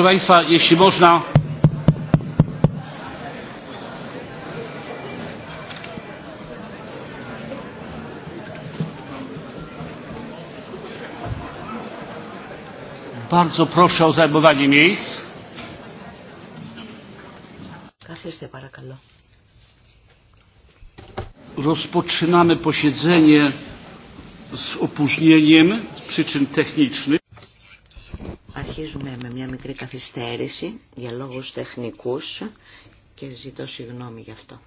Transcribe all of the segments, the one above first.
Proszę Państwa, jeśli można. Bardzo proszę o zajmowanie miejsc. Rozpoczynamy posiedzenie z opóźnieniem z przyczyn technicznych συνεχίζουμε με μια μικρή καθυστέρηση για λόγους τεχνικούς και ζητώ συγγνώμη γι' αυτό.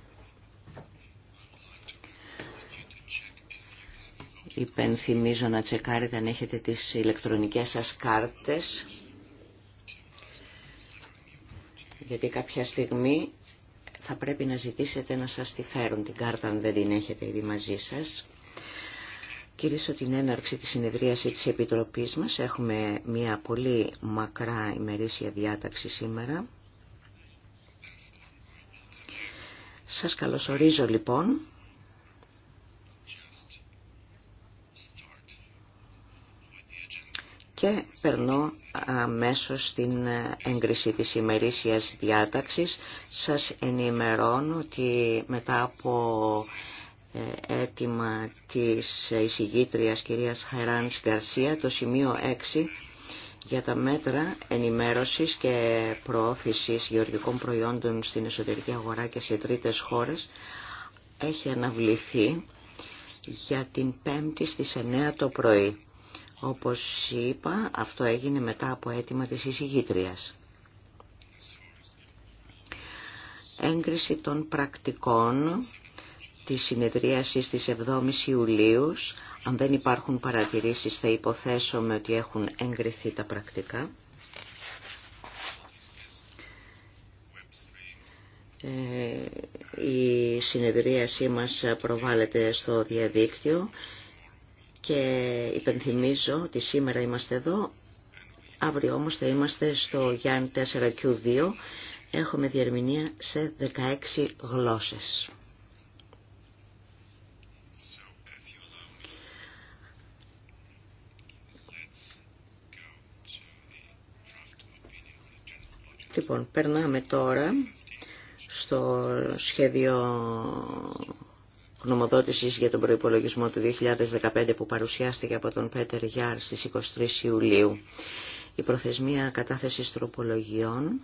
Υπενθυμίζω να τσεκάρετε αν έχετε τις ηλεκτρονικές σας κάρτες γιατί κάποια στιγμή θα πρέπει να ζητήσετε να σας τη φέρουν την κάρτα αν δεν την έχετε ήδη μαζί σας. Κυρίσω την έναρξη της συνεδρίασης της Επιτροπής μας. Έχουμε μια πολύ μακρά ημερήσια διάταξη σήμερα. Σας καλωσορίζω λοιπόν. Και περνώ αμέσως στην έγκριση της ημερήσιας διάταξης. Σας ενημερώνω ότι μετά από έτοιμα της εισηγήτριας κυρίας Χαράνς Γκαρσία, το σημείο 6 για τα μέτρα ενημέρωσης και προώθησης γεωργικών προϊόντων στην εσωτερική αγορά και σε τρίτες χώρες έχει αναβληθεί για την 5η στις 9 το πρωί. Όπως είπα, αυτό έγινε μετά από αίτημα της εισηγήτριας. Έγκριση των πρακτικών τη συνεδρίαση τη 7 η Ιουλίου. Αν δεν υπάρχουν παρατηρήσεις θα υποθέσουμε ότι έχουν εγκριθεί τα πρακτικά. Ε, η συνεδρίασή μας προβάλλεται στο διαδίκτυο και υπενθυμίζω ότι σήμερα είμαστε εδώ, αύριο όμως θα είμαστε στο Γιάννη 4Q2, έχουμε διερμηνία σε 16 γλώσσες. Λοιπόν, περνάμε τώρα στο σχέδιο γνωμοδότησης για τον προϋπολογισμό του 2015 που παρουσιάστηκε από τον Πέτερ Γιάρ στις 23 Ιουλίου. Η προθεσμία κατάθεσης τροπολογιών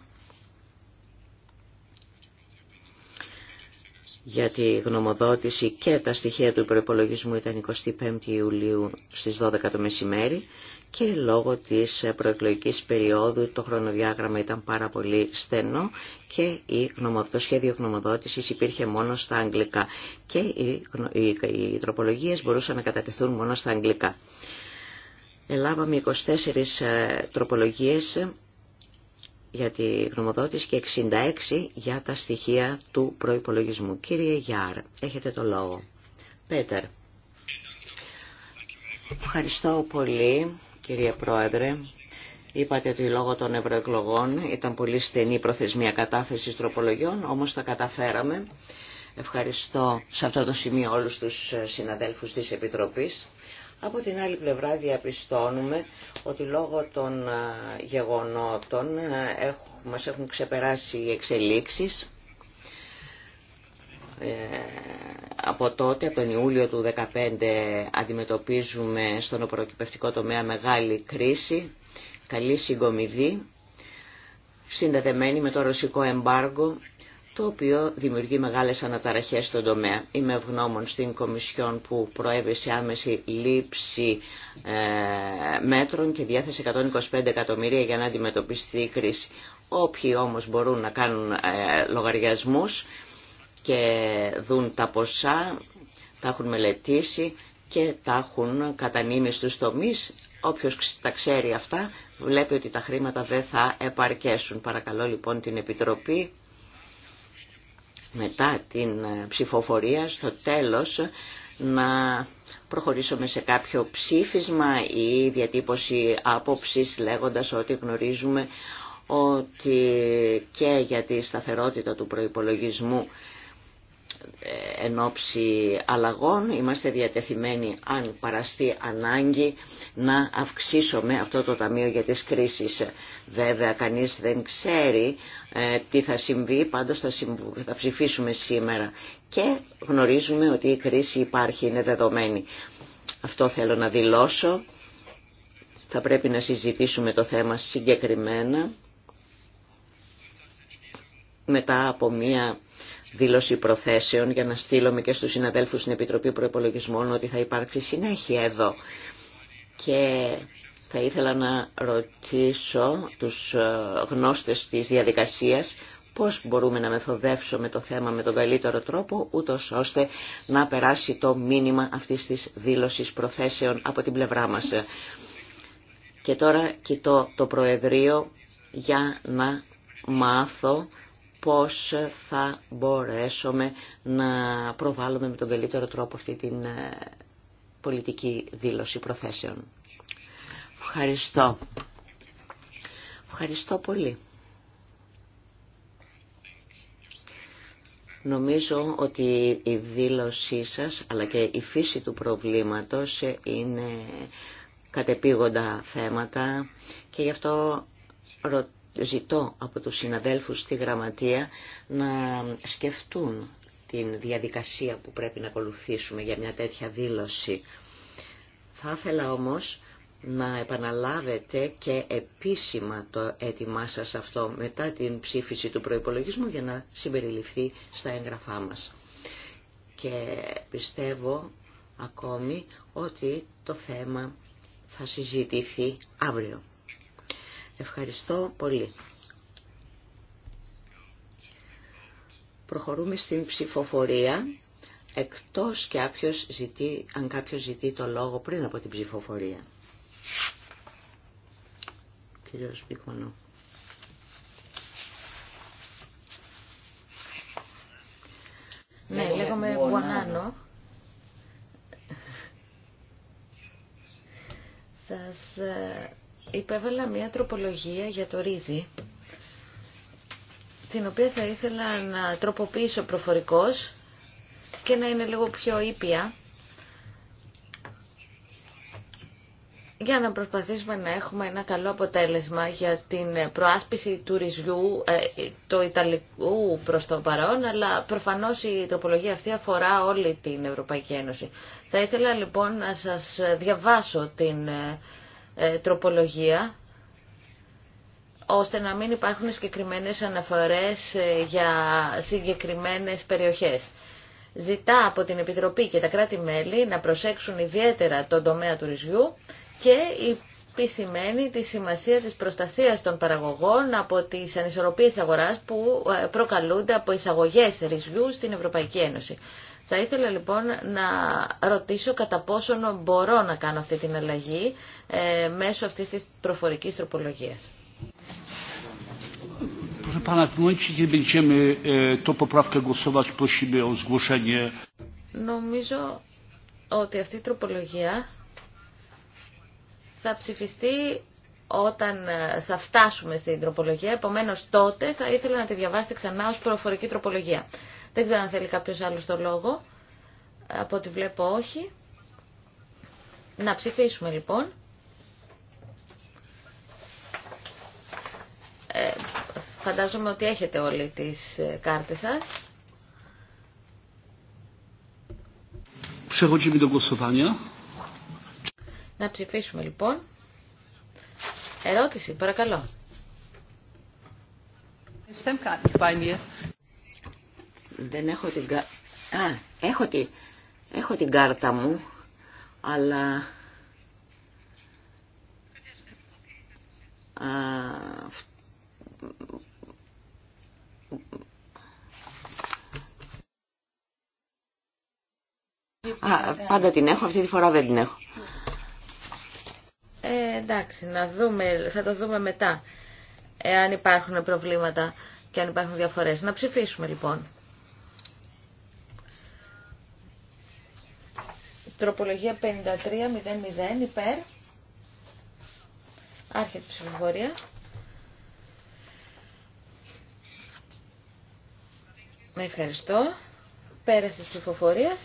για τη γνωμοδότηση και τα στοιχεία του προϋπολογισμού ήταν 25 Ιουλίου στις 12 το μεσημέρι και λόγω της προεκλογικής περίοδου το χρονοδιάγραμμα ήταν πάρα πολύ στενό και το σχέδιο γνωμοδότησης υπήρχε μόνο στα αγγλικά και οι τροπολογίες μπορούσαν να κατατεθούν μόνο στα αγγλικά. Ελάβαμε 24 ε, τροπολογίες για τη γνωμοδότηση και 66 για τα στοιχεία του προϋπολογισμού. Κύριε Γιάρ, έχετε το λόγο. Πέτερ. Ευχαριστώ πολύ. Κύριε Πρόεδρε, είπατε ότι λόγω των ευρωεκλογών ήταν πολύ στενή η προθεσμία κατάθεσης τροπολογιών, όμως τα καταφέραμε. Ευχαριστώ σε αυτό το σημείο όλους τους συναδέλφους της Επιτροπής. Από την άλλη πλευρά διαπιστώνουμε ότι λόγω των γεγονότων ε, μας έχουν ξεπεράσει οι εξελίξεις ε, από τότε, από τον Ιούλιο του 2015, αντιμετωπίζουμε στον οπροκυπευτικό τομέα μεγάλη κρίση, καλή συγκομιδή, συνδεδεμένη με το ρωσικό εμπάργο, το οποίο δημιουργεί μεγάλες αναταραχές στον τομέα. Είμαι ευγνώμων στην Κομισιόν που προέβησε άμεση λήψη ε, μέτρων και διάθεσε 125 εκατομμύρια για να αντιμετωπιστεί η κρίση. Όποιοι όμως μπορούν να κάνουν ε, λογαριασμούς, και δουν τα ποσά, τα έχουν μελετήσει και τα έχουν κατανείμει στους τομείς. Όποιος τα ξέρει αυτά βλέπει ότι τα χρήματα δεν θα επαρκέσουν. Παρακαλώ λοιπόν την Επιτροπή μετά την ε, ψηφοφορία στο τέλος να προχωρήσουμε σε κάποιο ψήφισμα ή διατύπωση άποψης λέγοντας ότι γνωρίζουμε ότι και για τη σταθερότητα του προϋπολογισμού ε, εν ώψη αλλαγών. Είμαστε διατεθειμένοι, αν παραστεί ανάγκη, να αυξήσουμε αυτό το Ταμείο για τις Κρίσεις. Βέβαια, κανείς δεν ξέρει ε, τι θα συμβεί, πάντως θα ψηφίσουμε σήμερα. Και γνωρίζουμε ότι η κρίση υπάρχει, είναι δεδομένη. Αυτό θέλω να δηλώσω. Θα πρέπει να συζητήσουμε το θέμα συγκεκριμένα μετά από μία δήλωση προθέσεων για να στείλουμε και στους συναδέλφους στην Επιτροπή Προϋπολογισμών ότι θα υπάρξει συνέχεια εδώ. Και θα ήθελα να ρωτήσω τους ε, γνώστες της διαδικασίας πώς μπορούμε να μεθοδεύσουμε το θέμα με τον καλύτερο τρόπο, ούτως ώστε να περάσει το μήνυμα αυτής της δήλωσης προθέσεων από την πλευρά μας. Και τώρα κοιτώ το Προεδρείο για να μάθω πώς θα μπορέσουμε να προβάλλουμε με τον καλύτερο τρόπο αυτή την ε, πολιτική δήλωση προθέσεων. Ευχαριστώ. Ευχαριστώ πολύ. Νομίζω ότι η δήλωσή σας αλλά και η φύση του προβλήματος ε, είναι κατεπήγοντα θέματα και γι' αυτό ρωτώ ζητώ από τους συναδέλφους στη Γραμματεία να σκεφτούν την διαδικασία που πρέπει να ακολουθήσουμε για μια τέτοια δήλωση. Θα ήθελα όμως να επαναλάβετε και επίσημα το έτοιμά σας αυτό μετά την ψήφιση του προϋπολογισμού για να συμπεριληφθεί στα έγγραφά μας. Και πιστεύω ακόμη ότι το θέμα θα συζητηθεί αύριο. Ευχαριστώ πολύ. Προχωρούμε στην ψηφοφορία, εκτός και άποιος ζητεί, αν κάποιος ζητεί το λόγο πριν από την ψηφοφορία. Κύριος Μπικονού. Ναι, λέγομαι Γουανάνο. Σας ε, υπέβαλα μια τροπολογία για το ρύζι, την οποία θα ήθελα να τροποποιήσω προφορικώς και να είναι λίγο πιο ήπια, για να προσπαθήσουμε να έχουμε ένα καλό αποτέλεσμα για την προάσπιση του ρυζιού, ε, το Ιταλικού προς το παρόν, αλλά προφανώς η τροπολογία αυτή αφορά όλη την Ευρωπαϊκή Ένωση. Θα ήθελα λοιπόν να σας διαβάσω την ε, ε, τροπολογία ώστε να μην υπάρχουν συγκεκριμένες αναφορές ε, για συγκεκριμένες περιοχές. Ζητά από την Επιτροπή και τα κράτη-μέλη να προσέξουν ιδιαίτερα τον τομέα τουρισμού και επισημαίνει τη σημασία της προστασίας των παραγωγών από τις ανισορροπίες αγοράς που ε, προκαλούνται από εισαγωγές ρυζιού στην Ευρωπαϊκή Ένωση. Θα ήθελα λοιπόν να ρωτήσω κατά πόσο μπορώ να κάνω αυτή την αλλαγή ε, μέσω αυτής της προφορικής τροπολογίας. E, Νομίζω ότι αυτή η τροπολογία θα ψηφιστεί όταν ε, θα φτάσουμε στην τροπολογία, Επομένω, τότε θα ήθελα να τη διαβάσετε ξανά ω προφορική τροπολογία. Δεν ξέρω αν θέλει κάποιο άλλο το λόγο, από ό,τι βλέπω όχι. Να ψηφίσουμε λοιπόν Ε, φαντάζομαι ότι έχετε όλοι τις ε, κάρτες σας. Να ψηφίσουμε λοιπόν. Ερώτηση, παρακαλώ. Δεν έχω την κάρτα. Α, έχω την... έχω την κάρτα μου, αλλά... Α, πάντα την έχω, αυτή τη φορά δεν την έχω. Ε, εντάξει, να δούμε, θα το δούμε μετά, εάν υπάρχουν προβλήματα και αν υπάρχουν διαφορές. Να ψηφίσουμε λοιπόν. Τροπολογία 53.00 υπέρ. Άρχεται η ψηφοφορία. Ευχαριστώ. Πέρασε τη ψηφοφορία.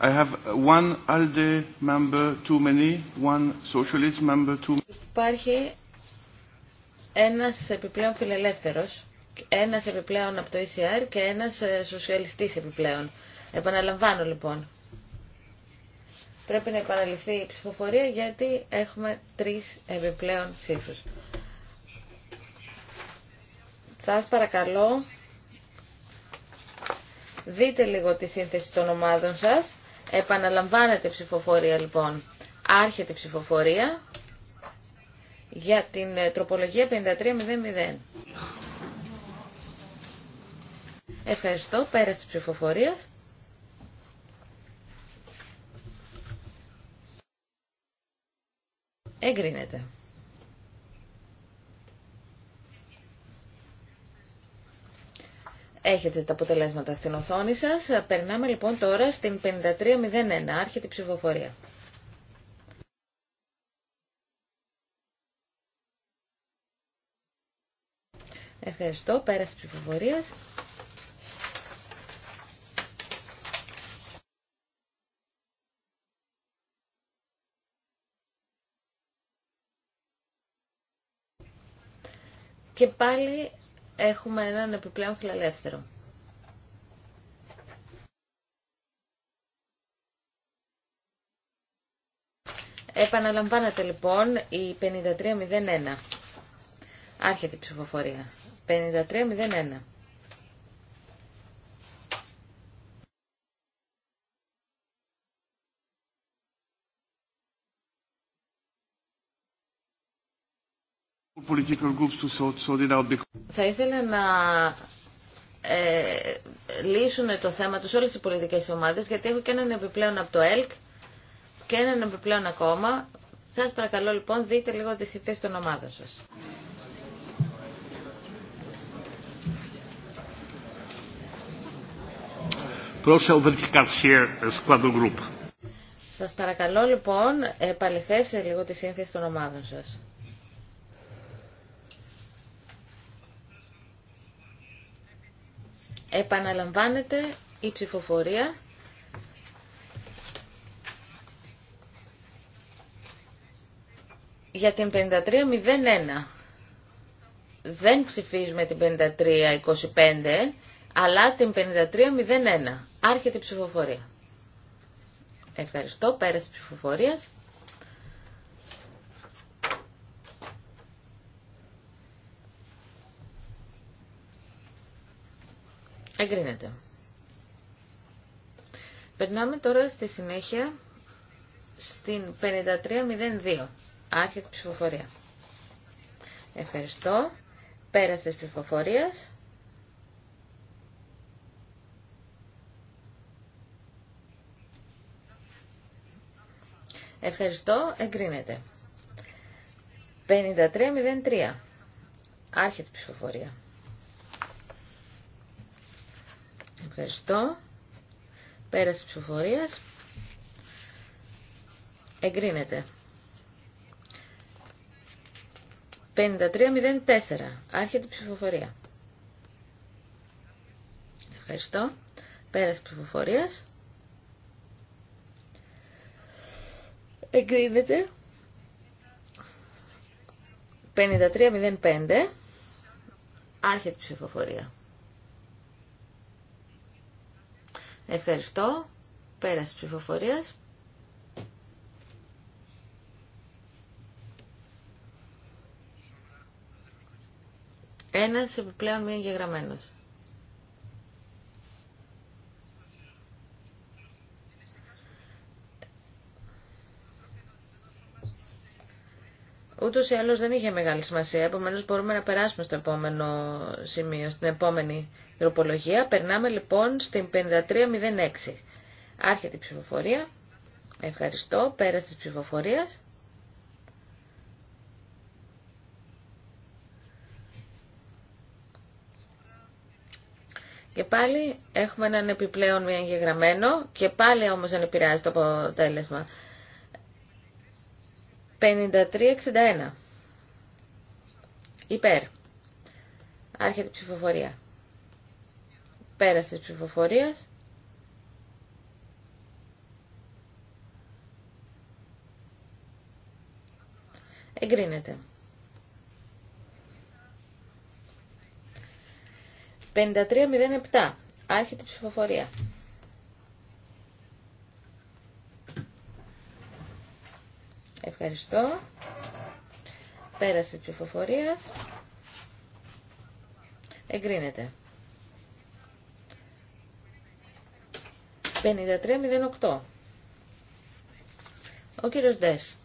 I have Υπάρχει ένας επιπλέον φιλελεύθερος, ένας επιπλέον από το ECR και ένας ε, σοσιαλιστής επιπλέον. Επαναλαμβάνω λοιπόν. Πρέπει να επαναληφθεί η ψηφοφορία γιατί έχουμε τρεις επιπλέον ψήφους. Σας παρακαλώ, δείτε λίγο τη σύνθεση των ομάδων σας. Επαναλαμβάνετε ψηφοφορία λοιπόν. Άρχεται ψηφοφορία για την ε, τροπολογία 5300. Ευχαριστώ. Πέρασε της ψηφοφορία. Εγκρίνεται. Έχετε τα αποτελέσματα στην οθόνη σας. Περνάμε λοιπόν τώρα στην 5301. Άρχεται η ψηφοφορία. Ευχαριστώ. Πέρασε ψηφοφορία. Και πάλι έχουμε έναν επιπλέον φιλελεύθερο. Επαναλαμβάνεται λοιπόν η 5301. Άρχεται η ψηφοφορία. 5301. Θα ήθελα να ε, λύσουν το θέμα τους όλες οι πολιτικές ομάδες, γιατί έχω και έναν επιπλέον από το ΕΛΚ και έναν επιπλέον ακόμα. Σας παρακαλώ λοιπόν δείτε λίγο τις θητές των ομάδων σας. Σας παρακαλώ λοιπόν επαληθεύστε λίγο τη σύνθεση των ομάδων σας. Επαναλαμβάνεται η ψηφοφορία. Για την 5301 δεν ψηφίζουμε την 5325, αλλά την 5301. Άρχεται η ψηφοφορία. Ευχαριστώ. Πέρασε ψηφοφορίας. ψηφοφορία. Εγκρίνεται. Περνάμε τώρα στη συνέχεια στην 5302. Άρχεται η ψηφοφορία. Ευχαριστώ. Πέρασε της ψηφοφορίας. Ευχαριστώ. Εγκρίνεται. 5303. Άρχεται η ψηφοφορία. Ευχαριστώ. Πέραση ψηφοφορίας. Εγκρίνεται. 5304. Άρχεται η ψηφοφορία. Ευχαριστώ. Πέραση ψηφοφορίας. Εγκρίνεται. 5305. Άρχεται η ψηφοφορία. Ευχαριστώ. Πέραση ψηφοφορία. Ένας επιπλέον μη εγγεγραμμένος. ούτως ή άλλω δεν είχε μεγάλη σημασία, Επομένω μπορούμε να περάσουμε στο επόμενο σημείο, στην επόμενη τροπολογία. Περνάμε λοιπόν στην 5306. Άρχεται η ψηφοφορία. Ευχαριστώ. πέρασε τη ψηφοφορία. Και πάλι έχουμε έναν επιπλέον μη εγγεγραμμένο και πάλι όμως δεν επηρεάζει το αποτέλεσμα. 5361. Υπέρ. Άρχεται η ψηφοφορία. Πέρασε τη ψηφοφορίας. Εγκρίνεται. 5307. Άρχεται η ψηφοφορία. Ευχαριστώ. Πέραση ψηφοφορία. Εγκρίνεται. 5308. Ο κύριος Ντες.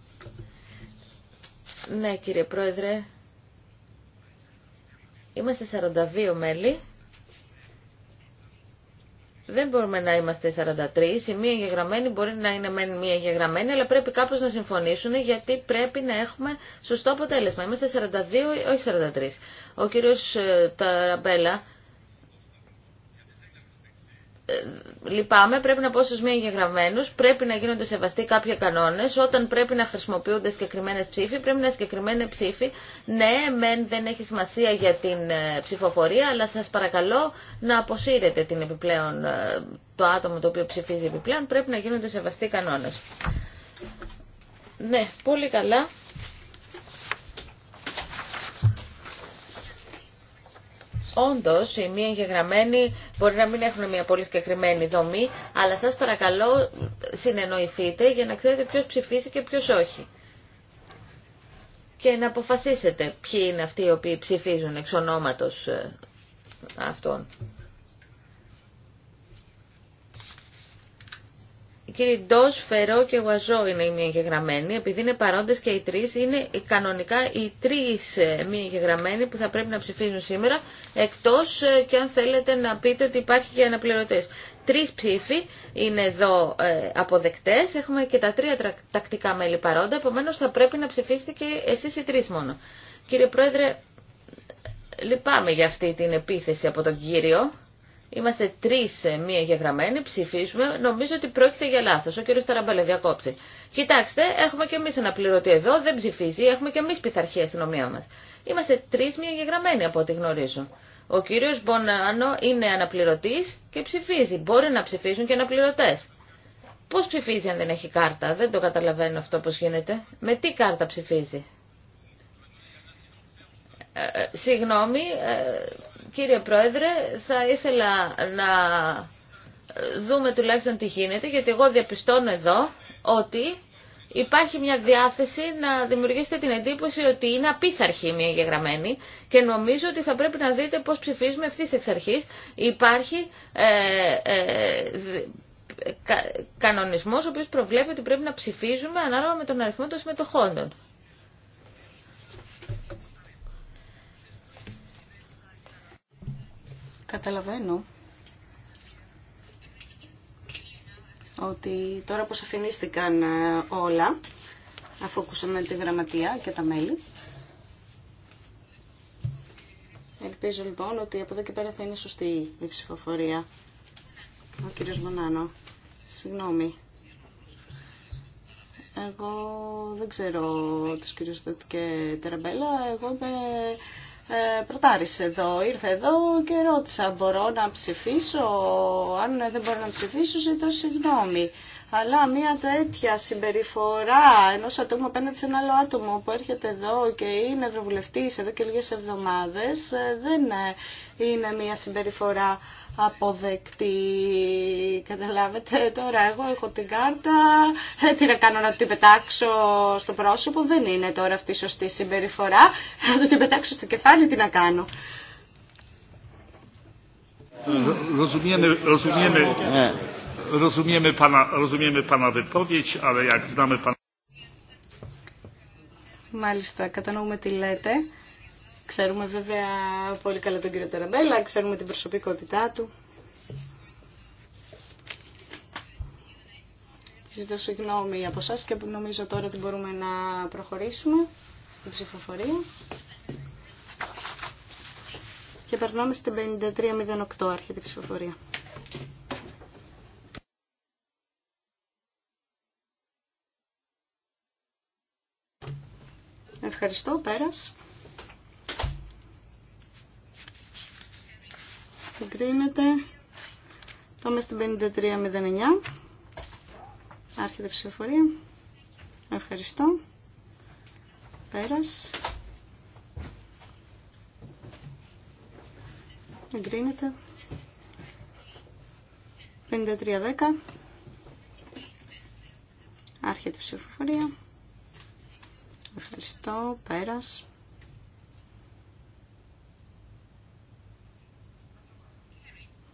Ναι κύριε Πρόεδρε, είμαστε 42 μέλη δεν μπορούμε να είμαστε 43. Η μία εγγεγραμμένη μπορεί να είναι μεν μία εγγεγραμμένη, αλλά πρέπει κάπως να συμφωνήσουν γιατί πρέπει να έχουμε σωστό αποτέλεσμα. Είμαστε 42, όχι 43. Ο κύριος ε, Ταραμπέλα λυπάμαι, πρέπει να πω στους μη εγγεγραμμένους, πρέπει να γίνονται σεβαστοί κάποιοι κανόνες, όταν πρέπει να χρησιμοποιούνται συγκεκριμένες ψήφοι, πρέπει να συγκεκριμένες ψήφοι. Ναι, μεν δεν έχει σημασία για την ε, ψηφοφορία, αλλά σας παρακαλώ να αποσύρετε την επιπλέον, ε, το άτομο το οποίο ψηφίζει επιπλέον, πρέπει να γίνονται σεβαστοί κανόνες. Ναι, πολύ καλά. Όντω οι μη εγγεγραμμένοι μπορεί να μην έχουν μια πολύ συγκεκριμένη δομή, αλλά σας παρακαλώ συνεννοηθείτε για να ξέρετε ποιο ψηφίζει και ποιο όχι. Και να αποφασίσετε ποιοι είναι αυτοί οι οποίοι ψηφίζουν εξ ονόματο ε, αυτών. Κύριε, κύριοι Ντός, Φερό και Γουαζό είναι οι μη εγγεγραμμένοι. Επειδή είναι παρόντες και οι τρεις, είναι κανονικά οι τρεις ε, μη εγγεγραμμένοι που θα πρέπει να ψηφίζουν σήμερα, εκτός ε, και αν θέλετε να πείτε ότι υπάρχει και αναπληρωτές. Τρεις ψήφοι είναι εδώ ε, αποδεκτές, έχουμε και τα τρία τακτικά μέλη παρόντα, επομένως θα πρέπει να ψηφίσετε και εσείς οι τρεις μόνο. Κύριε Πρόεδρε, λυπάμαι για αυτή την επίθεση από τον κύριο. Είμαστε τρει ε, μία εγγεγραμμένοι, ψηφίζουμε. Νομίζω ότι πρόκειται για λάθο. Ο κύριο Ταραμπέλα διακόψει. Κοιτάξτε, έχουμε και εμεί ένα πληρωτή εδώ, δεν ψηφίζει, έχουμε και εμεί πειθαρχία στην ομία μα. Είμαστε τρει μία εγγεγραμμένοι από ό,τι γνωρίζω. Ο κύριος Μπονάνο είναι αναπληρωτή και ψηφίζει. Μπορεί να ψηφίζουν και αναπληρωτέ. Πώ ψηφίζει αν δεν έχει κάρτα. Δεν το καταλαβαίνω αυτό πώ γίνεται. Με τι κάρτα ψηφίζει. Ε, ε συγγνώμη, ε, κύριε Πρόεδρε, θα ήθελα να δούμε τουλάχιστον τι γίνεται, γιατί εγώ διαπιστώνω εδώ ότι υπάρχει μια διάθεση να δημιουργήσετε την εντύπωση ότι είναι απίθαρχη μια γεγραμμένη και νομίζω ότι θα πρέπει να δείτε πώς ψηφίζουμε αυτής εξ αρχής. Υπάρχει ε, ε κανονισμός ο οποίος προβλέπει ότι πρέπει να ψηφίζουμε ανάλογα με τον αριθμό των συμμετοχών. Καταλαβαίνω ότι τώρα που αφηνίστηκαν ε, όλα, αφού ακούσαμε τη γραμματεία και τα μέλη, ελπίζω λοιπόν ότι από εδώ και πέρα θα είναι σωστή η ψηφοφορία. Ο κύριος Μονάνο, συγγνώμη. Εγώ δεν ξέρω τους κύριους Στατ και Τεραμπέλα. Εγώ ε, Προτάρησε εδώ. Ήρθε εδώ και ρώτησα, μπορώ να ψηφίσω, αν δεν μπορώ να ψηφίσω ζητώ συγγνώμη. Αλλά μια τέτοια συμπεριφορά ενό ατόμου απέναντι σε ένα άλλο άτομο που έρχεται εδώ και είναι ευρωβουλευτή εδώ και λίγε εβδομάδε ε, δεν ε, είναι μια συμπεριφορά αποδεκτή. Καταλάβετε τώρα, εγώ έχω την κάρτα, ε, τι να κάνω να την πετάξω στο πρόσωπο, δεν είναι τώρα αυτή η σωστή συμπεριφορά. Να την πετάξω στο κεφάλι, τι να κάνω. Ναι rozumiemy pana, rozumiemy pana wypowiedź, ale jak znamy pana... Μάλιστα, κατανοούμε τι λέτε. Ξέρουμε βέβαια πολύ καλά τον κύριο Ταραμπέλα, ξέρουμε την προσωπικότητά του. Ζητώ συγγνώμη από εσά και νομίζω τώρα ότι μπορούμε να προχωρήσουμε στην ψηφοφορία. Και περνάμε στην 5308 αρχή τη ψηφοφορία. Ευχαριστώ. Πέρας. Εγκρίνεται. Πάμε στην 5309. Άρχεται ψηφοφορία. Ευχαριστώ. Πέρας. Εγκρίνεται. 5310. Άρχεται ψηφοφορία. Ευχαριστώ. Πέρας.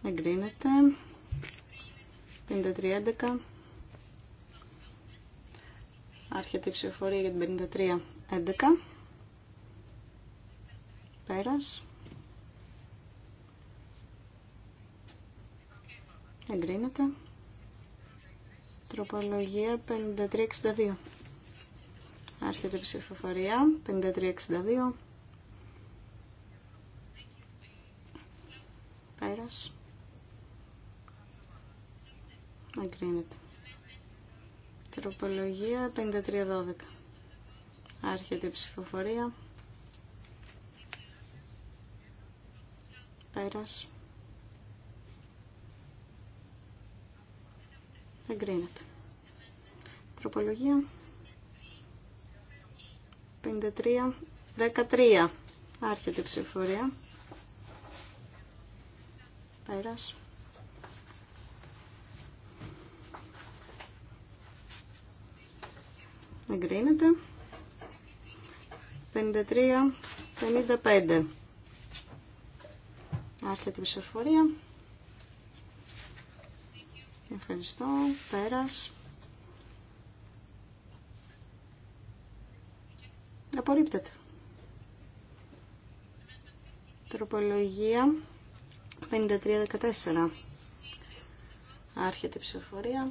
Εγκρίνεται. 53-11. Άρχεται η ψηφοφορία για την 53-11. Πέρας. Εγκρίνεται. Τροπολογία 53-62. Άρχεται η ψηφοφορία. 53-62. Πέρας. Εγκρίνεται. Τροπολογία 53-12. Άρχεται η ψηφοφορία. Πέρας. Αγκρίνεται. Τροπολογία 53, 13. Άρχεται η ψηφορία. Πέρας. Εγκρίνεται. 53, 55. Άρχεται η ψηφορία. Ευχαριστώ. Πέρας. Απορρίπτεται. Τροπολογία Τροπολογία 53-14. Άρχεται η ψηφοφορία.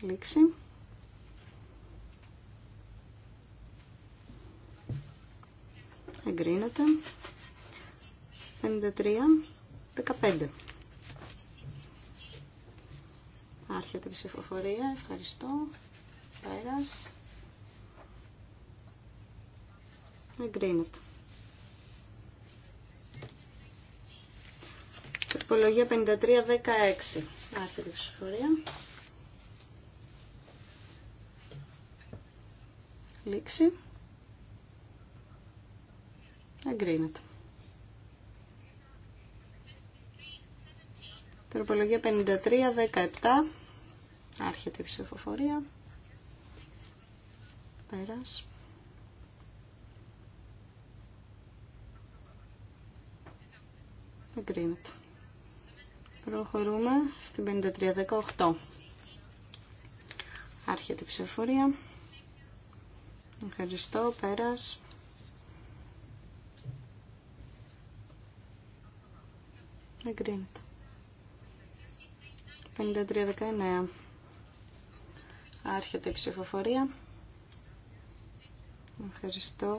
Λήξη. Εγκρίνεται. 53-15. Άρχεται η ψηφοφορία. Ευχαριστώ εγκρινεται Εγκρίνεται. 5316 53-16. Άρχεται η ψηφορία. Λήξη. Τερπολογία 5317 Άρχεται η ψηφοφορία. Πέρας. Εγκρίνεται. Προχωρούμε στην 5318. Άρχεται η ψηφοφορία. Ευχαριστώ. Πέρας. Εγκρίνεται. 5319. Άρχεται η ψηφοφορία. Ευχαριστώ.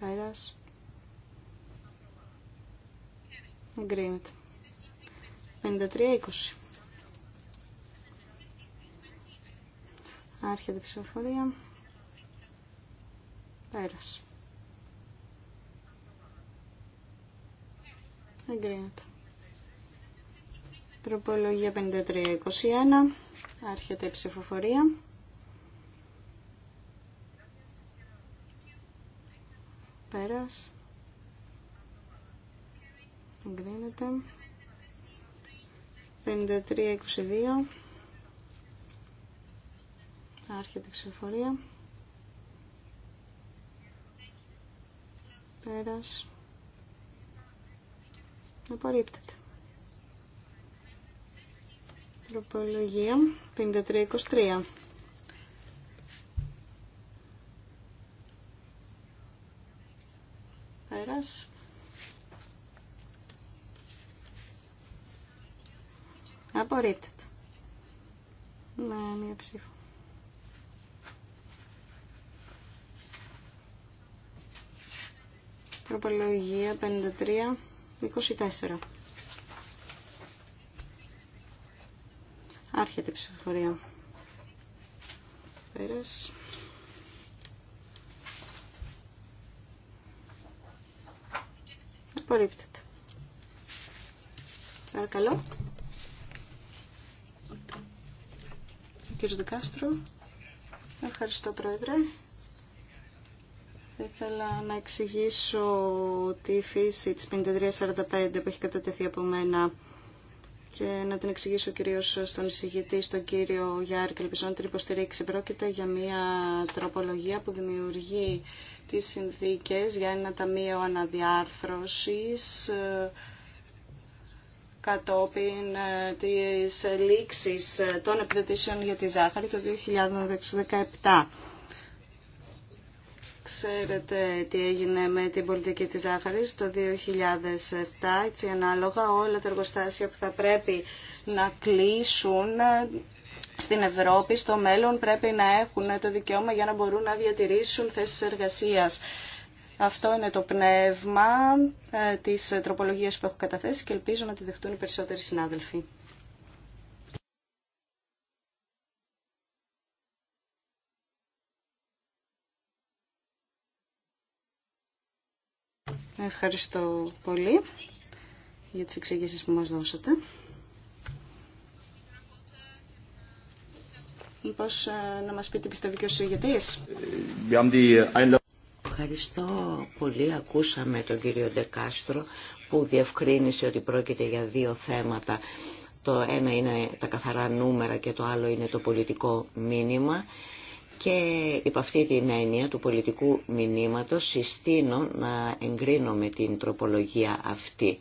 Πέρας. Εγκρίνεται. 53-20. Άρχεται η ψηφοφορία. Πέρας. Εγκρίνεται. Τροπολογία 53-21. Άρχεται η ψηφοφορία. πέρας εγκρίνεται 53-22 άρχεται η ψηφορία πέρας απορρίπτεται τροπολογία 53-23 Πέρας. Απορρίπτεται. Με μία ψήφο. Τροπολογία 53, 24. Άρχεται η ψηφοφορία. Πέρασε. Απορρίπτεται. Παρακαλώ. Ο κ. Δικάστρο. Ευχαριστώ, Πρόεδρε. Θα ήθελα να εξηγήσω τη φύση της 5345 που έχει κατατεθεί από μένα και να την εξηγήσω κυρίω στον εισηγητή, στον κύριο Γιάρη και ελπίζω την υποστηρίξει. Πρόκειται για μια τροπολογία που δημιουργεί τις συνθήκες για ένα ταμείο αναδιάρθρωσης ε, κατόπιν ε, της λήξης ε, των επιδοτήσεων για τη ζάχαρη το 2017. Ξέρετε τι έγινε με την πολιτική της ζάχαρης το 2007, έτσι ανάλογα όλα τα εργοστάσια που θα πρέπει να κλείσουν ε, στην Ευρώπη στο μέλλον πρέπει να έχουν το δικαίωμα για να μπορούν να διατηρήσουν θέσεις εργασίας. Αυτό είναι το πνεύμα ε, της τροπολογίας που έχω καταθέσει και ελπίζω να τη δεχτούν οι περισσότεροι συνάδελφοι. Ευχαριστώ πολύ για τις εξηγήσεις που μας δώσατε. Μήπως ε, να μας πείτε πιστεύει και ο ε, Ευχαριστώ πολύ. Ακούσαμε τον κύριο Ντεκάστρο που διευκρίνησε ότι πρόκειται για δύο θέματα. Το ένα είναι τα καθαρά νούμερα και το άλλο είναι το πολιτικό μήνυμα και υπ' αυτή την έννοια του πολιτικού μηνύματος συστήνω να με την τροπολογία αυτή.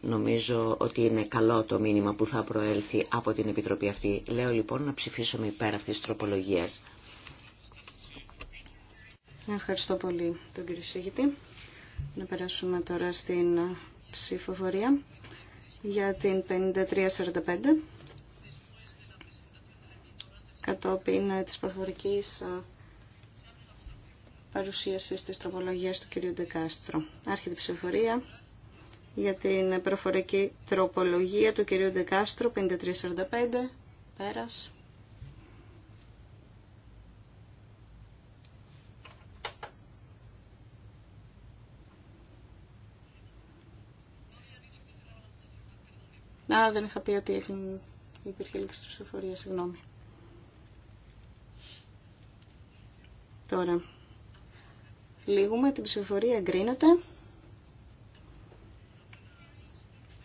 Νομίζω ότι είναι καλό το μήνυμα που θα προέλθει από την Επιτροπή αυτή. Λέω λοιπόν να ψηφίσουμε υπέρ αυτής της τροπολογίας. Ευχαριστώ πολύ τον κύριο Σίγητη. Να περάσουμε τώρα στην ψηφοφορία για την 5345 κατόπιν ε, της προφορικής ε, παρουσίασης της τροπολογίας του κ. Ντεκάστρο. Άρχεται η ψηφοφορία για την προφορική τροπολογία του κ. Ντεκάστρο 5345. Πέρας. Α, δεν είχα πει ότι υπήρχε λήξη της ψηφοφορίας, συγγνώμη. Τώρα, λίγουμε την ψηφοφορία εγκρίνεται.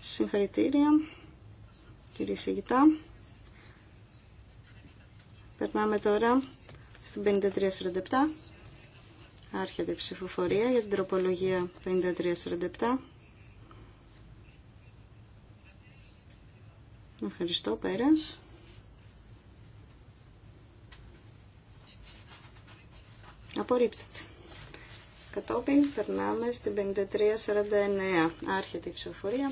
Συγχαρητήρια, κύριε Σιγητά. Περνάμε τώρα στην 5347. Άρχεται η ψηφοφορία για την τροπολογία 5347. Ευχαριστώ, πέρας. Απορρίπτεται. Κατόπιν περνάμε στην 5349. Άρχεται η ψηφοφορία.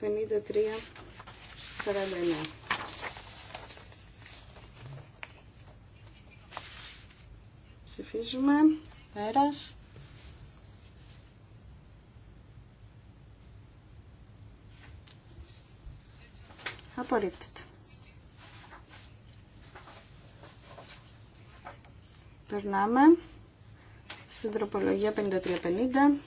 5349. Ψηφίζουμε. Πέρας. Απορρίπτεται. Περνάμε στην τροπολογία 5350.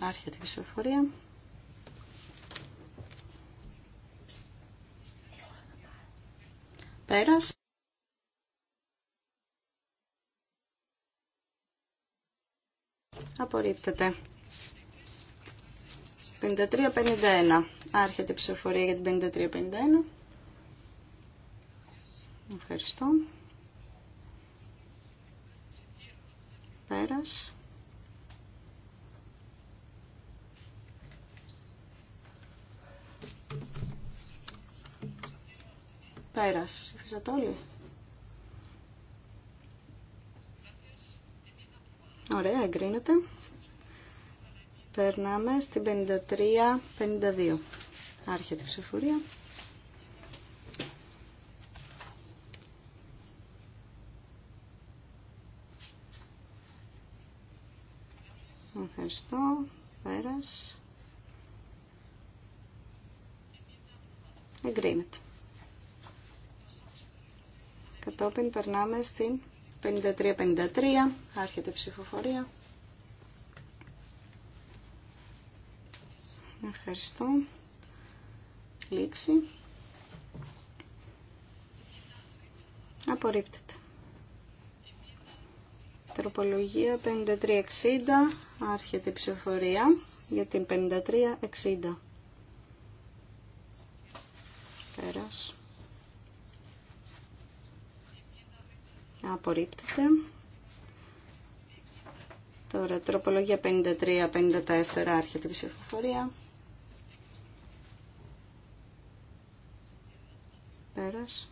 Άρχεται η ψηφοφορία. Πέρας. Απορρίπτεται. 53-51. Άρχεται η ψηφοφορία για την 53-51. Ευχαριστώ. Πέρας. Πέρας. Ψήφισατε όλοι. Ωραία, εγκρίνεται. Περνάμε στην 53-52. Άρχεται η ψηφορία. Ευχαριστώ. Πέρας. Εγκρίνεται. Κατόπιν περνάμε στην 53-53. Άρχεται ψηφοφορία. Ευχαριστώ. Λήξη. Απορρίπτεται. Τροπολογία 5360, άρχεται η ψηφοφορία για την 5360. Πέρας. Απορρίπτεται. Τώρα τροπολογία 53-54 άρχεται η ψηφοφορία. Πέρας.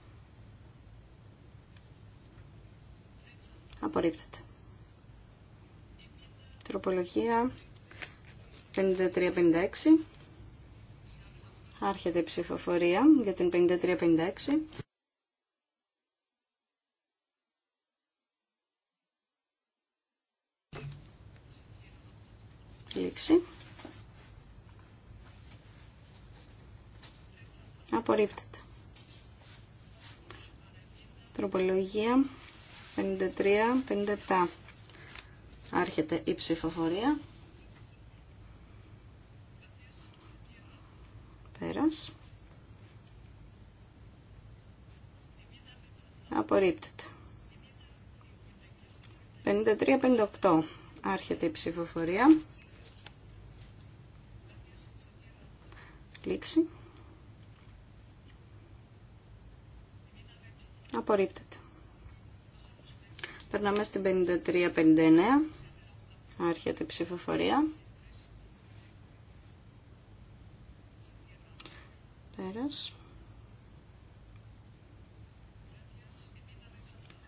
Απορρίπτεται. Τροπολογία 53-56. Άρχεται η ψηφοφορία για την 53-56. Λήξη. Απορρίπτεται. Τροπολογία Άρχεται η ψηφοφορία. Πέρας. Απορρίπτεται. 53-58. Άρχεται η ψηφοφορία. Λήξη. Απορρίπτεται. Περνάμε στην 53-59. Άρχεται η ψηφοφορία. Πέρας.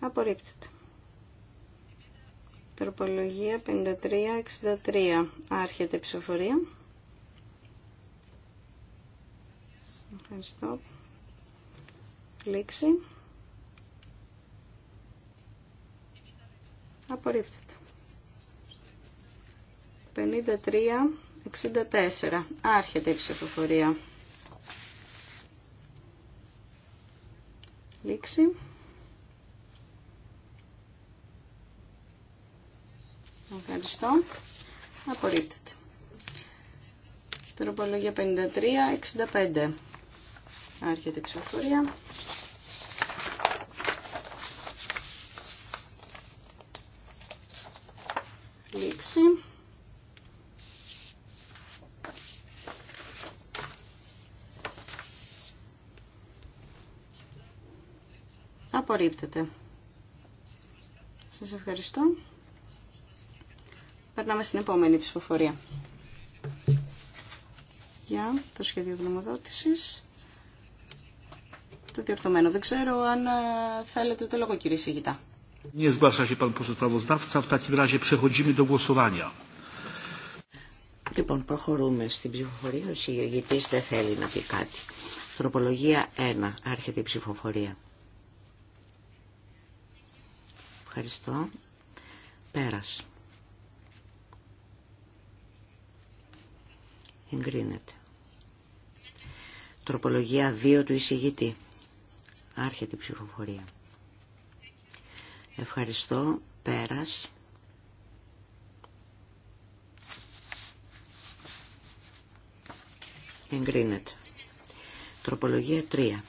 Απορρίπτεται. Τροπολογία 53-63. Άρχεται η ψηφοφορία. Ευχαριστώ. Λήξη. Απορρίπτεται. 53-64. Άρχεται η ψηφοφορία. Λήξη. Ευχαριστώ. Απορρίπτεται. Τροπολογία 53-65. Άρχεται η ψηφοφορία. απόφαση. Απορρίπτεται. Σας ευχαριστώ. Περνάμε στην επόμενη ψηφοφορία. Για το σχέδιο γνωμοδότησης. Το διορθωμένο. Δεν ξέρω αν ε, θέλετε το λόγο κύριε Σιγητά. Λοιπόν, προχωρούμε στην ψηφοφορία. Ο συλλογητή δεν θέλει να πει κάτι. Τροπολογία 1. Άρχεται η ψηφοφορία. Ευχαριστώ. Πέρα. Εγκρίνεται. Τροπολογία 2 του εισηγητή. Άρχεται η ψηφοφορία. Ευχαριστώ. Πέρας. Εγκρίνεται. Τροπολογία 3.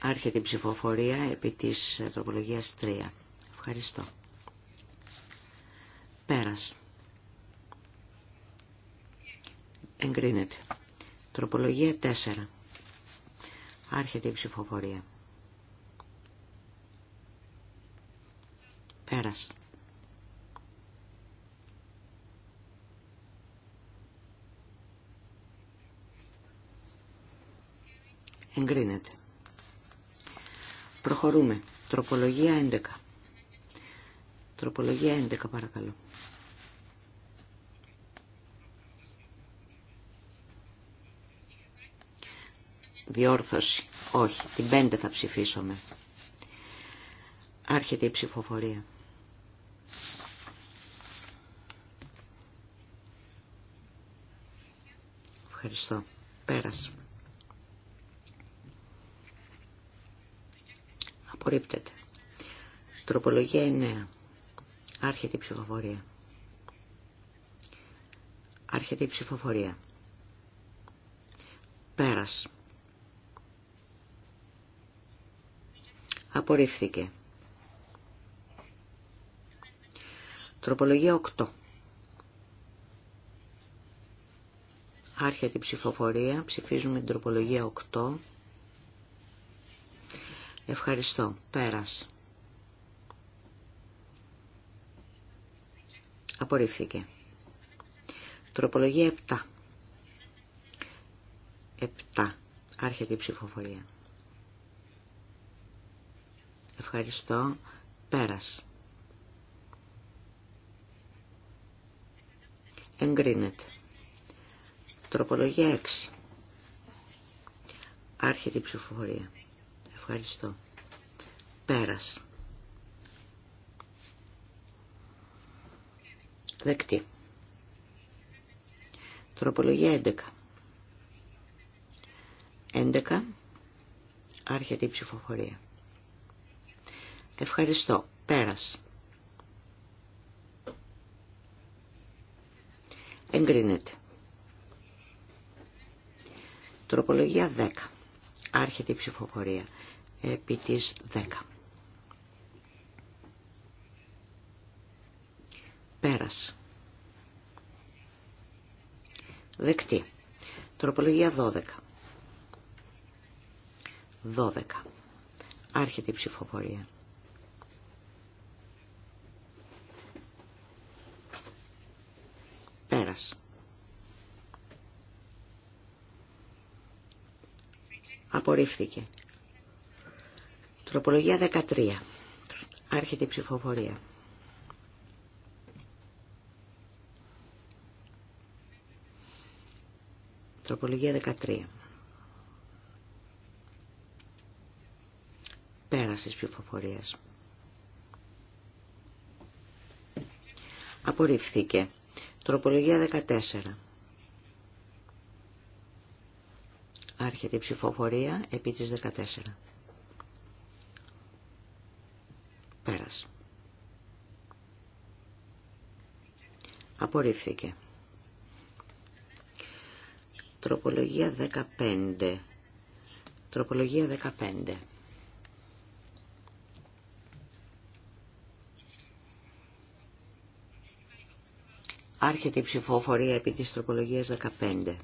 Άρχεται η ψηφοφορία επί της τροπολογίας 3. Ευχαριστώ. Πέρας. Εγκρίνεται. Τροπολογία 4. Άρχεται η ψηφοφορία. καρας. Εγκρίνεται. Προχωρούμε. Τροπολογία 11. Τροπολογία 11 παρακαλώ. Διόρθωση. Όχι. Την 5 θα ψηφίσουμε. Άρχεται η ψηφοφορία. Ευχαριστώ. Πέρασε. Απορρίπτεται. Τροπολογία 9. Άρχεται η ψηφοφορία. Άρχεται η ψηφοφορία. Πέρασε. Απορρίφθηκε. Τροπολογία 8. Άρχεται η ψηφοφορία. Ψηφίζουμε την τροπολογία 8. Ευχαριστώ. Πέρας. Απορρίφθηκε. Τροπολογία 7. 7. Άρχεται η ψηφοφορία. Ευχαριστώ. Πέρας. Εγκρίνεται. Τροπολογία 6. Άρχεται η ψηφοφορία. Ευχαριστώ. Πέρας. Δεκτή. Τροπολογία 11. 11. Άρχεται η ψηφοφορία. Ευχαριστώ. Πέρας. Εγκρίνεται. Τροπολογία 10. Άρχεται η ψηφοφορία επί της 10. Πέρας. Δεκτή. Τροπολογία 12. 12. Άρχεται η ψηφοφορία. Πέρας. Απορρίφθηκε. Τροπολογία 13. Άρχεται η ψηφοφορία. Τροπολογία 13. Πέραση της ψηφοφορίας. Απορριφθήκε. Τροπολογία 14. Άρχεται η ψηφοφορία επί της 14. Πέρας. Απορρίφθηκε. Τροπολογία 15. Τροπολογία 15. Άρχεται η ψηφοφορία επί της τροπολογίας 15.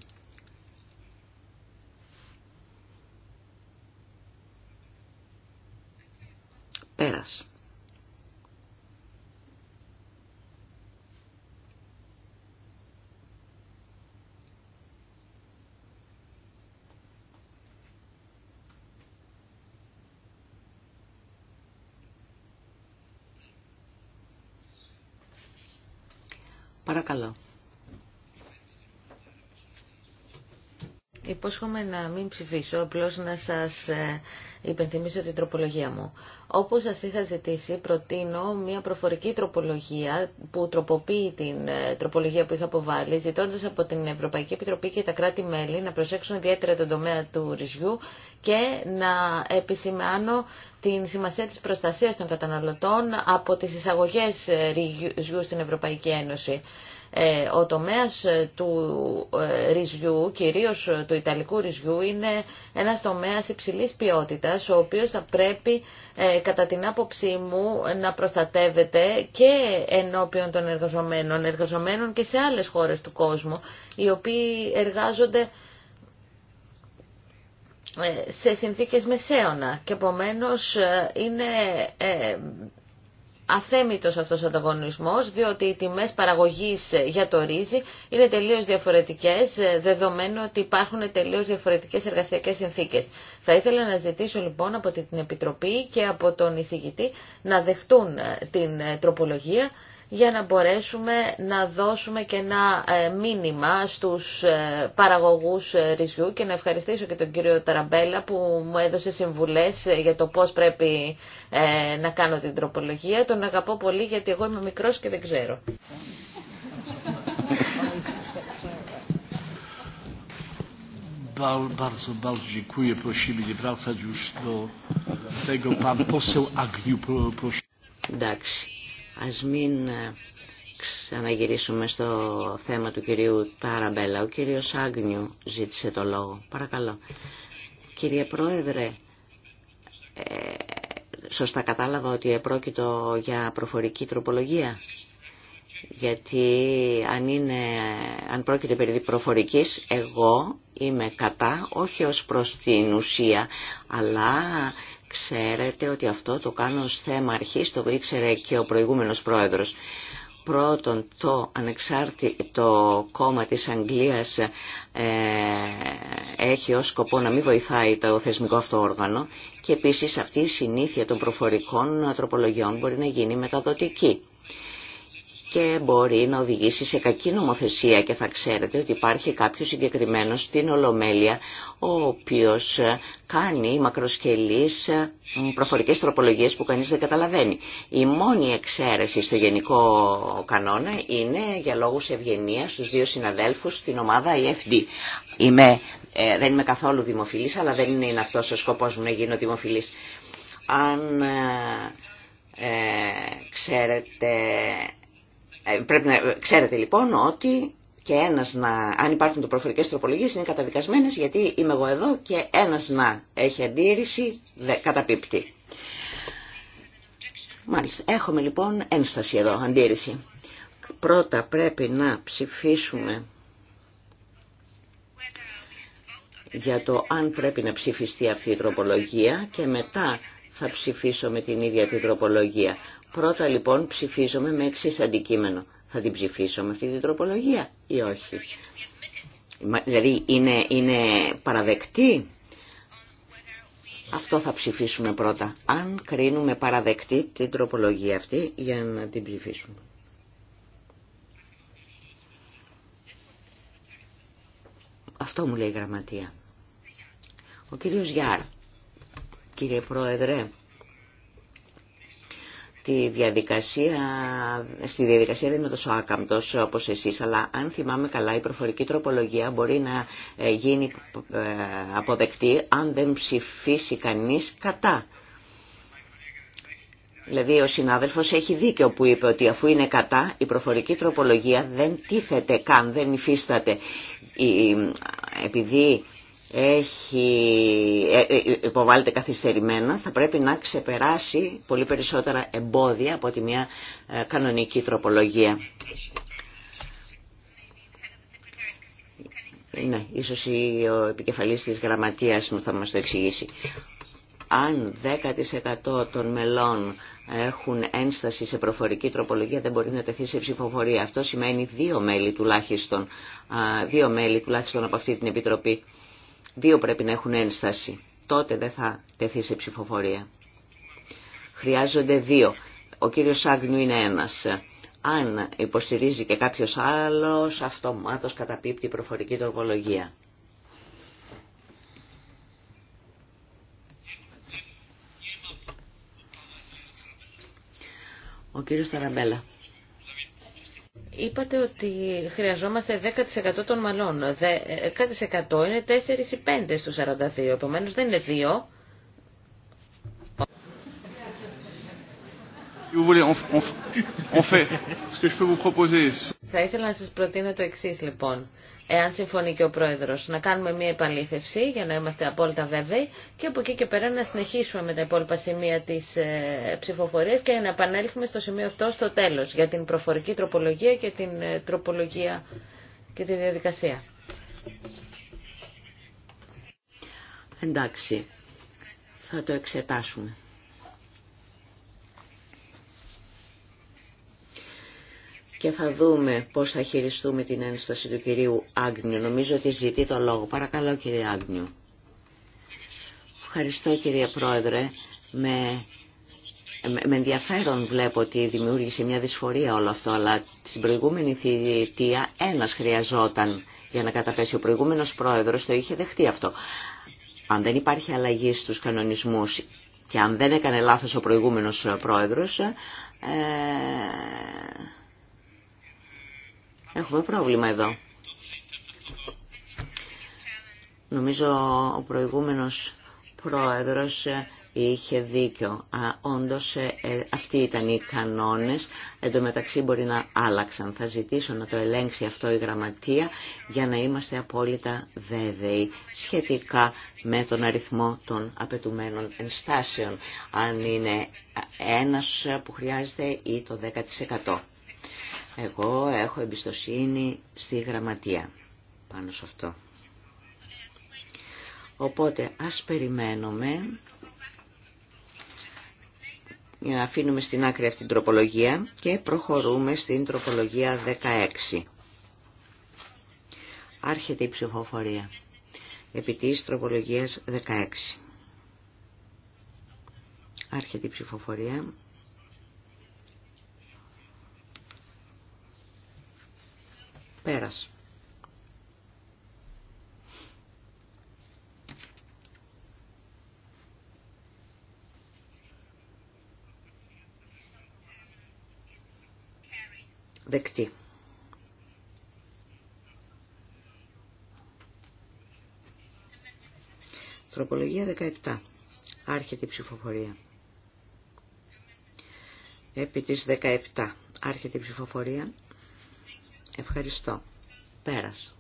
Εύχομαι να μην ψηφίσω, απλώς να σας ε, υπενθυμίσω την τροπολογία μου. Όπως σας είχα ζητήσει, προτείνω μια προφορική τροπολογία που τροποποιεί την ε, τροπολογία που είχα αποβάλει, ζητώντας από την Ευρωπαϊκή Επιτροπή και τα κράτη-μέλη να προσέξουν ιδιαίτερα τον τομέα του ρυζιού και να επισημάνω την σημασία της προστασίας των καταναλωτών από τις εισαγωγέ ε, ρυζιού στην Ευρωπαϊκή Ένωση. Ε, ο τομέας ε, του ε, ρυζιού, κυρίως του ιταλικού ρυζιού, είναι ένας τομέας υψηλής ποιότητας, ο οποίος θα πρέπει κατά την άποψή μου να προστατεύεται και ενώπιον των εργαζομένων, εργαζομένων και σε άλλες χώρες του κόσμου, οι οποίοι εργάζονται σε συνθήκες μεσαίωνα και επομένως είναι αθέμητος αυτός ο ανταγωνισμός, διότι οι τιμές παραγωγής για το ρύζι είναι τελείως διαφορετικές, ε, δεδομένου ότι υπάρχουν τελείως διαφορετικές εργασιακές συνθήκες. Θα ήθελα να ζητήσω λοιπόν από την Επιτροπή και από τον εισηγητή να δεχτούν ε, την ε, τροπολογία για να μπορέσουμε να δώσουμε και ένα ε, μήνυμα στους ε, παραγωγούς ε, ρυζιού και να ευχαριστήσω και τον κύριο Ταραμπέλα που μου έδωσε συμβουλές για το πώς πρέπει να κάνω την τροπολογία. Τον αγαπώ πολύ γιατί εγώ είμαι μικρός και δεν ξέρω. Ας μην ε, ξαναγυρίσουμε στο θέμα του κυρίου Τάραμπέλα. Ο κύριος Άγνιου ζήτησε το λόγο. Παρακαλώ. Κύριε Πρόεδρε, ε, σωστά κατάλαβα ότι επρόκειτο για προφορική τροπολογία. Γιατί αν, είναι, αν πρόκειται περί προφορικής, εγώ είμαι κατά, όχι ως προς την ουσία, αλλά Ξέρετε ότι αυτό το κάνω ως θέμα αρχή, το ήξερε και ο προηγούμενος πρόεδρος. Πρώτον, το ανεξάρτητο κόμμα της Αγγλίας ε, έχει ως σκοπό να μην βοηθάει το θεσμικό αυτό όργανο και επίσης αυτή η συνήθεια των προφορικών τροπολογιών μπορεί να γίνει μεταδοτική και μπορεί να οδηγήσει σε κακή νομοθεσία και θα ξέρετε ότι υπάρχει κάποιος συγκεκριμένο στην Ολομέλεια ο οποίος ε, κάνει μακροσκελείς ε, προφορικές τροπολογίες που κανείς δεν καταλαβαίνει. Η μόνη εξαίρεση στο γενικό κανόνα είναι για λόγους ευγενία στους δύο συναδέλφους στην ομάδα EFD. Είμαι, ε, δεν είμαι καθόλου δημοφιλής αλλά δεν είναι αυτός ο σκοπός μου να γίνω δημοφιλής. Αν ε, ξέρετε ε, πρέπει να ξέρετε λοιπόν ότι και ένας να, αν υπάρχουν το προφορικές τροπολογίες είναι καταδικασμένες γιατί είμαι εγώ εδώ και ένας να έχει αντίρρηση καταπίπτει. Μάλιστα, έχουμε λοιπόν ένσταση εδώ, αντίρρηση. Πρώτα πρέπει να ψηφίσουμε για το αν πρέπει να ψηφιστεί αυτή η τροπολογία και μετά θα ψηφίσω με την ίδια την τροπολογία. Πρώτα λοιπόν ψηφίζομαι με εξή αντικείμενο. Θα την ψηφίσω με αυτή την τροπολογία ή όχι. Δηλαδή είναι, είναι παραδεκτή. Αυτό θα ψηφίσουμε πρώτα. Αν κρίνουμε παραδεκτή την τροπολογία αυτή για να την ψηφίσουμε. Αυτό μου λέει η γραμματεία. Ο κύριος Γιάρ. Κύριε Πρόεδρε, τη διαδικασία, στη διαδικασία δεν είμαι τόσο άκαμπτος όπως εσείς, αλλά αν θυμάμαι καλά η προφορική τροπολογία μπορεί να ε, γίνει ε, αποδεκτή αν δεν ψηφίσει κανείς κατά. Δηλαδή ο συνάδελφος έχει δίκιο που είπε ότι αφού είναι κατά η προφορική τροπολογία δεν τίθεται καν, δεν υφίσταται. Επειδή έχει, ε, ε, υποβάλλεται καθυστερημένα, θα πρέπει να ξεπεράσει πολύ περισσότερα εμπόδια από τη μια ε, κανονική τροπολογία. Ναι, ίσως ο επικεφαλής της γραμματείας μου θα μας το εξηγήσει. Αν 10% των μελών έχουν ένσταση σε προφορική τροπολογία δεν μπορεί να τεθεί σε ψηφοφορία. Αυτό σημαίνει δύο μέλη τουλάχιστον, δύο μέλη τουλάχιστον από αυτή την Επιτροπή. Δύο πρέπει να έχουν ένσταση. Τότε δεν θα τεθεί σε ψηφοφορία. Χρειάζονται δύο. Ο κύριος Σάγνου είναι ένας. Αν υποστηρίζει και κάποιος άλλος, αυτομάτως καταπίπτει η προφορική τροπολογία. Ο κύριος Ταραμπέλα. Είπατε ότι χρειαζόμαστε 10% των μαλλών. 10% ε, είναι 4 ή 5 στους 42, επομένως δεν είναι 2. Θα ήθελα να σας προτείνω το εξής λοιπόν εάν συμφωνεί και ο Πρόεδρος, να κάνουμε μια επαλήθευση για να είμαστε απόλυτα βέβαιοι και από εκεί και πέρα να συνεχίσουμε με τα υπόλοιπα σημεία της ε, ψηφοφορίας και να επανέλθουμε στο σημείο αυτό στο τέλος για την προφορική τροπολογία και την ε, τροπολογία και τη διαδικασία. Εντάξει, θα το εξετάσουμε. και θα δούμε πώς θα χειριστούμε την ένσταση του κυρίου Άγνιου. Νομίζω ότι ζητεί το λόγο. Παρακαλώ κύριε Άγνιου. Ευχαριστώ κύριε Πρόεδρε. Με, με ενδιαφέρον βλέπω ότι δημιούργησε μια δυσφορία όλο αυτό, αλλά στην προηγούμενη θητεία ένας χρειαζόταν για να καταπέσει. Ο προηγούμενος πρόεδρος το είχε δεχτεί αυτό. Αν δεν υπάρχει αλλαγή στους κανονισμούς και αν δεν έκανε λάθος ο προηγούμενος πρόεδρος, ε, Έχουμε πρόβλημα εδώ. Νομίζω ο προηγούμενος πρόεδρος είχε δίκιο. Α, όντως ε, ε, αυτοί ήταν οι κανόνες. Εν τω μεταξύ μπορεί να άλλαξαν. Θα ζητήσω να το ελέγξει αυτό η γραμματεία για να είμαστε απόλυτα βέβαιοι σχετικά με τον αριθμό των απαιτουμένων ενστάσεων. Αν είναι ένας που χρειάζεται ή το 10%. Εγώ έχω εμπιστοσύνη στη γραμματεία πάνω σε αυτό. Οπότε ας περιμένουμε, αφήνουμε στην άκρη αυτή την τροπολογία και προχωρούμε στην τροπολογία 16. Άρχεται η ψηφοφορία επί της τροπολογίας 16. Άρχεται η ψηφοφορία. Πέρας. Δεκτή. Τροπολογία 17. Άρχεται η ψηφοφορία. Επί 17. Άρχεται η ψηφοφορία. Ευχαριστώ. Πέρας.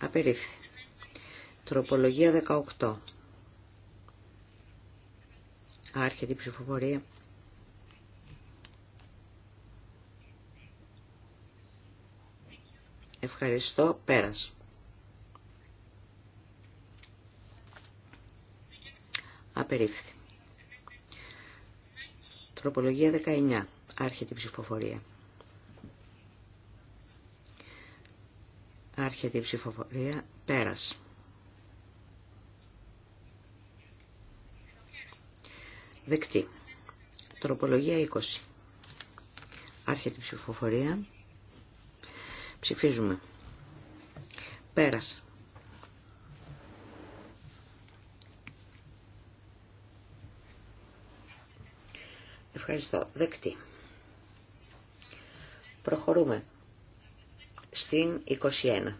Απερίφθη. Τροπολογία 18. Άρχεται η ψηφοφορία. Ευχαριστώ. Πέρας. Απερίφθη. Τροπολογία 19. Άρχεται η ψηφοφορία. Άρχεται η ψηφοφορία. Πέρας. Δεκτή. Τροπολογία 20. Άρχεται η ψηφοφορία. Ψηφίζουμε. Πέρας. Ευχαριστώ. Δεκτή. Προχωρούμε στην 21.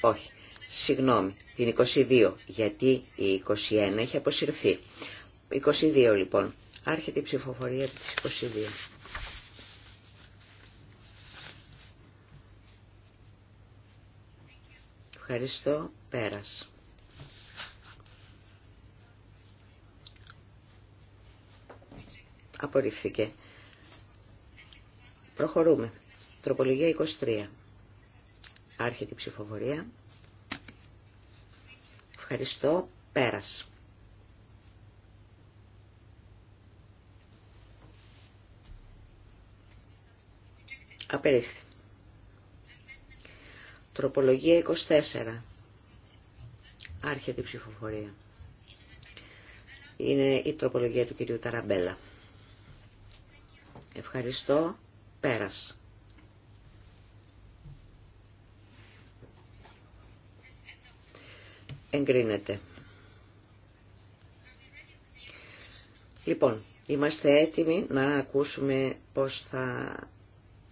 Όχι. Συγγνώμη, την 22, γιατί η 21 έχει αποσυρθεί. 22 λοιπόν. Άρχεται η ψηφοφορία της 22. Ευχαριστώ. Πέρας. Απορρίφθηκε. Προχωρούμε. Τροπολογία 23. Άρχεται η ψηφοφορία. Ευχαριστώ. Πέρας. Απερίφθη. Τροπολογία 24. Άρχεται η ψηφοφορία. Είναι η τροπολογία του κυρίου Ταραμπέλα. Ευχαριστώ. Πέρας. εγκρίνεται. Λοιπόν, είμαστε έτοιμοι να ακούσουμε πώς θα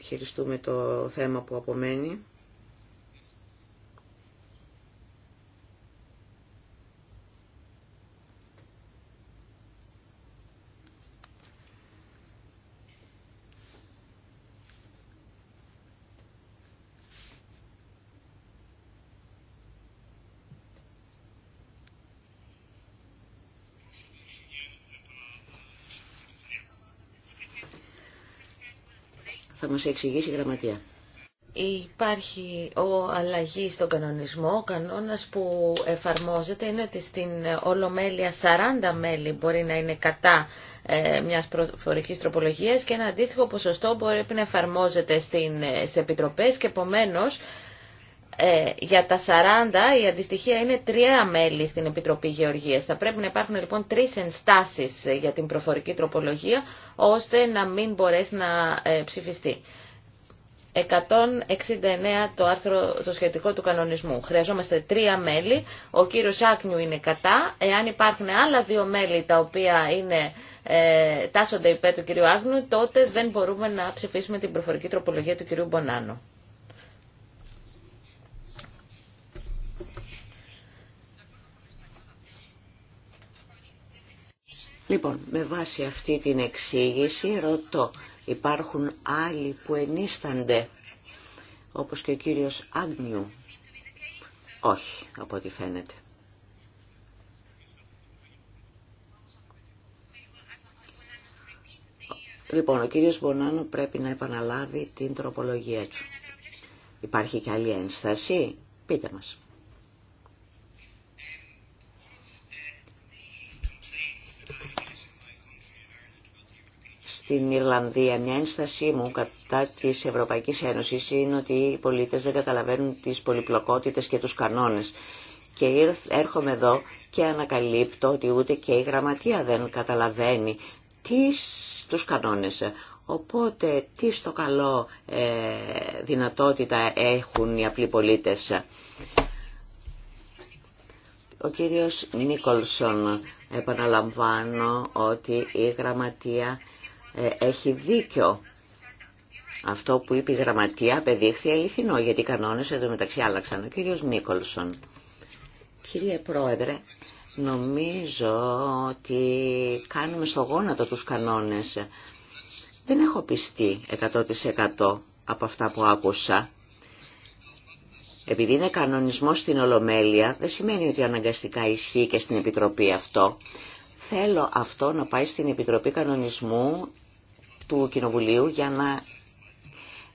χειριστούμε το θέμα που απομένει. μας εξηγήσει η Γραμματεία. Υπάρχει ο αλλαγή στον κανονισμό. Ο κανόνας που εφαρμόζεται είναι ότι στην Ολομέλεια 40 μέλη μπορεί να είναι κατά ε, μιας προφορικής τροπολογίας και ένα αντίστοιχο ποσοστό μπορεί να εφαρμόζεται στι ε, επιτροπές και επομένως ε, για τα 40 η αντιστοιχεία είναι τρία μέλη στην Επιτροπή Γεωργίας. Θα πρέπει να υπάρχουν λοιπόν τρεις ενστάσεις για την προφορική τροπολογία ώστε να μην μπορέσει να ε, ψηφιστεί. 169 το άρθρο το σχετικό του κανονισμού. Χρειαζόμαστε τρία μέλη. Ο κύριος Άκνιου είναι κατά. Εάν υπάρχουν άλλα δύο μέλη τα οποία είναι, ε, τάσσονται υπέρ του κυρίου Άγνου, τότε δεν μπορούμε να ψηφίσουμε την προφορική τροπολογία του κυρίου Μπονάνου. Λοιπόν, με βάση αυτή την εξήγηση ρωτώ, υπάρχουν άλλοι που ενίστανται, όπως και ο κύριος Άγνιου. Όχι, από ό,τι φαίνεται. Λοιπόν, ο κύριος Μπονάνο πρέπει να επαναλάβει την τροπολογία του. Υπάρχει και άλλη ένσταση. Πείτε μας. στην Ιρλανδία. Μια ένστασή μου κατά τη Ευρωπαϊκή Ένωση είναι ότι οι πολιτε δεν καταλαβαίνουν τι πολυπλοκότητε και τους κανόνε. Και έρχομαι εδώ και ανακαλύπτω ότι ούτε και η γραμματεία δεν καταλαβαίνει τις, τους κανόνες. Οπότε τι στο καλό ε, δυνατότητα έχουν οι απλοί πολίτες. Ο κύριος Νίκολσον επαναλαμβάνω ότι η γραμματεία ε, έχει δίκιο. Αυτό που είπε η γραμματεία απεδείχθη αληθινό, γιατί οι κανόνες εδώ μεταξύ άλλαξαν. Ο κύριος Νίκολσον. Κύριε Πρόεδρε, νομίζω ότι κάνουμε στο γόνατο τους κανόνες. Δεν έχω πιστεί 100% από αυτά που άκουσα. Επειδή είναι κανονισμός στην Ολομέλεια, δεν σημαίνει ότι αναγκαστικά ισχύει και στην Επιτροπή αυτό. Θέλω αυτό να πάει στην Επιτροπή Κανονισμού του Κοινοβουλίου για να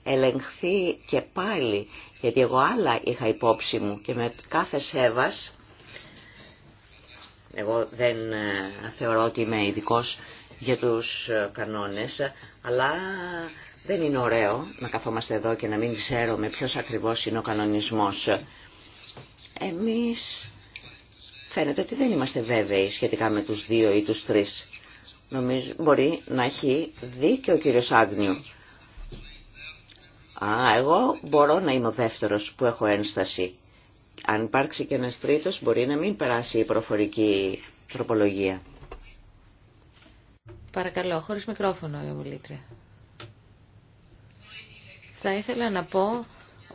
ελεγχθεί και πάλι, γιατί εγώ άλλα είχα υπόψη μου και με κάθε σέβας, εγώ δεν ε, θεωρώ ότι είμαι ειδικό για τους ε, κανόνες, αλλά δεν είναι ωραίο να καθόμαστε εδώ και να μην ξέρουμε ποιος ακριβώς είναι ο κανονισμός. Εμείς φαίνεται ότι δεν είμαστε βέβαιοι σχετικά με τους δύο ή τους τρεις. Νομίζω μπορεί να έχει δίκιο ο κύριος Άγνιου. Α, εγώ μπορώ να είμαι ο δεύτερος που έχω ένσταση. Αν υπάρξει και ένας τρίτος μπορεί να μην περάσει η προφορική τροπολογία. Παρακαλώ, χωρίς μικρόφωνο η ομιλήτρια. Θα ήθελα να πω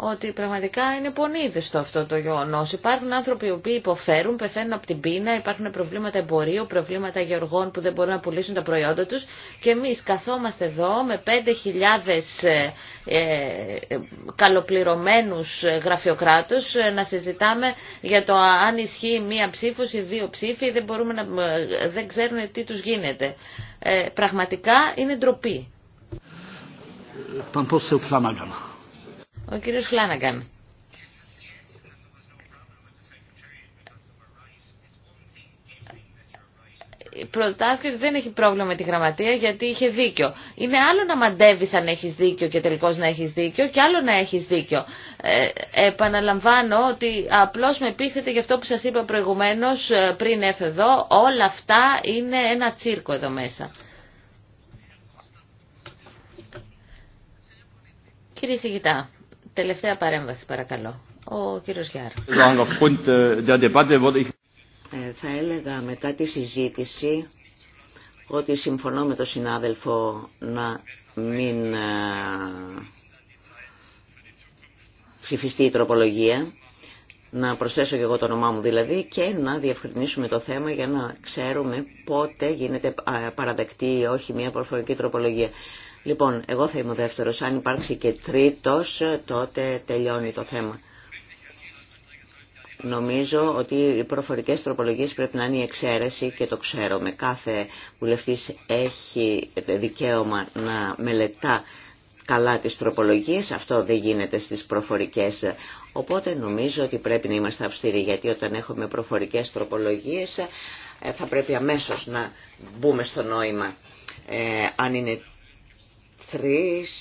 ότι πραγματικά είναι πονίδιστο αυτό το γεγονό. Υπάρχουν άνθρωποι οι οποίοι υποφέρουν, πεθαίνουν από την πείνα, υπάρχουν προβλήματα εμπορίου, προβλήματα γεωργών που δεν μπορούν να πουλήσουν τα προϊόντα τους και εμείς καθόμαστε εδώ με 5.000 ε, γραφειοκράτου ε, ε, γραφειοκράτους ε, να συζητάμε για το αν ισχύει μία ψήφο ή δύο ψήφοι, δεν, μπορούμε δεν ξέρουν τι του γίνεται. πραγματικά είναι ντροπή. Ο κύριος Φλάνναγκαν. προτάθηκε ότι δεν έχει πρόβλημα με τη γραμματεία γιατί είχε δίκιο. Είναι άλλο να μαντεύεις αν έχεις δίκιο και τελικώς να έχεις δίκιο και άλλο να έχεις δίκιο. Ε, επαναλαμβάνω ότι απλώς με επίθετε για αυτό που σας είπα προηγουμένως ε, πριν έρθω εδώ. Όλα αυτά είναι ένα τσίρκο εδώ μέσα. Κύριε Σιγητά. Τελευταία παρέμβαση παρακαλώ. Ο κύριο Γιάρ. Äh, ε, θα έλεγα μετά τη συζήτηση ότι συμφωνώ με τον συνάδελφο να μην ε, ψηφιστεί η τροπολογία, να προσθέσω και εγώ το όνομά μου δηλαδή και να διευκρινίσουμε το θέμα για να ξέρουμε πότε γίνεται ε, παραδεκτή ή όχι μια προφορική τροπολογία. Λοιπόν, εγώ θα είμαι ο δεύτερος. Αν υπάρξει και τρίτος, τότε τελειώνει το θέμα. Νομίζω ότι οι προφορικές τροπολογίες πρέπει να είναι η εξαίρεση και το ξέρουμε. Κάθε βουλευτής έχει δικαίωμα να μελετά καλά τις τροπολογίες, αυτό δεν γίνεται στις προφορικές. Οπότε νομίζω ότι πρέπει να είμαστε αυστηροί, γιατί όταν έχουμε προφορικές τροπολογίες ε, θα πρέπει αμέσως να μπούμε στο νόημα. Ε, τρεις,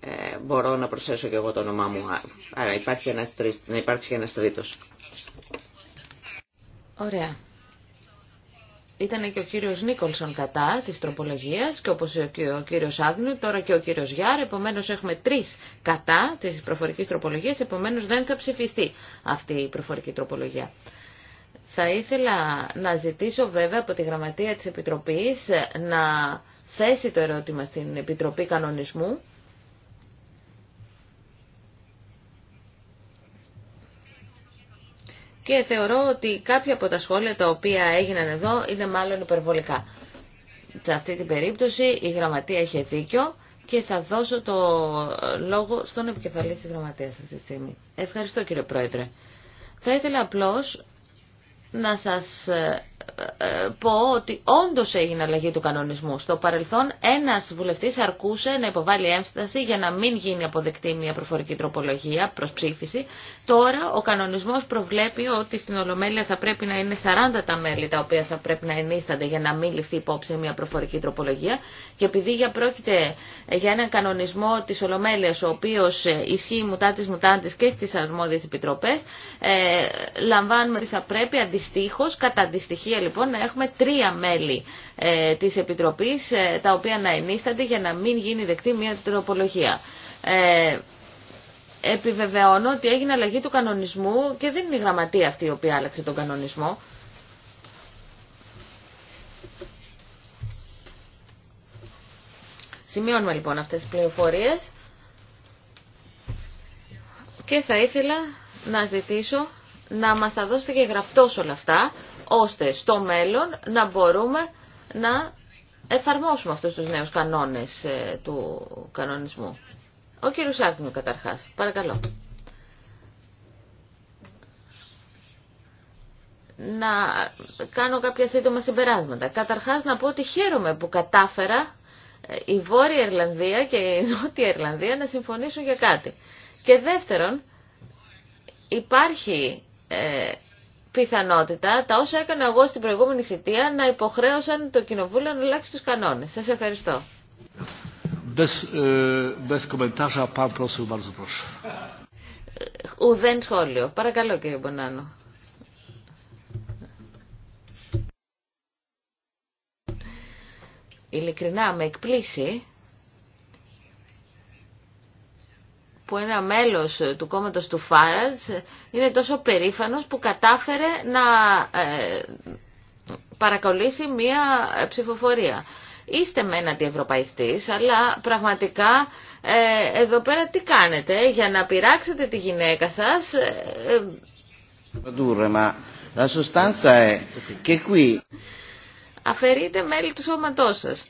ε, μπορώ να προσθέσω και εγώ το όνομά μου, άρα υπάρχει να υπάρξει και ένας τρίτος. Ωραία. Ήταν και ο κύριος Νίκολσον κατά της τροπολογίας και όπως και ο κύριος Άγνου, τώρα και ο κύριος Γιάρ, επομένως έχουμε τρεις κατά της προφορικής τροπολογίας, επομένως δεν θα ψηφιστεί αυτή η προφορική τροπολογία. Θα ήθελα να ζητήσω βέβαια από τη Γραμματεία της Επιτροπής να θέσει το ερώτημα στην Επιτροπή Κανονισμού. Και θεωρώ ότι κάποια από τα σχόλια τα οποία έγιναν εδώ είναι μάλλον υπερβολικά. Σε αυτή την περίπτωση η γραμματεία έχει δίκιο και θα δώσω το λόγο στον επικεφαλής της γραμματείας αυτή τη στιγμή. Ευχαριστώ κύριε Πρόεδρε. Θα ήθελα απλώς να σας ε, ε, πω ότι όντως έγινε αλλαγή του κανονισμού. Στο παρελθόν ένας βουλευτής αρκούσε να υποβάλει ένσταση για να μην γίνει αποδεκτή μια προφορική τροπολογία προς ψήφιση. Τώρα ο κανονισμός προβλέπει ότι στην Ολομέλεια θα πρέπει να είναι 40 τα μέλη τα οποία θα πρέπει να ενίστανται για να μην ληφθεί υπόψη μια προφορική τροπολογία και επειδή για πρόκειται για έναν κανονισμό της Ολομέλειας ο οποίος ισχύει μουτάτης μουτάντης και στις αρμόδιες επιτροπές ε, λαμβάνουμε ότι θα πρέπει αντιστοίχως, κατά αντιστοιχεία λοιπόν, να έχουμε τρία μέλη ε, της Επιτροπής, ε, τα οποία να ενίστανται για να μην γίνει δεκτή μια τροπολογία. Ε, επιβεβαιώνω ότι έγινε αλλαγή του κανονισμού και δεν είναι η γραμματεία αυτή η οποία άλλαξε τον κανονισμό. Σημειώνουμε λοιπόν αυτές τις πληροφορίες και θα ήθελα να ζητήσω να μας τα δώσετε και γραπτό όλα αυτά, ώστε στο μέλλον να μπορούμε να εφαρμόσουμε αυτούς τους νέους κανόνες ε, του κανονισμού. Ο κύριος Άκνου καταρχάς. Παρακαλώ. να κάνω κάποια σύντομα συμπεράσματα. Καταρχάς να πω ότι χαίρομαι που κατάφερα ε, η Βόρεια Ιρλανδία και η Νότια Ιρλανδία να συμφωνήσουν για κάτι. Και δεύτερον, υπάρχει ε, πιθανότητα τα όσα έκανα εγώ στην προηγούμενη θητεία να υποχρέωσαν το Κοινοβούλιο να αλλάξει τους κανόνες. Σας ευχαριστώ. E, ε, ουδέν σχόλιο. Παρακαλώ κύριε Μπονάνο. Ειλικρινά με εκπλήσει που είναι μέλος του κόμματος του Φάραντς είναι τόσο περήφανος που κατάφερε να ε, παρακολύσει μία ε, ψηφοφορία. Είστε μεν αντιευρωπαϊστής, αλλά πραγματικά ε, εδώ πέρα τι κάνετε για να πειράξετε τη γυναίκα σας. Αφαιρείτε μέλη του σώματός σας.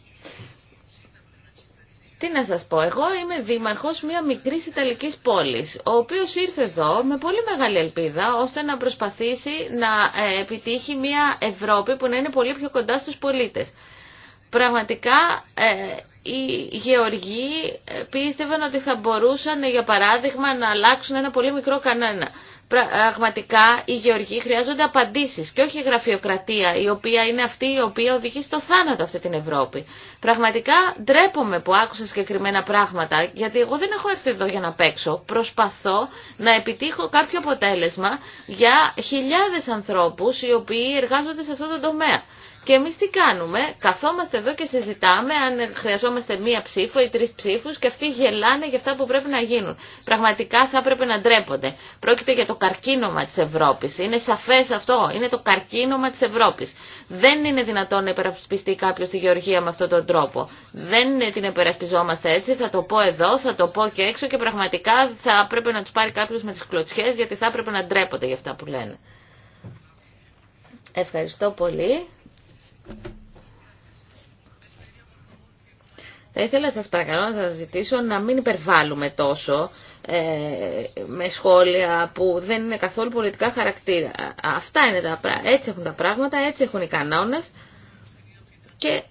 Τι να σας πω, εγώ είμαι δήμαρχος μια μικρής Ιταλικής πόλης, ο οποίος ήρθε εδώ με πολύ μεγάλη ελπίδα ώστε να προσπαθήσει να ε, επιτύχει μια Ευρώπη που να είναι πολύ πιο κοντά στους πολίτες. Πραγματικά ε, οι γεωργοί ε, πίστευαν ότι θα μπορούσαν για παράδειγμα να αλλάξουν ένα πολύ μικρό κανένα. Πραγματικά οι γεωργοί χρειάζονται απαντήσεις και όχι η γραφειοκρατία η οποία είναι αυτή η οποία οδηγεί στο θάνατο αυτή την Ευρώπη. Πραγματικά ντρέπομαι που άκουσα συγκεκριμένα πράγματα γιατί εγώ δεν έχω έρθει εδώ για να παίξω. Προσπαθώ να επιτύχω κάποιο αποτέλεσμα για χιλιάδες ανθρώπους οι οποίοι εργάζονται σε αυτό το τομέα. Και εμείς τι κάνουμε, καθόμαστε εδώ και συζητάμε αν χρειαζόμαστε μία ψήφο ή τρεις ψήφους και αυτοί γελάνε για αυτά που πρέπει να γίνουν. Πραγματικά θα έπρεπε να ντρέπονται. Πρόκειται για το καρκίνωμα της Ευρώπης. Είναι σαφές αυτό. Είναι το καρκίνωμα της Ευρώπης. Δεν είναι δυνατόν να υπερασπιστεί κάποιο τη Γεωργία με αυτόν τον τρόπο. Δεν την υπερασπιζόμαστε έτσι. Θα το πω εδώ, θα το πω και έξω και πραγματικά θα έπρεπε να του πάρει κάποιο με τις κλωτσιές γιατί θα έπρεπε να ντρέπονται για αυτά που λένε. Ευχαριστώ πολύ. Θα ήθελα σας παρακαλώ να σας ζητήσω να μην υπερβάλλουμε τόσο ε, με σχόλια που δεν είναι καθόλου πολιτικά χαρακτήρα. Αυτά είναι τα πράγματα. Έτσι έχουν τα πράγματα, έτσι έχουν οι κανόνες και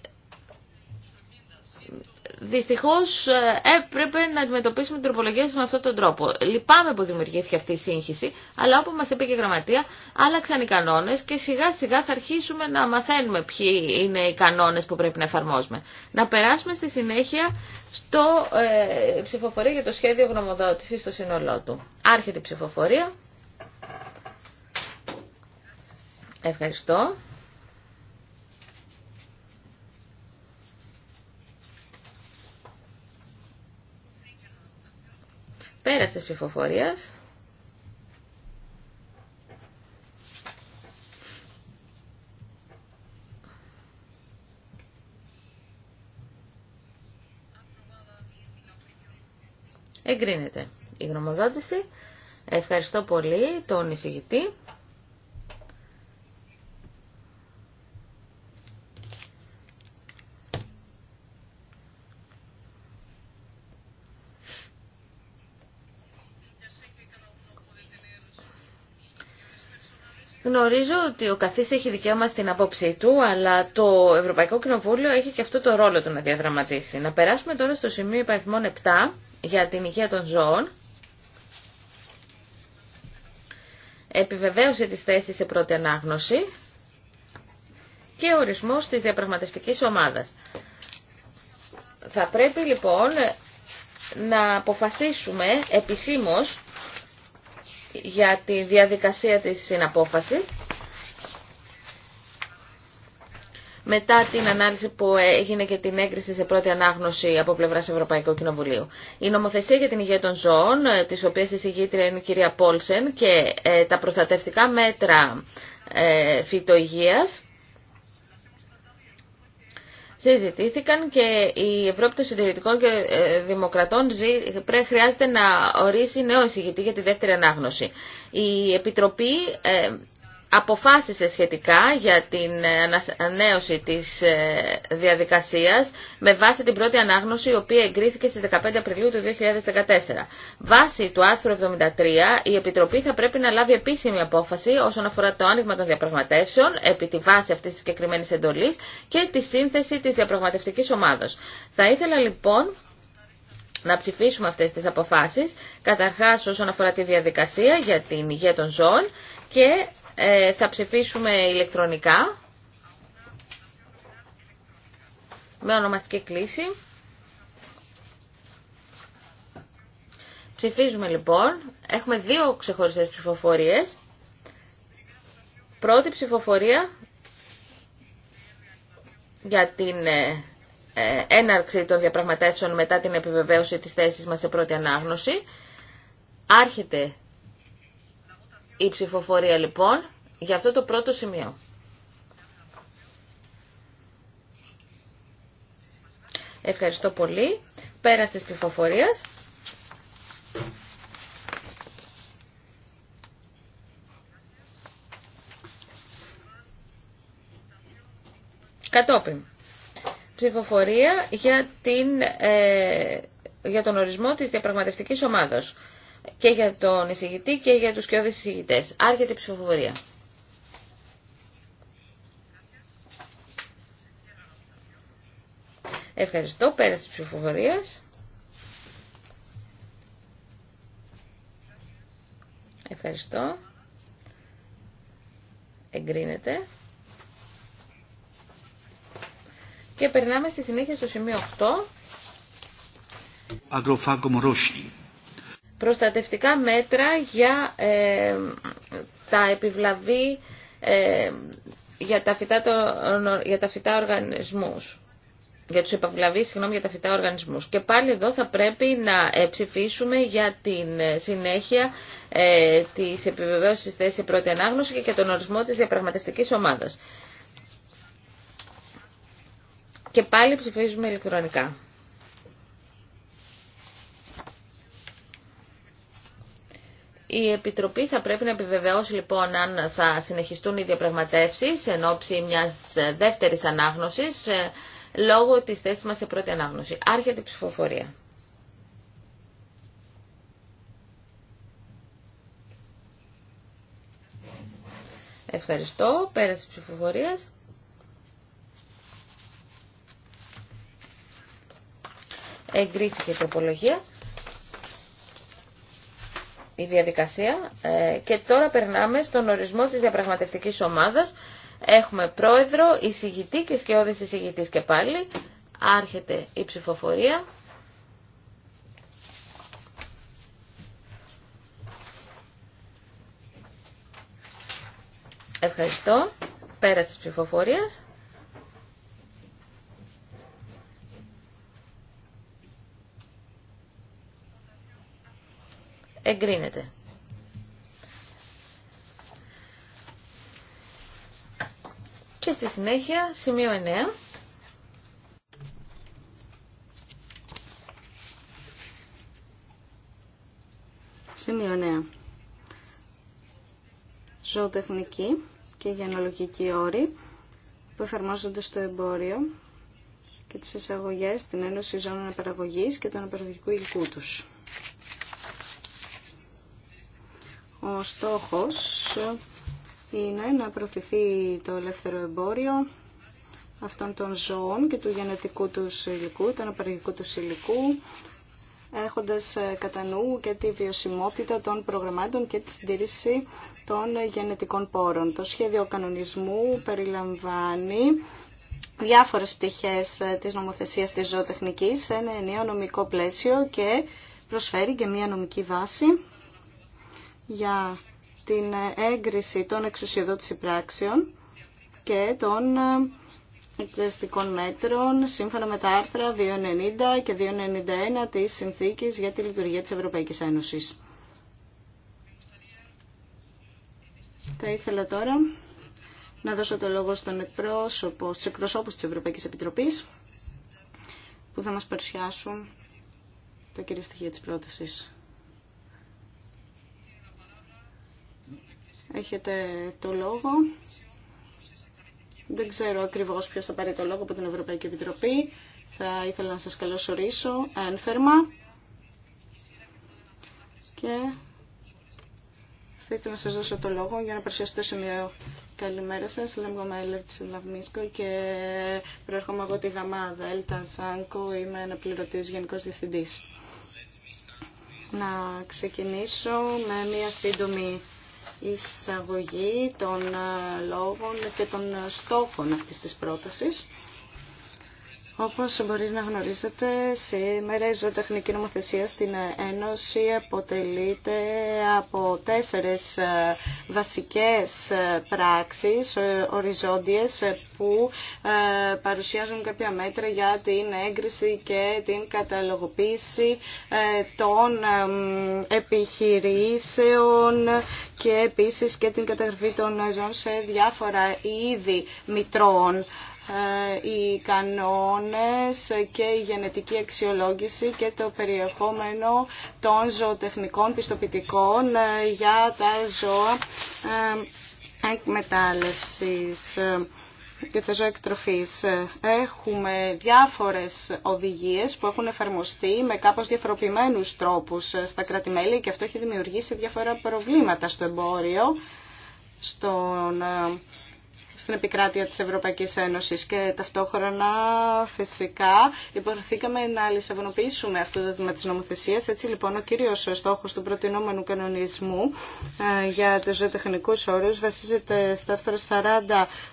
Δυστυχώς ε, έπρεπε να αντιμετωπίσουμε την τροπολογία με αυτόν τον τρόπο. Λυπάμαι που δημιουργήθηκε αυτή η σύγχυση, αλλά όπως μας είπε και η γραμματεία, άλλαξαν οι κανόνες και σιγά σιγά θα αρχίσουμε να μαθαίνουμε ποιοι είναι οι κανόνες που πρέπει να εφαρμόζουμε. Να περάσουμε στη συνέχεια στο ε, ψηφοφορία για το σχέδιο γνωμοδότησης στο σύνολό του. Άρχεται η ψηφοφορία. Ευχαριστώ. Πέρας της ψηφοφορίας. Εγκρίνεται η γνωμοδότηση. Ευχαριστώ πολύ τον εισηγητή. Γνωρίζω ότι ο καθής έχει δικαίωμα στην απόψη του, αλλά το Ευρωπαϊκό Κοινοβούλιο έχει και αυτό το ρόλο του να διαδραματίσει. Να περάσουμε τώρα στο σημείο υπαριθμών 7 για την υγεία των ζώων. Επιβεβαίωση της θέσης σε πρώτη ανάγνωση και ορισμός της διαπραγματευτικής ομάδας. Θα πρέπει λοιπόν να αποφασίσουμε επισήμως για τη διαδικασία της συναπόφασης. μετά την ανάλυση που έγινε και την έγκριση σε πρώτη ανάγνωση από πλευράς Ευρωπαϊκού Κοινοβουλίου. Η νομοθεσία για την υγεία των ζώων, ε, τη οποία εισηγήτρια είναι η κυρία Πόλσεν, και ε, τα προστατευτικά μέτρα ε, φυτοϊγείας συζητήθηκαν και η Ευρώπη των Συντηρητικών και ε, Δημοκρατών χρειάζεται να ορίσει νέο εισηγητή για τη δεύτερη ανάγνωση. Η Επιτροπή ε, αποφάσισε σχετικά για την ανανέωση της ε, διαδικασίας με βάση την πρώτη ανάγνωση η οποία εγκρίθηκε στις 15 Απριλίου του 2014. Βάσει του άρθρου 73 η Επιτροπή θα πρέπει να λάβει επίσημη απόφαση όσον αφορά το άνοιγμα των διαπραγματεύσεων επί τη βάση αυτής της συγκεκριμένη εντολής και τη σύνθεση της διαπραγματευτικής ομάδος. Θα ήθελα λοιπόν να ψηφίσουμε αυτές τις αποφάσεις, καταρχάς όσον αφορά τη διαδικασία για την υγεία των ζώων και ε, θα ψηφίσουμε ηλεκτρονικά με ονομαστική κλίση. Ψηφίζουμε λοιπόν. Έχουμε δύο ξεχωριστές ψηφοφορίες. Πρώτη ψηφοφορία για την ε, ε, έναρξη των διαπραγματεύσεων μετά την επιβεβαίωση της θέσης μας σε πρώτη ανάγνωση. Άρχεται η ψηφοφορία λοιπόν για αυτό το πρώτο σημείο. Ευχαριστώ πολύ. Πέρα της ψηφοφορίας. Κατόπιν. Ψηφοφορία για, την, ε, για τον ορισμό της διαπραγματευτικής ομάδας και για τον εισηγητή και για τους κοιόδες εισηγητές. Άρχεται η ψηφοφορία. Ευχαριστώ. Πέρασε τη ψηφοφορία. Ευχαριστώ. Εγκρίνεται. Και περνάμε στη συνέχεια στο σημείο 8. Αγροφάγκο προστατευτικά μέτρα για ε, τα επιβλαβή ε, για, τα φυτά το, για τα φυτά οργανισμούς για τους επιβλαβείς συγγνώμη, για τα φυτά οργανισμούς. Και πάλι εδώ θα πρέπει να ε, ψηφίσουμε για την ε, συνέχεια ε, της επιβεβαίωσης της θέσης πρώτη ανάγνωση και, για τον ορισμό της διαπραγματευτικής ομάδας. Και πάλι ψηφίζουμε ηλεκτρονικά. Η Επιτροπή θα πρέπει να επιβεβαιώσει λοιπόν αν θα συνεχιστούν οι διαπραγματεύσεις εν ώψη μιας δεύτερης ανάγνωσης ε, λόγω της θέσης μας σε πρώτη ανάγνωση. Άρχεται η ψηφοφορία. Ευχαριστώ. Πέρασε η ψηφοφορία. Εγκρίθηκε η τροπολογία η διαδικασία ε, και τώρα περνάμε στον ορισμό της διαπραγματευτικής ομάδας. Έχουμε πρόεδρο, εισηγητή και σκιώδης εισηγητής και πάλι. Άρχεται η ψηφοφορία. Ευχαριστώ. Πέρασε της ψηφοφορίας. εγκρίνεται. Και στη συνέχεια, σημείο 9. Σημείο 9. Ζωοτεχνική και γενολογική όρη που εφαρμόζονται στο εμπόριο και τις εισαγωγές στην Ένωση Ζώνων Παραγωγής και των απαραγωγικού υλικού τους. Ο στόχος είναι να προωθηθεί το ελεύθερο εμπόριο αυτών των ζώων και του γενετικού του υλικού, του αναπαραγικού του υλικού, έχοντας κατά νου και τη βιωσιμότητα των προγραμμάτων και τη συντήρηση των γενετικών πόρων. Το σχέδιο κανονισμού περιλαμβάνει διάφορες πτυχές της νομοθεσίας της ζωοτεχνικής σε ένα ενίο νομικό πλαίσιο και προσφέρει και μία νομική βάση για την έγκριση των εξουσιοδότηση πράξεων και των ε, εκπαιδευτικών μέτρων σύμφωνα με τα άρθρα 290 και 291 της Συνθήκης για τη Λειτουργία της Ευρωπαϊκής Ένωσης. Θα ήθελα τώρα να δώσω το λόγο στον εκπρόσωπο, στους εκπροσώπους της Ευρωπαϊκής Επιτροπής που θα μας παρουσιάσουν τα κυρία στοιχεία της πρότασης. Έχετε το λόγο. Δεν ξέρω ακριβώς ποιος θα πάρει το λόγο από την Ευρωπαϊκή Επιτροπή. Θα ήθελα να σας καλωσορίσω ένθερμα. Και θα ήθελα να σας δώσω το λόγο για να παρουσιάσω το σημείο. Καλημέρα σας, λέγομαι Μάιλερ της Λαυμίσκο και προέρχομαι εγώ τη γαμάδα. Δέλτα Σάνκο, είμαι πληρωτής Γενικός Διευθυντής. Να ξεκινήσω με μία σύντομη εισαγωγή των ε, λόγων και των ε, στόχων αυτής της πρότασης. Όπως μπορεί να γνωρίζετε, σήμερα η ζωοτεχνική νομοθεσία στην Ένωση αποτελείται από τέσσερες ε, βασικές ε, πράξεις ε, οριζόντιες που παρουσιάζουν κάποια μέτρα για την έγκριση και την καταλογοποίηση των επιχειρήσεων και επίσης και την καταγραφή των ζώων σε διάφορα είδη μητρώων. Ε, οι κανόνες και η γενετική αξιολόγηση και το περιεχόμενο των ζωοτεχνικών πιστοποιητικών ε, για τα ζώα ε, εκμετάλλευσης και τα ζώα εκτροφής. Έχουμε διάφορες οδηγίες που έχουν εφαρμοστεί με κάπως διαφοροποιημένους τρόπους στα κράτη-μέλη και αυτό έχει δημιουργήσει διάφορα προβλήματα στο εμπόριο, στον στην επικράτεια της Ευρωπαϊκής Ένωσης και ταυτόχρονα φυσικά υποχρεωθήκαμε να λησαυνοποιήσουμε αυτό το δήμα της νομοθεσίας. Έτσι λοιπόν ο κύριος στόχος του προτινόμενου κανονισμού ε, για τους ζωοτεχνικούς όρους βασίζεται στα άρθρα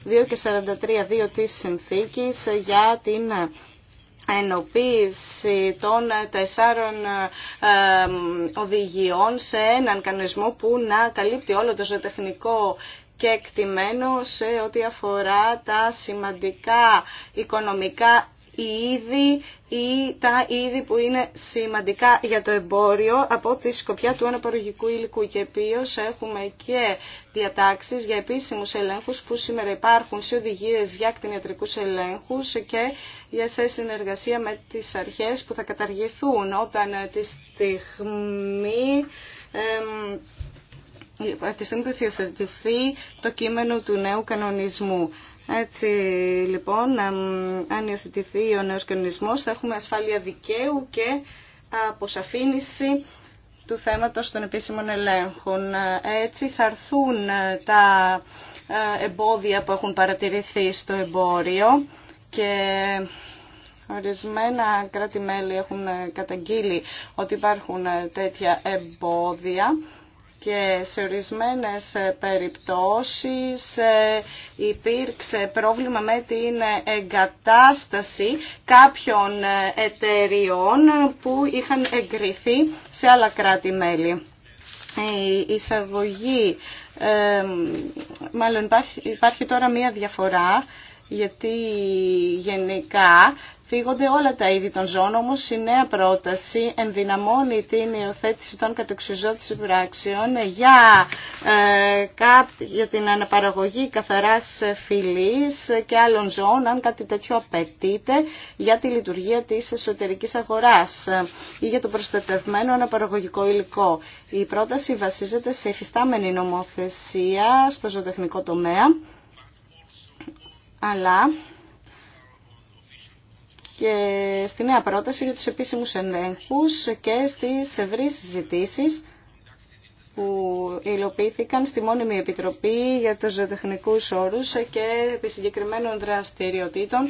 42 και 43-2 της συνθήκης για την ενοποίηση των τεσσάρων ε, οδηγιών σε έναν κανονισμό που να καλύπτει όλο το ζωοτεχνικό και εκτιμένο σε ό,τι αφορά τα σημαντικά οικονομικά είδη ή τα είδη που είναι σημαντικά για το εμπόριο από τη σκοπιά του αναπαραγωγικού υλικού και ποιος έχουμε και διατάξεις για επίσημους ελέγχους που σήμερα υπάρχουν σε οδηγίες για κτηνιατρικούς ελέγχους και για σε συνεργασία με τις αρχές που θα καταργηθούν όταν τη στιγμή αυτή τη στιγμή που θα το κείμενο του νέου κανονισμού. Έτσι λοιπόν, αν υιοθετηθεί ο νέος κανονισμός θα έχουμε ασφάλεια δικαίου και αποσαφήνιση του θέματος των επίσημων ελέγχων. Έτσι θα έρθουν ε, τα ε, εμπόδια που έχουν παρατηρηθεί στο εμπόριο και ορισμένα κράτη-μέλη έχουν καταγγείλει ότι υπάρχουν ε, τέτοια εμπόδια και σε ορισμένες ε, περιπτώσεις ε, υπήρξε πρόβλημα με την εγκατάσταση κάποιων ε, εταιριών που είχαν εγκριθεί σε άλλα κράτη-μέλη. Η εισαγωγή, μάλλον υπάρχει, υπάρχει τώρα μία διαφορά γιατί γενικά φύγονται όλα τα είδη των ζώων, όμω, η νέα πρόταση ενδυναμώνει την υιοθέτηση των κατεξιζώτης πράξεων για, ε, για την αναπαραγωγή καθαράς φυλής και άλλων ζώων, αν κάτι τέτοιο απαιτείται για τη λειτουργία τη εσωτερικής αγοράς ή για το προστατευμένο αναπαραγωγικό υλικό. Η πρόταση βασίζεται σε εφιστάμενη νομοθεσία στο ζωοτεχνικό τομέα, αλλά και στη νέα πρόταση για τους επίσημους ενέχους και στις ευρύς συζητήσει που υλοποιήθηκαν στη μόνιμη επιτροπή για τους ζωοτεχνικούς όρους και επί συγκεκριμένων δραστηριοτήτων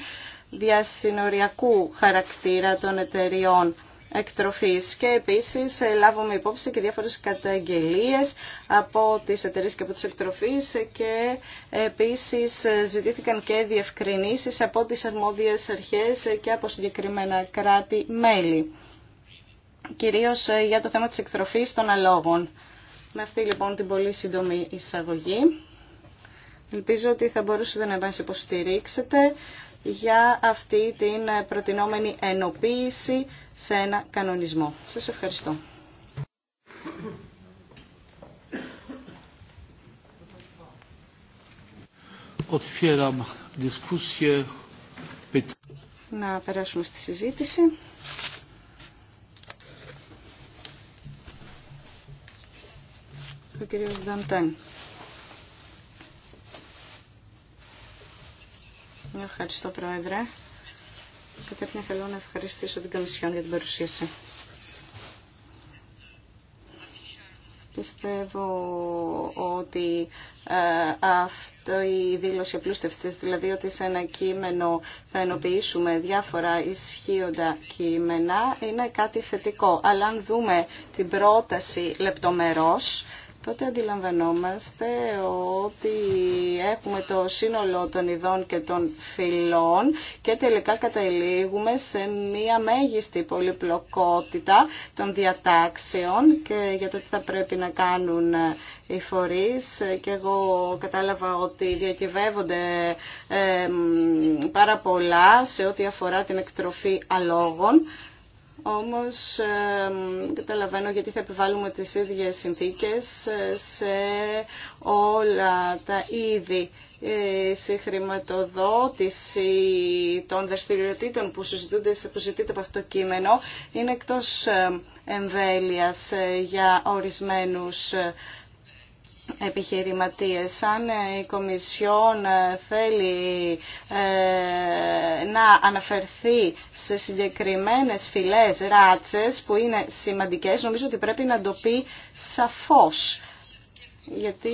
διασυνοριακού χαρακτήρα των εταιριών εκτροφής και επίσης ε, λάβουμε υπόψη και διάφορες καταγγελίες από τις εταιρείε και από τις εκτροφείς και επίσης ε, ζητήθηκαν και διευκρινήσεις από τις αρμόδιες αρχές και από συγκεκριμένα κράτη-μέλη, κυρίως ε, για το θέμα της εκτροφής των αλόγων. Με αυτή λοιπόν την πολύ σύντομη εισαγωγή. Ελπίζω ότι θα μπορούσατε να μας υποστηρίξετε για αυτή την ε, προτινόμενη ενοποίηση σε ένα κανονισμό. Σας ευχαριστώ. Να περάσουμε στη συζήτηση. Ο Ευχαριστώ, Πρόεδρε. Καταρχήν θέλω να ευχαριστήσω την Κομισιόν για την παρουσίαση. Πιστεύω ότι ε, αυτή η δήλωση απλούστευσης, δηλαδή ότι σε ένα κείμενο θα ενοποιήσουμε διάφορα ισχύοντα κείμενα, είναι κάτι θετικό. Αλλά αν δούμε την πρόταση λεπτομερώς, τότε αντιλαμβανόμαστε ότι έχουμε το σύνολο των ειδών και των φυλών και τελικά καταλήγουμε σε μία μέγιστη πολυπλοκότητα των διατάξεων και για το τι θα πρέπει να κάνουν οι φορείς και εγώ κατάλαβα ότι διακυβεύονται πάρα πολλά σε ό,τι αφορά την εκτροφή αλόγων όμως καταλαβαίνω γιατί θα επιβάλλουμε τις ίδιες συνθήκες ε, σε όλα τα είδη. Ε, η χρηματοδότηση των δραστηριοτήτων που, συζητούνται, που από αυτό το κείμενο είναι εκτός εμβέλειας ε, για ορισμένους επιχειρηματίες. Αν ε, η Κομισιόν ε, θέλει ε, να αναφερθεί σε συγκεκριμένες φυλές ράτσες που είναι σημαντικές, νομίζω ότι πρέπει να το πει σαφώς γιατί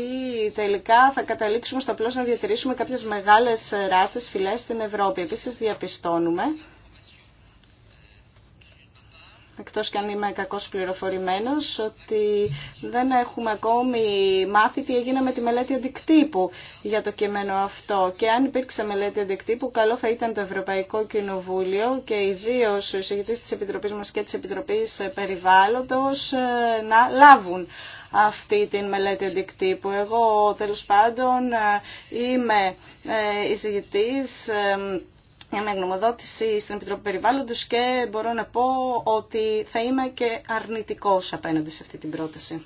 τελικά θα καταλήξουμε στο απλώς να διατηρήσουμε κάποιες μεγάλες ράτσες φυλές στην Ευρώπη. Επίσης διαπιστώνουμε εκτός κι αν είμαι κακός πληροφορημένος, ότι δεν έχουμε ακόμη μάθει τι έγινε με τη μελέτη αντικτύπου για το κείμενο αυτό. Και αν υπήρξε μελέτη αντικτύπου, καλό θα ήταν το Ευρωπαϊκό Κοινοβούλιο και ιδίω ο εισηγητής της Επιτροπής μας και της Επιτροπής Περιβάλλοντος ε, να λάβουν αυτή την μελέτη αντικτύπου. Εγώ τέλος πάντων ε, είμαι ε, εισηγητής μια γνωμοδότηση στην Επιτροπή Περιβάλλοντος και μπορώ να πω ότι θα είμαι και αρνητικός απέναντι σε αυτή την πρόταση.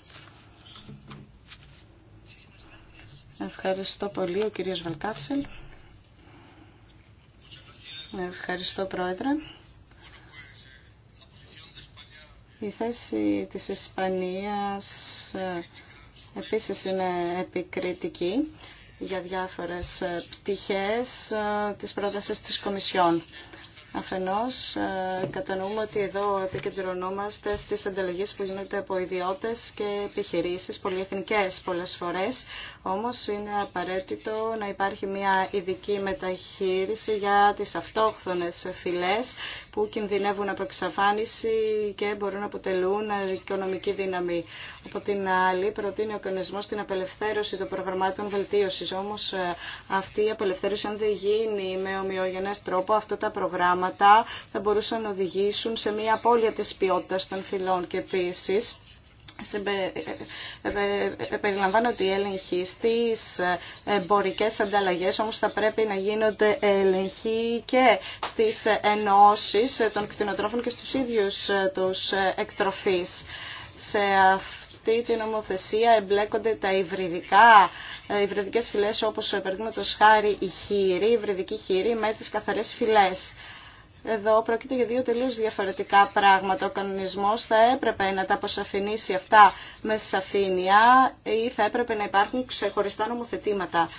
Ευχαριστώ πολύ ο κύριος Βαλκάψελ. Ευχαριστώ Πρόεδρε. Η θέση της Ισπανίας ε, επίσης είναι επικριτική για διάφορες ε, πτυχές ε, της πρότασης της Κομισιόν. Αφενός, ε, κατανοούμε ότι εδώ επικεντρωνόμαστε στις ανταλλαγές που γίνονται από ιδιώτες και επιχειρήσεις πολυεθνικές πολλές φορές. Όμως είναι απαραίτητο να υπάρχει μια ειδική μεταχείριση για τις αυτόχθονες φυλές που κινδυνεύουν από εξαφάνιση και μπορούν να αποτελούν οικονομική δύναμη. Από την άλλη, προτείνει ο οικονομισμό την απελευθέρωση των προγραμμάτων βελτίωση. Όμω, ε, αυτή η απελευθέρωση, αν δεν γίνει με ομοιογενέ τρόπο, αυτά τα προγράμματα θα μπορούσαν να οδηγήσουν σε μια απώλεια τη ποιότητα των φυλών. Και επίση, ε, ε, ε, ότι οι έλεγχοι στις εμπορικές ανταλλαγές, όμως θα πρέπει να γίνονται έλεγχοι και στις ενώσεις των κτηνοτρόφων και στους ίδιους τους εκτροφείς. Σε αυτή την νομοθεσία εμπλέκονται τα υβριδικά, υβριδικές φυλές όπως παραδείγματος χάρη η χείρη, η υβριδική χείρη με τις καθαρές φυλές. Εδώ πρόκειται για δύο τελείως διαφορετικά πράγματα. Ο κανονισμός θα έπρεπε να τα αποσαφηνίσει αυτά με σαφήνεια ή θα έπρεπε να υπάρχουν ξεχωριστά νομοθετήματα.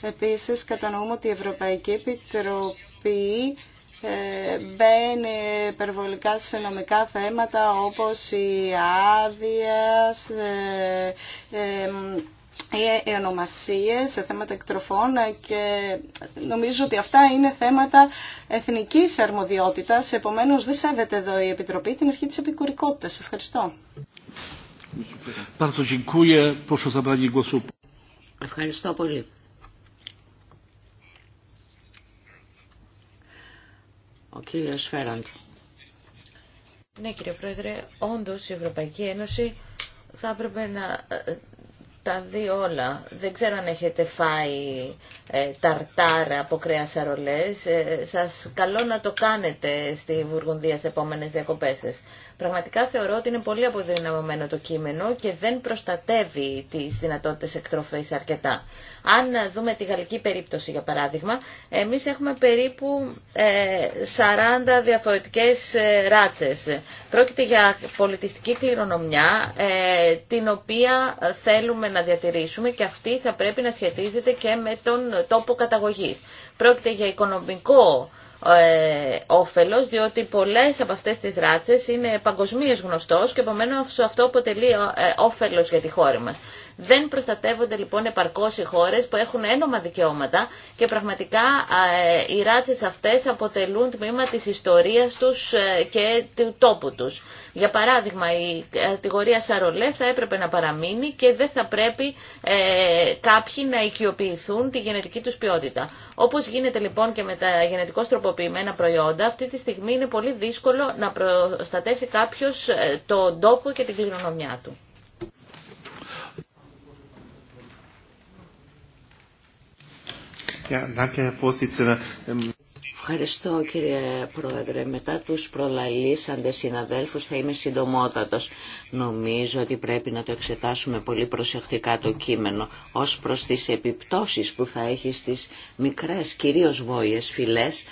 Επίσης, κατανοούμε ότι η Ευρωπαϊκή Επιτροπή ε, μπαίνει υπερβολικά σε νομικά θέματα όπως η άδεια, ε, οι ονομασίες σε θέματα εκτροφών και νομίζω ότι αυτά είναι θέματα εθνικής αρμοδιότητας, επομένως δεν σέβεται εδώ η Επιτροπή την αρχή της επικουρικότητας. Ευχαριστώ. Ευχαριστώ πολύ. Ο κύριος Φέραντ. Ναι κύριε Πρόεδρε, όντως η Ευρωπαϊκή Ένωση θα έπρεπε να ε, τα δει όλα. Δεν ξέρω αν έχετε φάει ε, ταρτάρα από κρέα αρολές. Ε, σας καλώ να το κάνετε στη Βουργουνδία σε επόμενε διακοπέ Πραγματικά θεωρώ ότι είναι πολύ αποδυναμωμένο το κείμενο και δεν προστατεύει τις δυνατότητες εκτροφής αρκετά. Αν δούμε τη γαλλική περίπτωση για παράδειγμα, εμείς έχουμε περίπου 40 ε, διαφορετικές ε, ράτσες. Πρόκειται για πολιτιστική κληρονομιά ε, την οποία θέλουμε να διατηρήσουμε και αυτή θα πρέπει να σχετίζεται και με τον τόπο καταγωγής. Πρόκειται για οικονομικό ε, όφελος, διότι πολλές από αυτές τις ράτσες είναι παγκοσμίως γνωστός και επομένως αυτό αποτελεί ε, όφελος για τη χώρα μας. Δεν προστατεύονται λοιπόν επαρκώ οι χώρες που έχουν ένομα δικαιώματα και πραγματικά ε, οι ράτσε αυτέ αποτελούν τμήμα τη ιστορία του ε, και του τόπου του. Για παράδειγμα η κατηγορία Σαρολέ θα έπρεπε να παραμείνει και δεν θα πρέπει ε, κάποιοι να οικειοποιηθούν τη γενετική τους ποιότητα. Όπως γίνεται λοιπόν και με τα γενετικώς τροποποιημένα προϊόντα, αυτή τη στιγμή είναι πολύ δύσκολο να προστατεύσει κάποιος τον τόπο και την κληρονομιά του. Ähm, Ευχαριστώ κύριε Πρόεδρε. Μετά τους προλαλήσαντες συναδέλφους θα είμαι συντομότατος. Νομίζω ότι πρέπει να το εξετάσουμε πολύ προσεκτικά το κείμενο ως προς τις επιπτώσεις που θα έχει στις μικρές κυρίως βόηες φυλές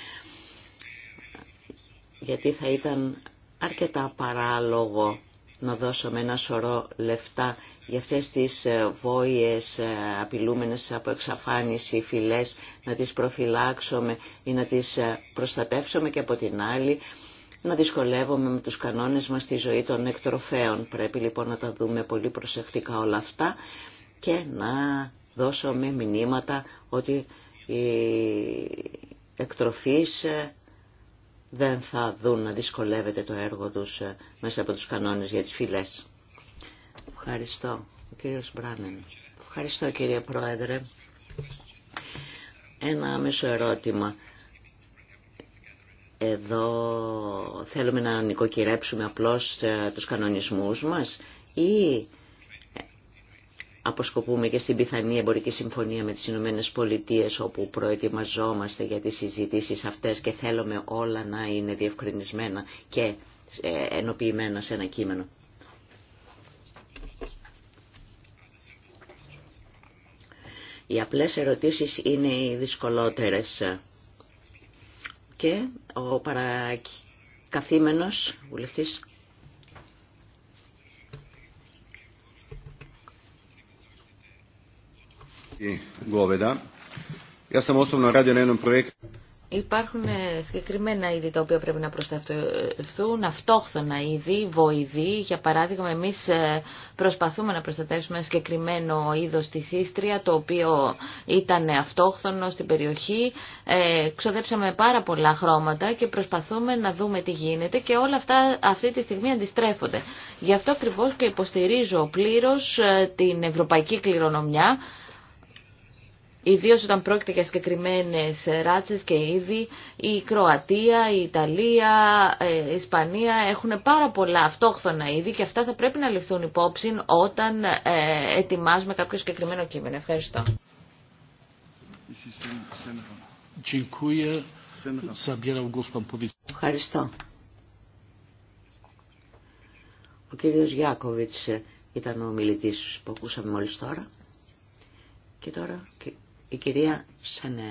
γιατί θα ήταν αρκετά παράλογο να δώσουμε ένα σωρό λεφτά για αυτές τις ε, βόηες ε, απειλούμενες από εξαφάνιση φυλές, να τις προφυλάξουμε ή να τις ε, προστατεύσουμε και από την άλλη να δυσκολεύουμε με τους κανόνες μας τη ζωή των εκτροφέων. Πρέπει λοιπόν να τα δούμε πολύ προσεκτικά όλα αυτά και να δώσουμε μηνύματα ότι οι εκτροφείς δεν θα δουν να δυσκολεύεται το έργο τους ε, μέσα από τους κανόνες για τις φυλές. Ευχαριστώ. Ο κύριος Μπράνεν. Ευχαριστώ κύριε Πρόεδρε. Ένα άμεσο ερώτημα. Εδώ θέλουμε να νοικοκυρέψουμε απλώς ε, τους κανονισμούς μας ή αποσκοπούμε και στην πιθανή εμπορική συμφωνία με τις Ηνωμένε Πολιτείες όπου προετοιμαζόμαστε για τις συζητήσεις αυτές και θέλουμε όλα να είναι διευκρινισμένα και ε, ενοποιημένα σε ένα κείμενο. Οι απλές ερωτήσεις είναι οι δυσκολότερες και ο παρακαθήμενος βουλευτής Υπάρχουν ε, συγκεκριμένα είδη τα οποία πρέπει να προστατευτούν, αυτόχθονα είδη, βοηδή. Για παράδειγμα, εμείς ε, προσπαθούμε να προστατεύσουμε ένα συγκεκριμένο είδο της ίστρια, το οποίο ήταν αυτόχθονο στην περιοχή. Ε, ξοδέψαμε πάρα πολλά χρώματα και προσπαθούμε να δούμε τι γίνεται και όλα αυτά αυτή τη στιγμή αντιστρέφονται. Γι' αυτό ακριβώ και υποστηρίζω πλήρω ε, την ευρωπαϊκή κληρονομιά, ιδίως όταν πρόκειται για συγκεκριμένε ράτσες και είδη, η Κροατία, η Ιταλία, ε, η Ισπανία έχουν πάρα πολλά αυτόχθονα είδη και αυτά θα πρέπει να ληφθούν υπόψη όταν ε, ετοιμάζουμε κάποιο συγκεκριμένο κείμενο. Ευχαριστώ. Ευχαριστώ. Ο κύριος Γιάκοβιτς ήταν ο μιλητής που ακούσαμε μόλις τώρα. Και τώρα η κυρία Σενέα.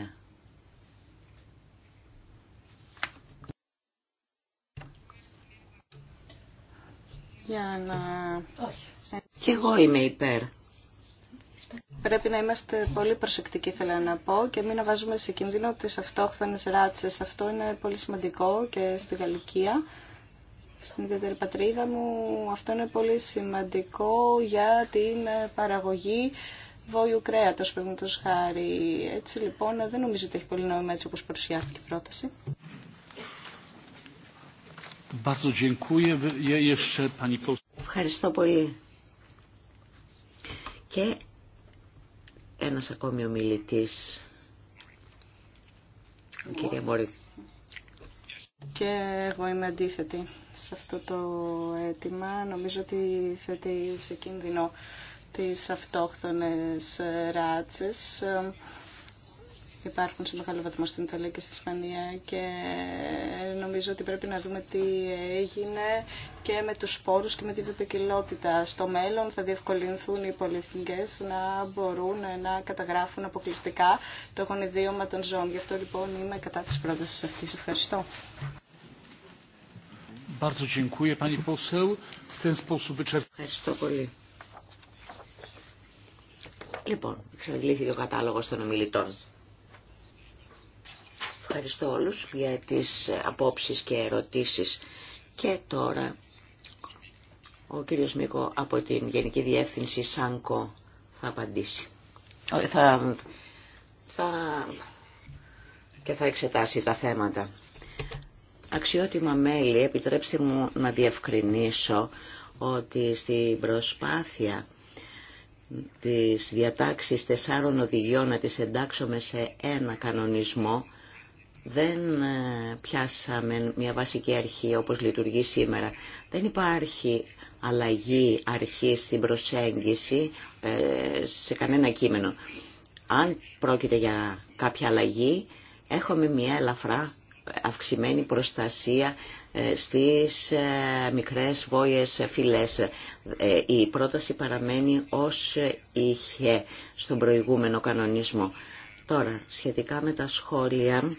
Για να... εγώ είμαι υπέρ. Πρέπει να είμαστε πολύ προσεκτικοί, θέλω να πω, και μην βάζουμε σε κίνδυνο τι αυτόχθονε ράτσε. Αυτό είναι πολύ σημαντικό και στη Γαλλικία, στην ιδιαίτερη πατρίδα μου. Αυτό είναι πολύ σημαντικό για την παραγωγή βόλου κρέατος, του χάρη. Έτσι λοιπόν δεν νομίζω ότι έχει πολύ νόημα έτσι όπως παρουσιάστηκε η πρόταση. Ευχαριστώ πολύ. Και ένας ακόμη ομιλητής, κυρία Μόρι. Και εγώ είμαι αντίθετη σε αυτό το αίτημα. Νομίζω ότι θέτει σε κίνδυνο τις αυτόχθονες ε, ράτσες ε, υπάρχουν σε μεγάλο βαθμό στην Ιταλία και στη Ισπανία και νομίζω ότι πρέπει να δούμε τι έγινε και με τους σπόρους και με την βιοπικιλότητα. Στο μέλλον θα διευκολυνθούν οι πολυεθνικές να μπορούν να καταγράφουν αποκλειστικά το γονιδίωμα των ζώων. Γι' αυτό λοιπόν είμαι κατά της πρότασης αυτής. Ευχαριστώ. Ευχαριστώ πολύ. Λοιπόν, εξαντλήθηκε ο κατάλογος των ομιλητών. Ευχαριστώ όλους για τις απόψεις και ερωτήσεις. Και τώρα ο κύριος Μίκο από την Γενική Διεύθυνση ΣΑΝΚΟ θα απαντήσει. Θα, θα, και θα εξετάσει τα θέματα. Αξιότιμα μέλη, επιτρέψτε μου να διευκρινίσω ότι στην προσπάθεια τις διατάξεις τεσσάρων οδηγιών να τις εντάξουμε σε ένα κανονισμό δεν ε, πιάσαμε μια βασική αρχή όπως λειτουργεί σήμερα. Δεν υπάρχει αλλαγή αρχή στην προσέγγιση ε, σε κανένα κείμενο. Αν πρόκειται για κάποια αλλαγή, έχουμε μια ελαφρά αυξημένη προστασία ε, στις ε, μικρές βόλες φυλές. Ε, η πρόταση παραμένει ως είχε στον προηγούμενο κανονισμό. Τώρα, σχετικά με τα σχόλια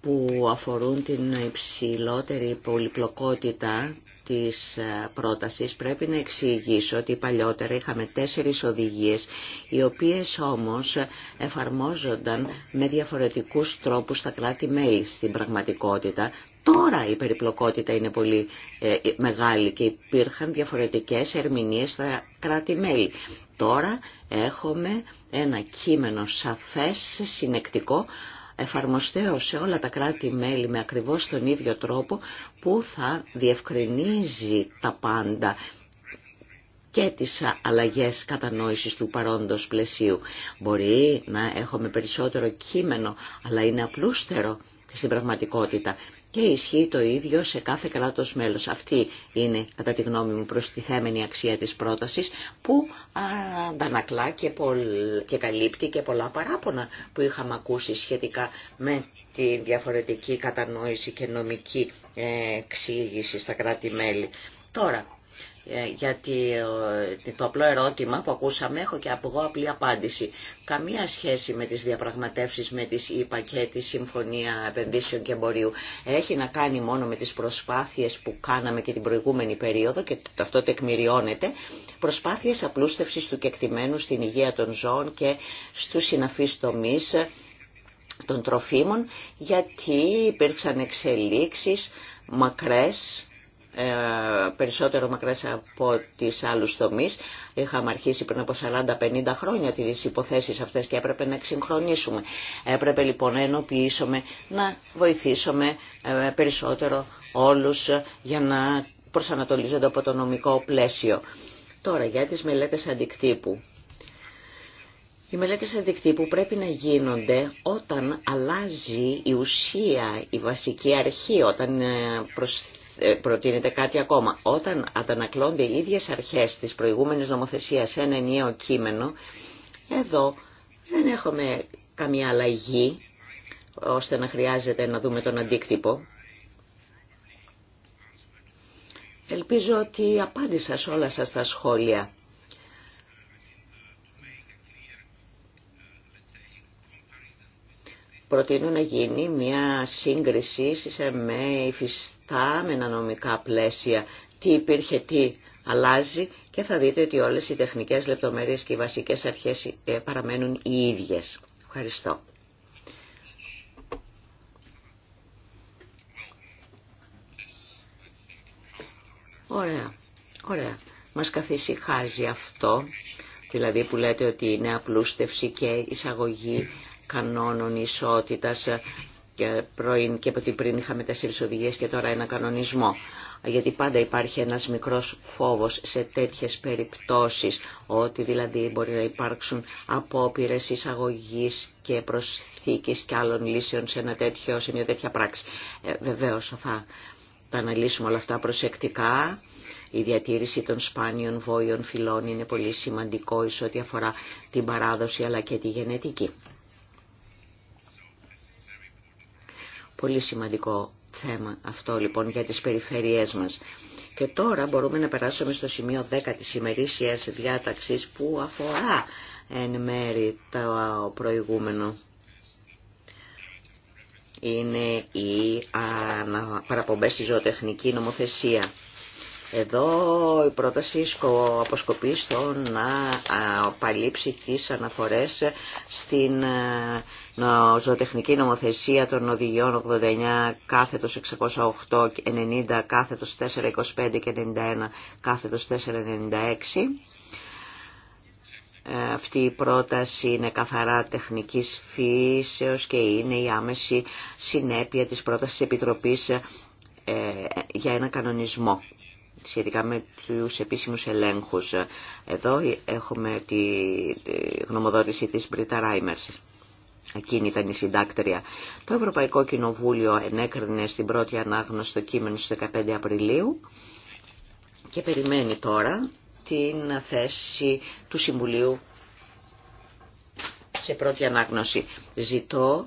που αφορούν την υψηλότερη πολυπλοκότητα της ε, πρότασης πρέπει να εξηγήσω ότι παλιότερα είχαμε τέσσερις οδηγίες οι οποίες όμως εφαρμόζονταν με διαφορετικούς τρόπους στα κράτη-μέλη στην πραγματικότητα. Τώρα η περιπλοκότητα είναι πολύ ε, ε, μεγάλη και υπήρχαν διαφορετικές ερμηνείες στα κράτη-μέλη. Τώρα έχουμε ένα κείμενο σαφές, συνεκτικό, εφαρμοστέω σε όλα τα κράτη-μέλη με ακριβώς τον ίδιο τρόπο που θα διευκρινίζει τα πάντα και τις αλλαγές κατανόησης του παρόντος πλαισίου. Μπορεί να έχουμε περισσότερο κείμενο, αλλά είναι απλούστερο στην πραγματικότητα και ισχύει το ίδιο σε κάθε κράτος μέλος. Αυτή είναι, κατά τη γνώμη μου, προστιθέμενη αξία της πρότασης που αντανακλά και, και καλύπτει και πολλά παράπονα που είχαμε ακούσει σχετικά με τη διαφορετική κατανόηση και νομική ε, εξήγηση στα κράτη-μέλη. Τώρα, ε, γιατί ε, το απλό ερώτημα που ακούσαμε έχω και από εγώ απλή απάντηση. Καμία σχέση με τις διαπραγματεύσεις με τις ΙΠΑ τη Συμφωνία Επενδύσεων και Εμπορίου. Έχει να κάνει μόνο με τις προσπάθειες που κάναμε και την προηγούμενη περίοδο και αυτό τεκμηριώνεται. Προσπάθειες απλούστευσης του κεκτημένου στην υγεία των ζώων και στους συναφείς τομείς ε, των τροφίμων γιατί υπήρξαν εξελίξεις μακρές ε, περισσότερο μακρές από τις άλλους τομείς. Είχαμε αρχίσει πριν από 40-50 χρόνια τις υποθέσεις αυτές και έπρεπε να εξυγχρονίσουμε. Έπρεπε λοιπόν να ενοποιήσουμε, να βοηθήσουμε ε, περισσότερο όλους για να προσανατολίζονται από το νομικό πλαίσιο. Τώρα για τις μελέτες αντικτύπου. Οι μελέτες αντικτύπου πρέπει να γίνονται όταν αλλάζει η ουσία, η βασική αρχή, όταν ε, προσθέτει ε, προτείνεται κάτι ακόμα. Όταν αντανακλώνται οι ίδιες αρχές της προηγούμενης νομοθεσίας σε ένα ενιαίο κείμενο, εδώ δεν έχουμε καμία αλλαγή ώστε να χρειάζεται να δούμε τον αντίκτυπο. Ελπίζω ότι απάντησα σε όλα σας τα σχόλια. προτείνω να γίνει μια σύγκριση με υφιστάμενα νομικά πλαίσια, τι υπήρχε, τι αλλάζει και θα δείτε ότι όλες οι τεχνικές λεπτομέρειες και οι βασικές αρχές ε, παραμένουν οι ίδιες. Ευχαριστώ. Ωραία, ωραία. Μας καθησυχάζει αυτό, δηλαδή που λέτε ότι είναι απλούστευση και εισαγωγή κανόνων ισότητα και, και από την πριν είχαμε τέσσερις οδηγίες και τώρα ένα κανονισμό. Γιατί πάντα υπάρχει ένας μικρός φόβος σε τέτοιες περιπτώσεις, ότι δηλαδή μπορεί να υπάρξουν απόπειρε εισαγωγή και προσθήκη και άλλων λύσεων σε, ένα τέτοιο, σε μια τέτοια πράξη. Ε, θα τα αναλύσουμε όλα αυτά προσεκτικά. Η διατήρηση των σπάνιων βόηων φυλών είναι πολύ σημαντικό εις ό,τι αφορά την παράδοση αλλά και τη γενετική. Πολύ σημαντικό θέμα αυτό λοιπόν για τις περιφέρειές μας. Και τώρα μπορούμε να περάσουμε στο σημείο 10 της ημερήσιας διάταξης που αφορά εν μέρη το προηγούμενο. Είναι οι παραπομπές στη ζωοτεχνική νομοθεσία. Εδώ η πρόταση αποσκοπεί στο να παλύψει τις αναφορές στην ζωοτεχνική νομοθεσία των οδηγιών 89 κάθετος 608, 90 κάθετος 425 και 91 κάθετος 496. Ε, αυτή η πρόταση είναι καθαρά τεχνικής φύσεως και είναι η άμεση συνέπεια της πρότασης Επιτροπής ε, ε, για ένα κανονισμό σχετικά με τους επίσημους ελέγχους. Εδώ έχουμε τη γνωμοδότηση της Μπρίτα Ράιμερς. Εκείνη ήταν η συντάκτρια. Το Ευρωπαϊκό Κοινοβούλιο ενέκρινε στην πρώτη ανάγνωση το κείμενο στις 15 Απριλίου και περιμένει τώρα την θέση του Συμβουλίου σε πρώτη ανάγνωση. Ζητώ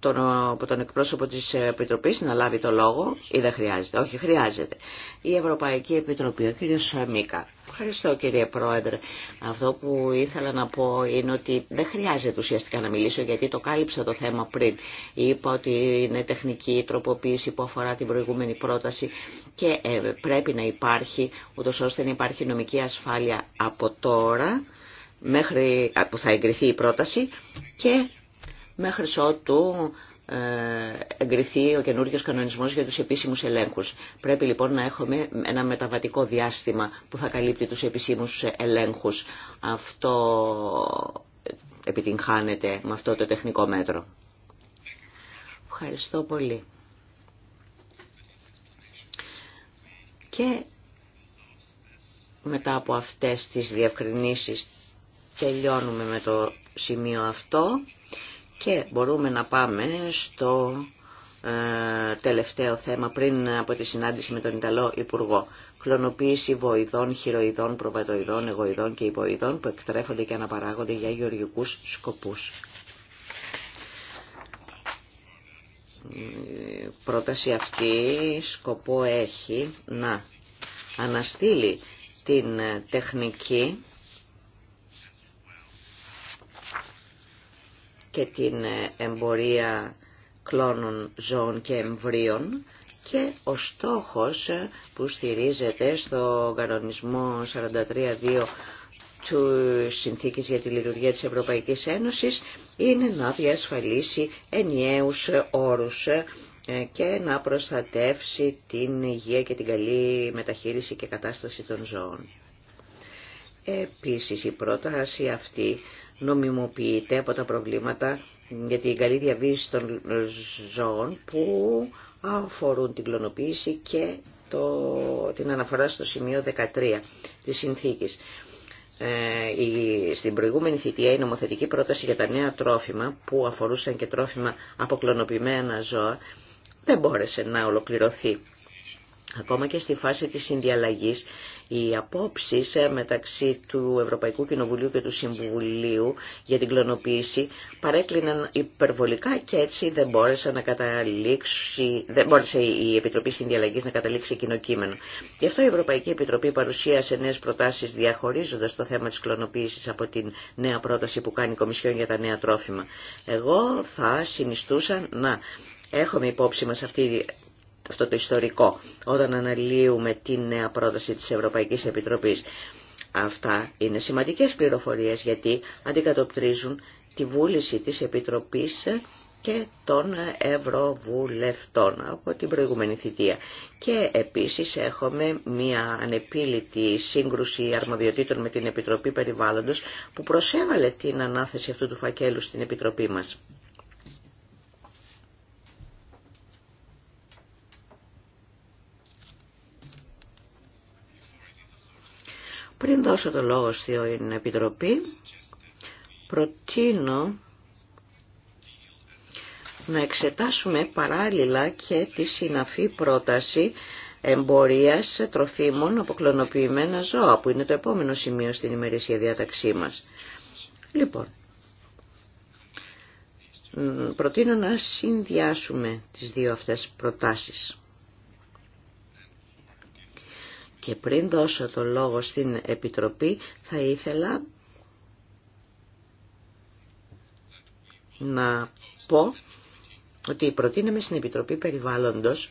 τον, από τον εκπρόσωπο της Επιτροπής να λάβει το λόγο ή δεν χρειάζεται. Όχι, χρειάζεται. Η Ευρωπαϊκή Επιτροπή, ο κύριος Σαμίκα. Ευχαριστώ κύριε Πρόεδρε. Αυτό που ήθελα να πω είναι ότι δεν χρειάζεται ουσιαστικά να μιλήσω γιατί το κάλυψα το θέμα πριν. Είπα ότι είναι τεχνική η τροποποίηση που αφορά την προηγούμενη πρόταση και ε, πρέπει να υπάρχει ούτω ώστε να υπάρχει νομική ασφάλεια από τώρα μέχρι που θα εγκριθεί η πρόταση και μέχρι ότου ε, εγκριθεί ο καινούριος κανονισμός για τους επίσημους ελέγχους. Πρέπει λοιπόν να έχουμε ένα μεταβατικό διάστημα που θα καλύπτει τους επίσημους ελέγχους. Αυτό επιτυγχάνεται με αυτό το τεχνικό μέτρο. Ευχαριστώ πολύ. Και μετά από αυτές τις διευκρινήσεις τελειώνουμε με το σημείο αυτό. Και μπορούμε να πάμε στο ε, τελευταίο θέμα πριν από τη συνάντηση με τον Ιταλό Υπουργό. Κλωνοποίηση βοηδών, χειροειδών, προβατοειδών, εγωειδών και υποειδών που εκτρέφονται και αναπαράγονται για γεωργικούς σκοπούς. Η πρόταση αυτή σκοπό έχει να αναστείλει την τεχνική και την ε, εμπορία κλώνων ζώων και εμβρίων και ο στόχος ε, που στηρίζεται στο κανονισμό 43.2 του Συνθήκης για τη Λειτουργία της Ευρωπαϊκής Ένωσης είναι να διασφαλίσει ενιαίους όρους ε, και να προστατεύσει την υγεία και την καλή μεταχείριση και κατάσταση των ζώων. Επίσης η πρόταση αυτή νομιμοποιείται από τα προβλήματα για την καλή διαβίωση των ζώων που αφορούν την κλωνοποίηση και το, την αναφορά στο σημείο 13 της συνθήκης. Ε, η, στην προηγούμενη θητεία η νομοθετική πρόταση για τα νέα τρόφιμα που αφορούσαν και τρόφιμα από κλωνοποιημένα ζώα δεν μπόρεσε να ολοκληρωθεί. Ακόμα και στη φάση της συνδιαλλαγής, οι απόψεις ε, μεταξύ του Ευρωπαϊκού Κοινοβουλίου και του Συμβουλίου για την κλωνοποίηση παρέκλειναν υπερβολικά και έτσι δεν μπόρεσε, να καταλήξει, δεν μπόρεσε η Επιτροπή Συνδιαλλαγής να καταλήξει κοινό κείμενο. Γι' αυτό η Ευρωπαϊκή Επιτροπή παρουσίασε νέες προτάσεις διαχωρίζοντας το θέμα της κλωνοποίησης από την νέα πρόταση που κάνει η Κομισιόν για τα νέα τρόφιμα. Εγώ θα συνιστούσα να έχουμε υπόψη μας αυτή αυτό το ιστορικό όταν αναλύουμε τη νέα πρόταση της Ευρωπαϊκής Επιτροπής. Αυτά είναι σημαντικές πληροφορίες γιατί αντικατοπτρίζουν τη βούληση της Επιτροπής και των Ευρωβουλευτών από την προηγούμενη θητεία. Και επίσης έχουμε μια ανεπίλητη σύγκρουση αρμοδιοτήτων με την Επιτροπή Περιβάλλοντος που προσέβαλε την ανάθεση αυτού του φακέλου στην Επιτροπή μας. Πριν δώσω το λόγο στην Επιτροπή, προτείνω να εξετάσουμε παράλληλα και τη συναφή πρόταση εμπορίας τροφίμων από κλωνοποιημένα ζώα, που είναι το επόμενο σημείο στην ημερήσια διάταξή μας. Λοιπόν, προτείνω να συνδυάσουμε τις δύο αυτές προτάσεις. Και πριν δώσω το λόγο στην Επιτροπή θα ήθελα να πω ότι προτείναμε στην Επιτροπή Περιβάλλοντος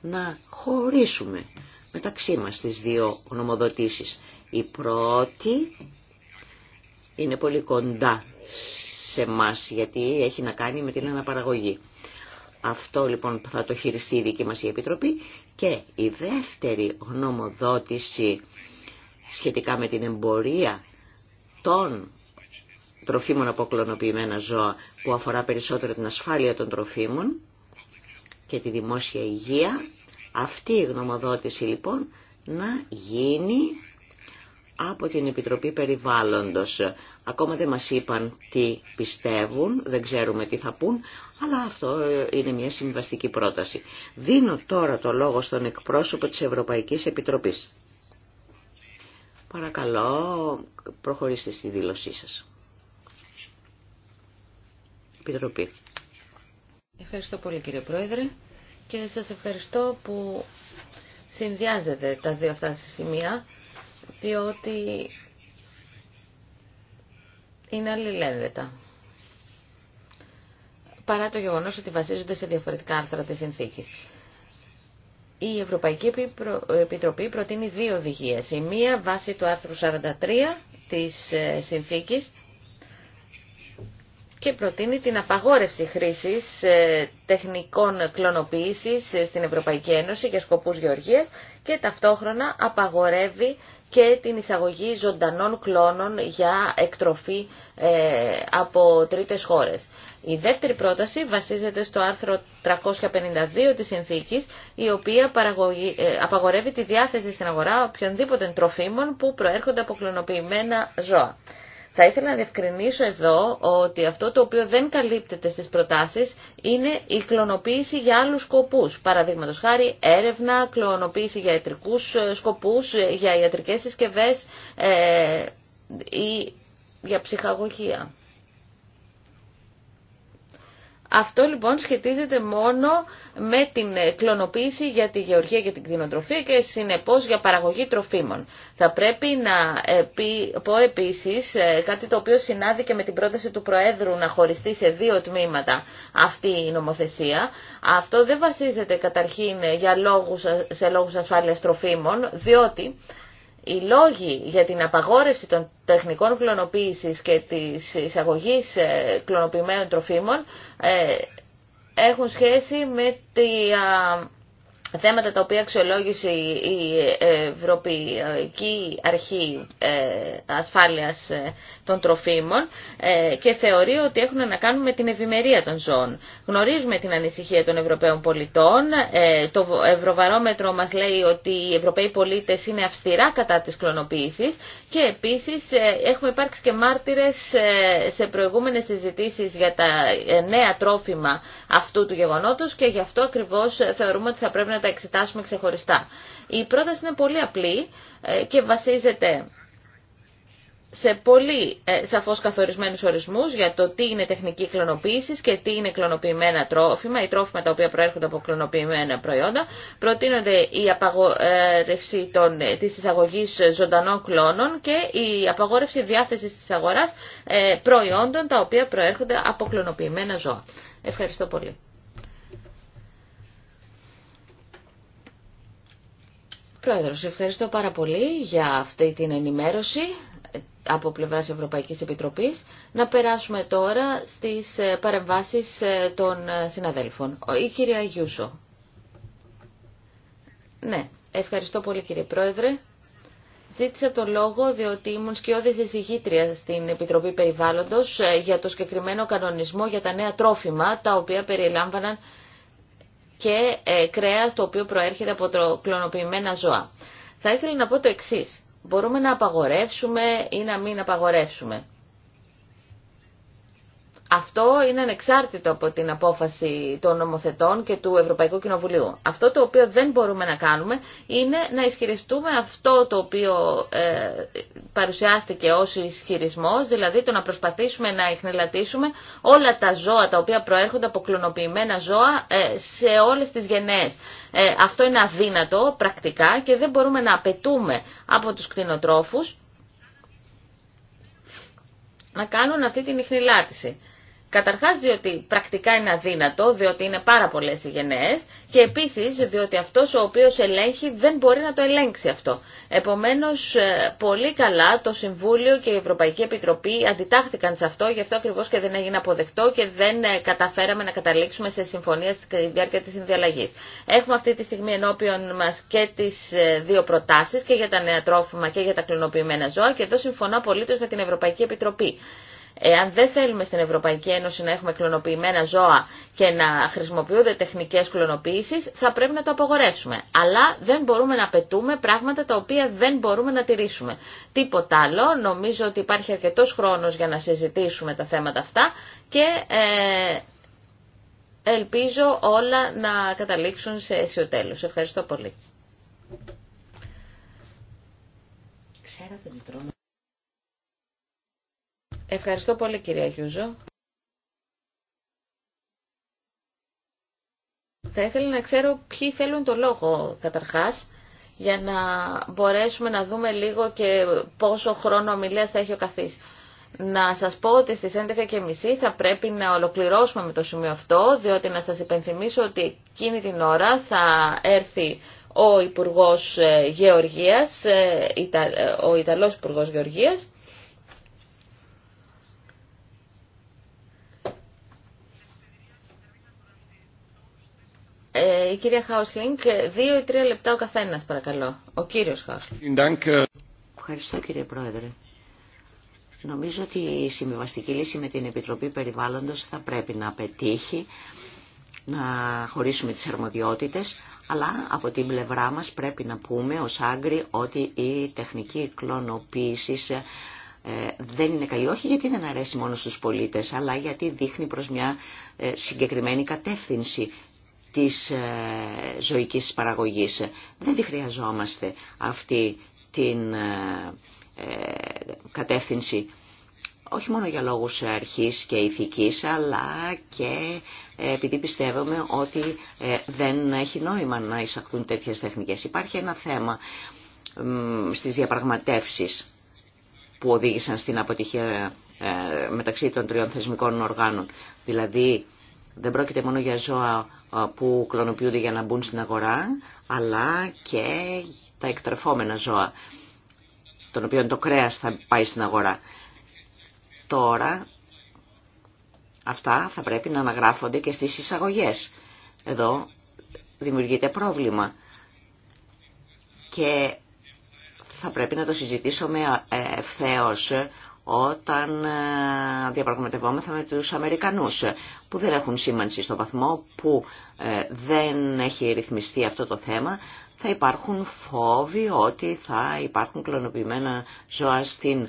να χωρίσουμε μεταξύ μας τις δύο ονομοδοτήσεις. Η πρώτη είναι πολύ κοντά σε μας γιατί έχει να κάνει με την αναπαραγωγή. Αυτό λοιπόν θα το χειριστεί η δική μας η Επιτροπή και η δεύτερη γνωμοδότηση σχετικά με την εμπορία των τροφίμων από κλωνοποιημένα ζώα που αφορά περισσότερο την ασφάλεια των τροφίμων και τη δημόσια υγεία. Αυτή η γνωμοδότηση λοιπόν να γίνει από την Επιτροπή Περιβάλλοντος. Ακόμα δεν μας είπαν τι πιστεύουν, δεν ξέρουμε τι θα πούν, αλλά αυτό ε, είναι μια συμβαστική πρόταση. Δίνω τώρα το λόγο στον εκπρόσωπο της Ευρωπαϊκής Επιτροπής. Παρακαλώ, προχωρήστε στη δήλωσή σας. Επιτροπή. Ευχαριστώ πολύ κύριε Πρόεδρε και σας ευχαριστώ που συνδυάζετε τα δύο αυτά σημεία διότι είναι αλληλένδετα. Παρά το γεγονός ότι βασίζονται σε διαφορετικά άρθρα της συνθήκης. Η Ευρωπαϊκή Επιτροπή προτείνει δύο οδηγίες. Η μία βάσει του άρθρου 43 της ε, συνθήκης και προτείνει την απαγόρευση χρήσης ε, τεχνικών κλωνοποίησης ε, στην Ευρωπαϊκή Ένωση για σκοπούς γεωργίας και ταυτόχρονα απαγορεύει και την εισαγωγή ζωντανών κλώνων για εκτροφή ε, από τρίτες χώρες. Η δεύτερη πρόταση βασίζεται στο άρθρο 352 της συνθήκης, η οποία απαγορεύει τη διάθεση στην αγορά οποιονδήποτε τροφίμων που προέρχονται από κλωνοποιημένα ζώα. Θα ήθελα να διευκρινίσω εδώ ότι αυτό το οποίο δεν καλύπτεται στις προτάσεις είναι η κλωνοποίηση για άλλους σκοπούς. Παραδείγματος χάρη έρευνα, κλωνοποίηση για ιατρικούς ε, σκοπούς, ε, για ιατρικές συσκευές ε, ή για ψυχαγωγία. Αυτό λοιπόν σχετίζεται μόνο με την ε, κλωνοποίηση για τη γεωργία και την κτηνοτροφία και συνεπώς για παραγωγή τροφίμων. Θα πρέπει να ε, πω επίσης ε, κάτι το οποίο συνάδει και με την πρόταση του Προέδρου να χωριστεί σε δύο τμήματα αυτή η νομοθεσία. Αυτό δεν βασίζεται καταρχήν για λόγους, σε λόγους ασφάλειας τροφίμων, διότι οι λόγοι για την απαγόρευση των τεχνικών κλωνοποίησης και της εισαγωγής ε, κλωνοποιημένων τροφίμων ε, έχουν σχέση με τα θέματα τα οποία αξιολόγησε η Ευρωπαϊκή Αρχή ε, Ασφάλειας των τροφίμων ε, και θεωρεί ότι έχουν να κάνουν με την ευημερία των ζώων. Γνωρίζουμε την ανησυχία των Ευρωπαίων πολιτών. Ε, το Ευρωβαρόμετρο μας λέει ότι οι Ευρωπαίοι πολίτες είναι αυστηρά κατά της κλωνοποίησης και επίσης ε, έχουμε υπάρξει και μάρτυρες σε προηγούμενες συζητήσεις για τα νέα τρόφιμα αυτού του γεγονότος και γι' αυτό ακριβώς θεωρούμε ότι θα πρέπει να τα εξετάσουμε ξεχωριστά. Η πρόταση είναι πολύ απλή και βασίζεται σε πολύ ε, σαφώς καθορισμένους ορισμούς για το τι είναι τεχνική κλωνοποίηση και τι είναι κλωνοποιημένα τρόφιμα ή τρόφιμα τα οποία προέρχονται από κλωνοποιημένα προϊόντα. Προτείνονται η απαγόρευση των, της εισαγωγής ζωντανών κλώνων και η απαγόρευση διάθεσης της αγοράς ε, προϊόντων τα οποία προέρχονται από κλωνοποιημένα ζώα. Ευχαριστώ πολύ. Πρόεδρος, ευχαριστώ πάρα πολύ για αυτή την ενημέρωση από πλευράς Ευρωπαϊκής Επιτροπής. Να περάσουμε τώρα στις ε, παρεμβάσεις ε, των ε, συναδέλφων. Η κυρία Γιούσο. Ναι, ευχαριστώ πολύ κύριε Πρόεδρε. Ζήτησα το λόγο διότι ήμουν σκιώδης εισηγήτρια στην Επιτροπή Περιβάλλοντος για το συγκεκριμένο κανονισμό για τα νέα τρόφιμα, τα οποία περιλάμβαναν και κρέας το οποίο προέρχεται από κλωνοποιημένα ζώα. Θα ήθελα να πω το εξής μπορούμε να απαγορεύσουμε ή να μην απαγορεύσουμε. Αυτό είναι ανεξάρτητο από την απόφαση των νομοθετών και του Ευρωπαϊκού Κοινοβουλίου. Αυτό το οποίο δεν μπορούμε να κάνουμε είναι να ισχυριστούμε αυτό το οποίο ε, παρουσιάστηκε ως ισχυρισμός, δηλαδή το να προσπαθήσουμε να εχνηλατήσουμε όλα τα ζώα τα οποία προέρχονται από κλωνοποιημένα ζώα ε, σε όλες τις γενναίες. Ε, αυτό είναι αδύνατο πρακτικά και δεν μπορούμε να απαιτούμε από τους κτηνοτρόφους να κάνουν αυτή την ιχνηλάτηση. Καταρχάς διότι πρακτικά είναι αδύνατο, διότι είναι πάρα πολλές οι γενναίες και επίσης διότι αυτό ο οποίος ελέγχει δεν μπορεί να το ελέγξει αυτό. Επομένως ε, πολύ καλά το Συμβούλιο και η Ευρωπαϊκή Επιτροπή αντιτάχθηκαν σε αυτό, γι' αυτό ακριβώς και δεν έγινε αποδεκτό και δεν ε, καταφέραμε να καταλήξουμε σε συμφωνία στη διάρκεια της συνδιαλλαγής. Έχουμε αυτή τη στιγμή ενώπιον μας και τις ε, δύο προτάσεις και για τα νέα τρόφιμα και για τα κλωνοποιημένα ζώα και εδώ συμφωνώ απολύτως με την Ευρωπαϊκή Επιτροπή. Εάν δεν θέλουμε στην Ευρωπαϊκή Ένωση να έχουμε κλωνοποιημένα ζώα και να χρησιμοποιούνται τεχνικές κλωνοποίησης, θα πρέπει να το απογορεύσουμε. Αλλά δεν μπορούμε να πετούμε πράγματα τα οποία δεν μπορούμε να τηρήσουμε. Τίποτα άλλο. Νομίζω ότι υπάρχει αρκετός χρόνος για να συζητήσουμε τα θέματα αυτά και ε, ελπίζω όλα να καταλήξουν σε αίσιο Ευχαριστώ πολύ. Ευχαριστώ πολύ κυρία Γιούζο. Θα ήθελα να ξέρω ποιοι θέλουν το λόγο καταρχάς για να μπορέσουμε να δούμε λίγο και πόσο χρόνο ομιλίας θα έχει ο καθής. Να σας πω ότι στις 11.30 θα πρέπει να ολοκληρώσουμε με το σημείο αυτό, διότι να σας υπενθυμίσω ότι εκείνη την ώρα θα έρθει ο Υπουργός ε, Γεωργίας, ε, ε, ο Ιταλός Υπουργός Γεωργίας, Ε, η κυρία Χάουσλινγκ, δύο ή τρία λεπτά ο καθένας παρακαλώ. Ο κύριος Χάουσλινγκ. Ευχαριστώ κύριε Πρόεδρε. Νομίζω ότι η τρια λεπτα ο καθενα παρακαλω ο κυριο χαουσλινγκ λύση με την Επιτροπή Περιβάλλοντος θα πρέπει να πετύχει να χωρίσουμε τις αρμοδιότητες, αλλά από την πλευρά μας πρέπει να πούμε ως άγκρι ότι η τεχνική κλωνοποίηση ε, δεν είναι καλή, όχι γιατί δεν αρέσει μόνο στους πολίτες, αλλά γιατί δείχνει προς μια ε, συγκεκριμένη κατεύθυνση της ε, ζωικής παραγωγής. Δεν τη χρειαζόμαστε αυτή την ε, ε, κατεύθυνση όχι μόνο για λόγους αρχής και ηθικής, αλλά και επειδή πιστεύουμε ότι δεν έχει νόημα να εισαχθούν τέτοιες τεχνικές. Υπάρχει ένα θέμα στις διαπραγματεύσεις που οδήγησαν στην αποτυχία μεταξύ των τριών θεσμικών οργάνων. Δηλαδή, δεν πρόκειται μόνο για ζώα που κλωνοποιούνται για να μπουν στην αγορά, αλλά και τα εκτρεφόμενα ζώα, των οποίων το κρέας θα πάει στην αγορά. Τώρα αυτά θα πρέπει να αναγράφονται και στις εισαγωγές. Εδώ δημιουργείται πρόβλημα. Και θα πρέπει να το συζητήσουμε ε, ευθέως όταν ε, διαπραγματευόμεθα με τους Αμερικανούς που δεν έχουν σήμανση στο βαθμό που ε, δεν έχει ρυθμιστεί αυτό το θέμα θα υπάρχουν φόβοι ότι θα υπάρχουν κλωνοποιημένα ζώα στην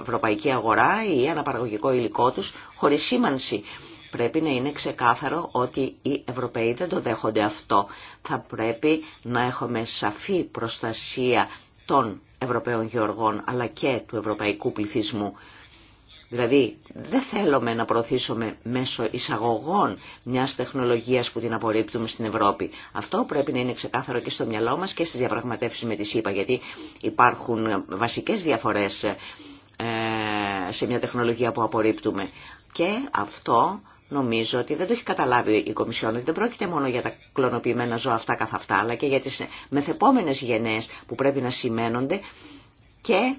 ευρωπαϊκή αγορά ή αναπαραγωγικό υλικό τους χωρίς σήμανση. Πρέπει να είναι ξεκάθαρο ότι οι Ευρωπαίοι δεν το δέχονται αυτό. Θα πρέπει να έχουμε σαφή προστασία των Ευρωπαίων Γεωργών αλλά και του ευρωπαϊκού πληθυσμού. Δηλαδή δεν θέλουμε να προωθήσουμε μέσω εισαγωγών μιας τεχνολογίας που την απορρίπτουμε στην Ευρώπη. Αυτό πρέπει να είναι ξεκάθαρο και στο μυαλό μας και στις διαπραγματεύσεις με τη ΣΥΠΑ γιατί υπάρχουν βασικές διαφορές ε, σε μια τεχνολογία που απορρίπτουμε. Και αυτό Νομίζω ότι δεν το έχει καταλάβει η Κομισιόν ότι δεν πρόκειται μόνο για τα κλωνοποιημένα ζώα αυτά καθ' αυτά, αλλά και για τις μεθεπόμενες γενναίες που πρέπει να σημαίνονται και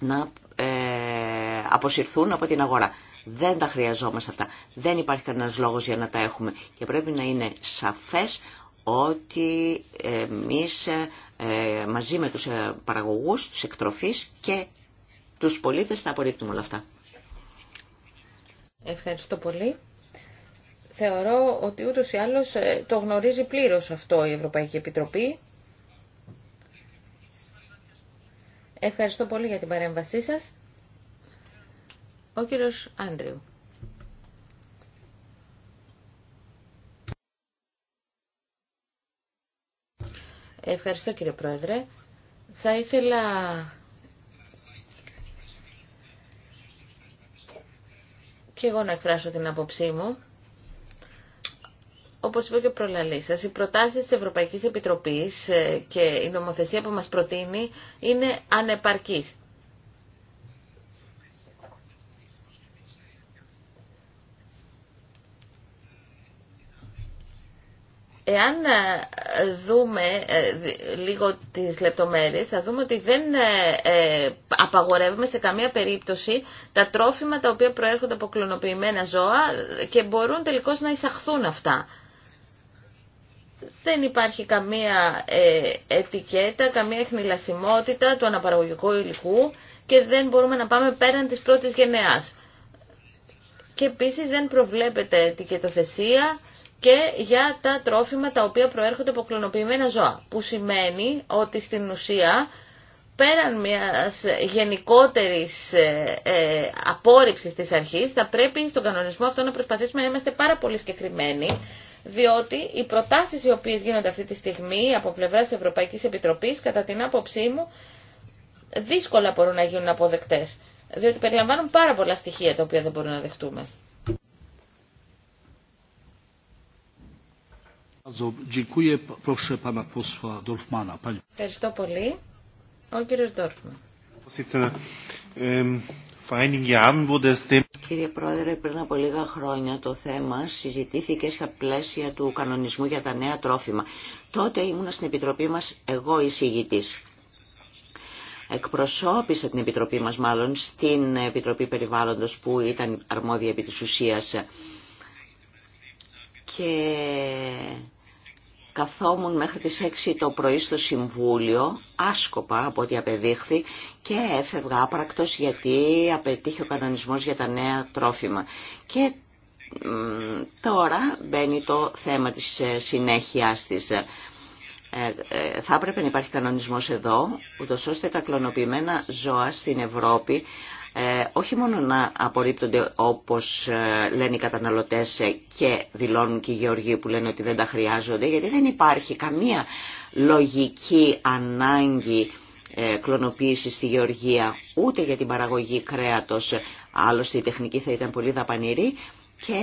να ε, αποσυρθούν από την αγορά. Δεν τα χρειαζόμαστε αυτά. Δεν υπάρχει κανένας λόγος για να τα έχουμε. Και πρέπει να είναι σαφές ότι εμείς ε, μαζί με τους ε, παραγωγούς, τους εκτροφείς και τους πολίτες θα απορρίπτουμε όλα αυτά. Ευχαριστώ πολύ. Θεωρώ ότι ούτως ή άλλως ε, το γνωρίζει πλήρως αυτό η Ευρωπαϊκή Επιτροπή. Ευχαριστώ πολύ για την παρέμβασή σας. Ο κύριος Άντριου. Ευχαριστώ κύριε Πρόεδρε. Θα ήθελα και εγώ να εκφράσω την άποψή μου. Όπως είπε και προλαλή σας, οι προτάσεις της Ευρωπαϊκής Επιτροπής ε, και η νομοθεσία που μας προτείνει είναι ανεπαρκής. Εάν ε, δούμε ε, λίγο τις λεπτομέρειες, θα δούμε ότι δεν ε, απαγορεύουμε σε καμία περίπτωση τα τρόφιμα τα οποία προέρχονται από κλωνοποιημένα ζώα και μπορούν τελικώς να εισαχθούν αυτά. Δεν υπάρχει καμία ετικέτα, καμία εχνηλασιμότητα του αναπαραγωγικού υλικού και δεν μπορούμε να πάμε πέραν της πρώτης γενεάς. Και επίσης δεν προβλέπεται ετικετοθεσία και για τα τρόφιμα τα οποία προέρχονται από κλωνοποιημένα ζώα. Που σημαίνει ότι στην ουσία πέραν μιας γενικότερης ε, ε, απόρριψης της αρχής θα πρέπει στον κανονισμό αυτό να προσπαθήσουμε να είμαστε πάρα πολύ συγκεκριμένοι διότι οι προτάσεις οι οποίες γίνονται αυτή τη στιγμή από πλευράς Ευρωπαϊκής Επιτροπής κατά την άποψή μου δύσκολα μπορούν να γίνουν αποδεκτές διότι περιλαμβάνουν πάρα πολλά στοιχεία τα οποία δεν μπορούμε να δεχτούμε. Ευχαριστώ πολύ. Ο κύριος Ντόρφμαν. Ehm, er Κύριε Πρόεδρε, πριν από λίγα χρόνια το θέμα συζητήθηκε στα πλαίσια του κανονισμού για τα νέα τρόφιμα. Τότε ήμουν στην Επιτροπή μας εγώ εισηγητής. Εκπροσώπησα την Επιτροπή μας μάλλον στην Επιτροπή Περιβάλλοντος που ήταν αρμόδια επί της ουσίας. Και καθόμουν μέχρι τις 6 το πρωί στο Συμβούλιο, άσκοπα από ό,τι απεδείχθη, και έφευγα άπρακτος γιατί απετύχει ο κανονισμός για τα νέα τρόφιμα. Και τώρα μπαίνει το θέμα της ε, συνέχειάς της. Ε, ε, θα έπρεπε να υπάρχει κανονισμός εδώ, ούτως ώστε τα κλωνοποιημένα ζώα στην Ευρώπη ε, όχι μόνο να απορρίπτονται όπως ε, λένε οι καταναλωτές και δηλώνουν και οι γεωργοί που λένε ότι δεν τα χρειάζονται, γιατί δεν υπάρχει καμία λογική ανάγκη ε, κλωνοποίηση στη γεωργία ούτε για την παραγωγή κρέατος άλλωστε η τεχνική θα ήταν πολύ δαπανηρή και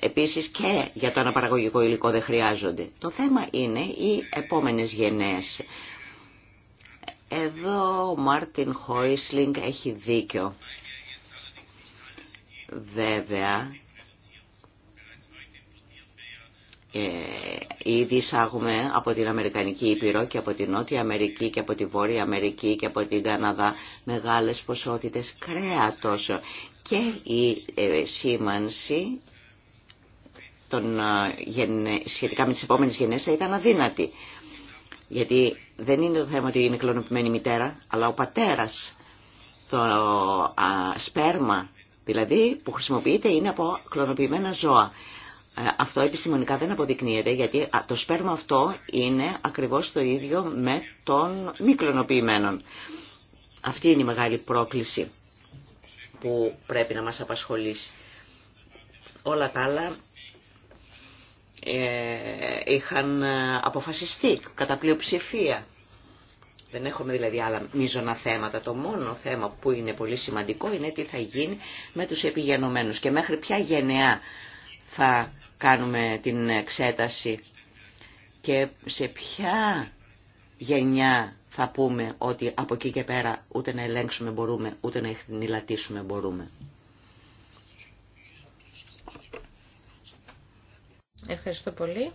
επίσης και για το αναπαραγωγικό υλικό δεν χρειάζονται το θέμα είναι οι επόμενες γενναίες εδώ ο Μάρτιν Χόισλινγκ έχει δίκιο. Βέβαια, ε, ήδη εισάγουμε από την Αμερικανική Ήπειρο και από την Νότια Αμερική και από τη Βόρεια Αμερική και από την Καναδά μεγάλες ποσότητες κρέατος και η ε, σήμανση των, ε, σχετικά με τις επόμενες γενιές θα ήταν αδύνατη. Γιατί δεν είναι το θέμα ότι είναι κλωνοποιημένη μητέρα, αλλά ο πατέρας, το α, σπέρμα δηλαδή που χρησιμοποιείται είναι από κλωνοποιημένα ζώα. Ε, αυτό επιστημονικά δεν αποδεικνύεται γιατί το σπέρμα αυτό είναι ακριβώς το ίδιο με τον μη κλωνοποιημένο. Αυτή είναι η μεγάλη πρόκληση που πρέπει να μας απασχολήσει. Όλα τα άλλα ε, είχαν ε, αποφασιστεί κατά πλειοψηφία δεν έχουμε δηλαδή άλλα μείζωνα θέματα. Το μόνο θέμα που είναι πολύ σημαντικό είναι τι θα γίνει με τους επιγενωμένους και μέχρι ποια γενεά θα κάνουμε την εξέταση και σε ποια γενιά θα πούμε ότι από εκεί και πέρα ούτε να ελέγξουμε μπορούμε, ούτε να ειχνηλατήσουμε μπορούμε. Ευχαριστώ πολύ.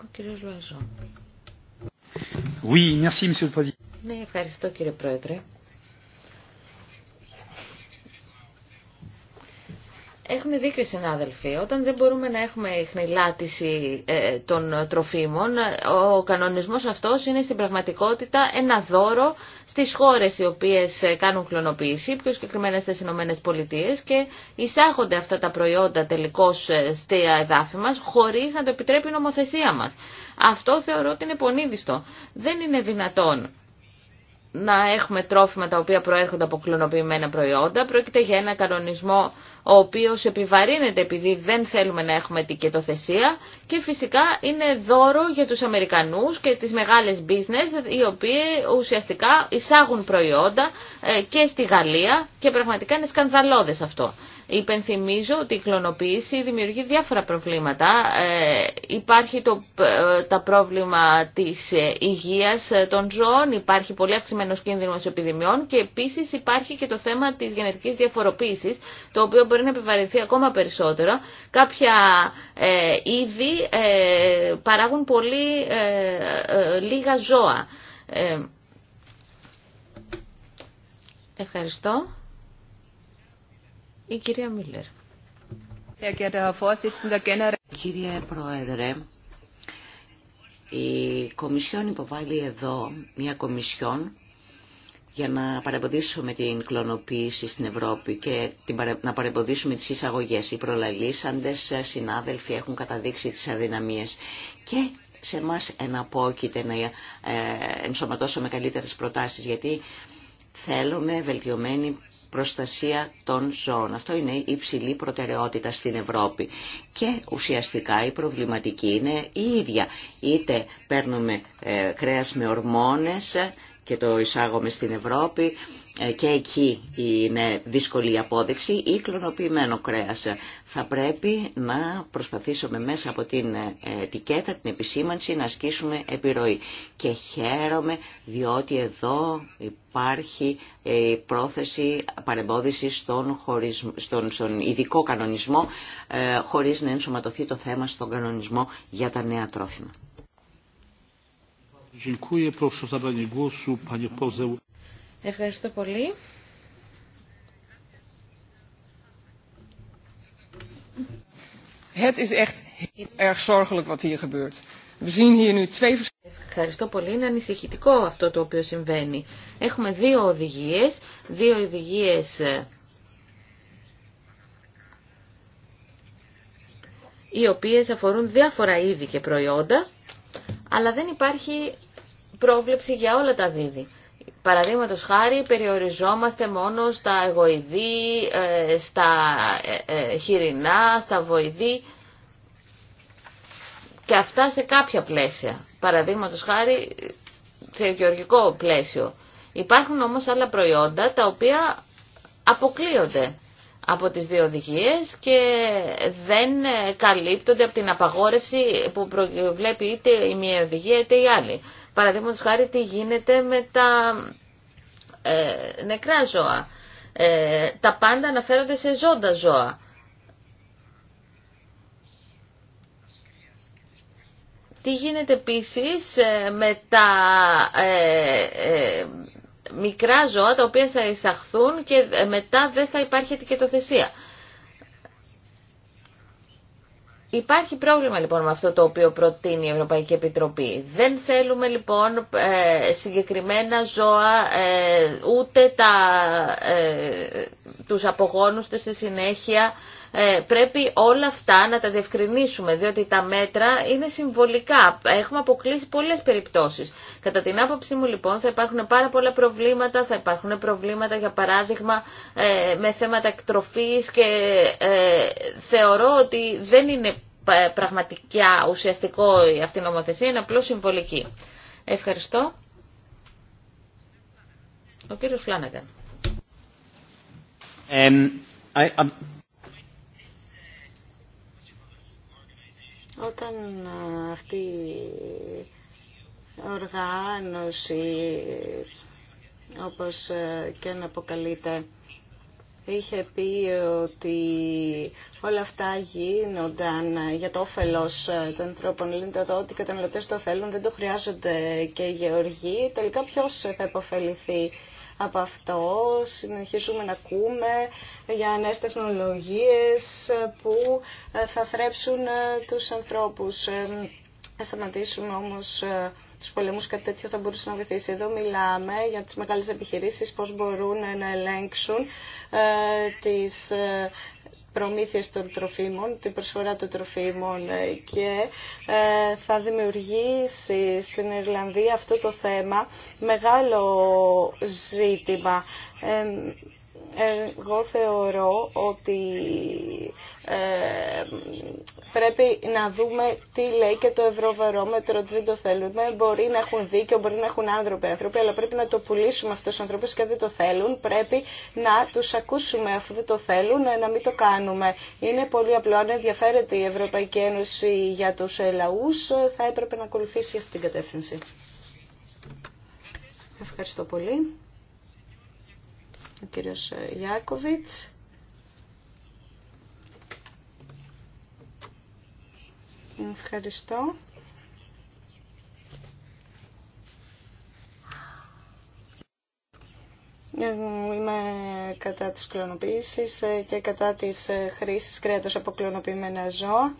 Ο κύριος Λουαζό. Ναι, ευχαριστώ κύριε Πρόεδρε. Έχουμε δίκιο οι συνάδελφοι. Όταν δεν μπορούμε να έχουμε χνηλάτιση ε, των τροφίμων, ο κανονισμός αυτός είναι στην πραγματικότητα ένα δώρο στις χώρες οι οποίες ε, κάνουν κλωνοποίηση, πιο συγκεκριμένα στις Ηνωμένε Πολιτείε και εισάγονται αυτά τα προϊόντα τελικώς ε, στη εδάφη μας χωρίς να το επιτρέπει η νομοθεσία μας. Αυτό θεωρώ ότι είναι πονίδιστο. Δεν είναι δυνατόν να έχουμε τρόφιμα τα οποία προέρχονται από κλωνοποιημένα προϊόντα. Πρόκειται για ένα κανονισμό ο οποίος επιβαρύνεται επειδή δεν θέλουμε να έχουμε ετικετοθεσία και φυσικά είναι δώρο για τους Αμερικανούς και τις μεγάλες business οι οποίοι ουσιαστικά εισάγουν προϊόντα ε, και στη Γαλλία και πραγματικά είναι σκανδαλώδες αυτό. Υπενθυμίζω ότι η κλωνοποίηση δημιουργεί διάφορα προβλήματα. Ε, υπάρχει το, ε, τα πρόβλημα της ε, υγείας ε, των ζώων, υπάρχει πολύ αυξημένο κίνδυνος επιδημιών και επίσης υπάρχει και το θέμα της γενετικής διαφοροποίησης, το οποίο μπορεί να επιβαρυνθεί ακόμα περισσότερο. Κάποια ε, είδη ε, παράγουν πολύ λίγα ζώα. Ευχαριστώ. Η κυρία Μίλλερ. Κύριε Πρόεδρε, η Κομισιόν υποβάλλει εδώ μια Κομισιόν για να παρεμποδίσουμε την κλωνοποίηση στην Ευρώπη και να παρεμποδίσουμε τις εισαγωγές. Οι προλαλήσαντες συνάδελφοι έχουν καταδείξει τις αδυναμίες και σε εμά εναπόκειται να ε, ενσωματώσουμε καλύτερες προτάσεις γιατί θέλουμε βελτιωμένη προστασία των ζώων. Αυτό είναι η υψηλή προτεραιότητα στην Ευρώπη. Και ουσιαστικά η προβληματική είναι η ίδια. Είτε παίρνουμε ε, κρέας με ορμόνες και το εισάγουμε στην Ευρώπη, ε, και εκεί είναι δύσκολη η απόδειξη ή κλωνοποιημένο κρέας. Θα πρέπει να προσπαθήσουμε μέσα από την ε, ετικέτα, την επισήμανση να ασκήσουμε επιρροή. Και χαίρομαι διότι εδώ υπάρχει η ε, πρόθεση παρεμπόδιση στον, ειδικό κανονισμό χωρίς να ενσωματωθεί το θέμα στον κανονισμό για τα νέα τρόφιμα. Ευχαριστώ πολύ. Het is echt erg zorgelijk wat hier gebeurt. We zien hier nu twee Ευχαριστώ πολύ. Είναι ανησυχητικό αυτό το οποίο συμβαίνει. Έχουμε δύο οδηγίε, δύο οδηγίες ε, οι οποίες αφορούν διάφορα είδη και προϊόντα, αλλά δεν υπάρχει πρόβλεψη για όλα τα δίδη. Παραδείγματο χάρη περιοριζόμαστε μόνο στα εγωιδή, ε, στα ε, ε, χοιρινά, στα βοηδή και αυτά σε κάποια πλαίσια. Παραδείγματο χάρη σε γεωργικό πλαίσιο. Υπάρχουν όμως άλλα προϊόντα τα οποία αποκλείονται από τις δύο οδηγίες και δεν καλύπτονται από την απαγόρευση που βλέπει είτε η μία οδηγία είτε η άλλη. Παραδείγματο χάρη τι γίνεται με τα ε, νεκρά ζώα. Ε, τα πάντα αναφέρονται σε ζώντα ζώα. Τι γίνεται επίσης ε, με τα ε, ε, μικρά ζώα τα οποία θα εισαχθούν και μετά δεν θα υπάρχει ετικετοθεσία. Υπάρχει πρόβλημα λοιπόν με αυτό το οποίο προτείνει η Ευρωπαϊκή Επιτροπή. Δεν θέλουμε λοιπόν ε, συγκεκριμένα ζώα ε, ούτε τα, ε, τους απογόνους στη συνέχεια ε, πρέπει όλα αυτά να τα διευκρινίσουμε, διότι τα μέτρα είναι συμβολικά. Έχουμε αποκλείσει πολλές περιπτώσεις. Κατά την άποψή μου λοιπόν θα υπάρχουν πάρα πολλά προβλήματα, θα υπάρχουν προβλήματα για παράδειγμα ε, με θέματα εκτροφής και ε, θεωρώ ότι δεν είναι πραγματικά ουσιαστικό αυτή η νομοθεσία, είναι απλώς συμβολική. Ευχαριστώ. Ο κύριος Φλάνναγκαν. Όταν αυτή η οργάνωση, όπως και να αποκαλείται, είχε πει ότι όλα αυτά γίνονταν για το όφελος των ανθρώπων. Λένε το ότι οι καταναλωτές το θέλουν, δεν το χρειάζονται και οι γεωργοί. Τελικά ποιος θα υποφεληθεί από αυτό. Συνεχίζουμε να ακούμε για νέες τεχνολογίες που ε, θα θρέψουν ε, τους ανθρώπους. Θα ε, σταματήσουμε όμως τους πολεμούς, κάτι τέτοιο θα μπορούσε να βοηθήσει. Εδώ μιλάμε για τις μεγάλες επιχειρήσεις, πώς μπορούν να ελέγξουν τις προμήθειες των τροφίμων, την προσφορά των τροφίμων ε, και ε, θα δημιουργήσει στην Ιρλανδία αυτό το θέμα μεγάλο ζήτημα. Ε, εγώ θεωρώ ότι ε, πρέπει να δούμε τι λέει και το ευρωβαρόμετρο, ότι δεν το θέλουμε. Μπορεί να έχουν δίκιο, μπορεί να έχουν άνθρωποι αλλά πρέπει να το πουλήσουμε αυτούς τους ανθρώπους και δεν το θέλουν. Πρέπει να τους ακούσουμε αφού δεν το θέλουν, ε, να μην το κάνουμε. Είναι πολύ απλό. Αν ενδιαφέρεται η Ευρωπαϊκή Ένωση για τους ε, λαούς, ε, θα έπρεπε να ακολουθήσει αυτή την κατεύθυνση. Ευχαριστώ πολύ ο κύριος Γιάκοβιτς. Ευχαριστώ. Είμαι κατά της κλωνοποίησης και κατά της χρήσης κρέατος από κλωνοποιημένα ζώα.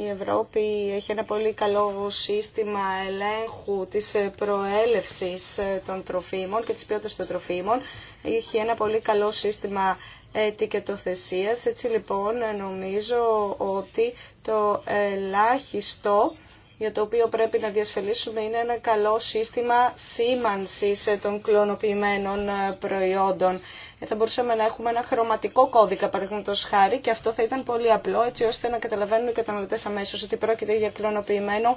Η Ευρώπη έχει ένα πολύ καλό σύστημα ελέγχου της προέλευσης των τροφίμων και της ποιότητας των τροφίμων. Έχει ένα πολύ καλό σύστημα ετικετοθεσίας. Έτσι λοιπόν νομίζω ότι το ελάχιστο για το οποίο πρέπει να διασφαλίσουμε είναι ένα καλό σύστημα σήμανσης των κλωνοποιημένων προϊόντων. Ε, θα μπορούσαμε να έχουμε ένα χρωματικό κώδικα παραδείγματο χάρη και αυτό θα ήταν πολύ απλό έτσι ώστε να καταλαβαίνουν οι καταναλωτέ αμέσω ότι πρόκειται για κλωνοποιημένο,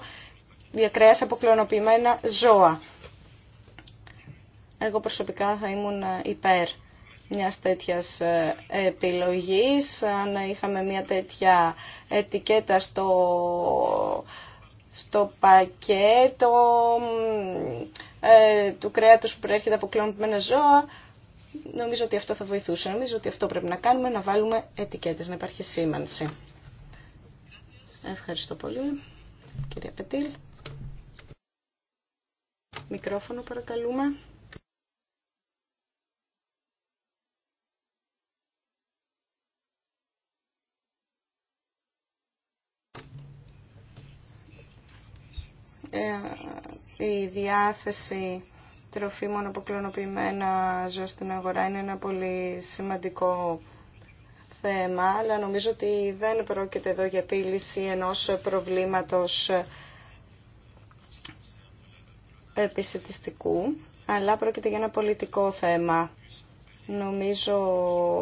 για κρέα από κλωνοποιημένα ζώα. Εγώ προσωπικά θα ήμουν ε, υπέρ μια τέτοια ε, επιλογής, αν είχαμε μια τέτοια ετικέτα στο, στο πακέτο του κρέατος που προέρχεται από κλωνοποιημένα ζώα, Νομίζω ότι αυτό θα βοηθούσε. Νομίζω ότι αυτό πρέπει να κάνουμε, να βάλουμε ετικέτες, να υπάρχει σήμανση. Ευχαριστώ πολύ, κυρία Πετήλ. Μικρόφωνο παρακαλούμε. Ε, η διάθεση μόνο από κλωνοποιημένα ζώα στην αγορά είναι ένα πολύ σημαντικό θέμα, αλλά νομίζω ότι δεν πρόκειται εδώ για επίλυση ενός προβλήματος επισητιστικού, αλλά πρόκειται για ένα πολιτικό θέμα. Νομίζω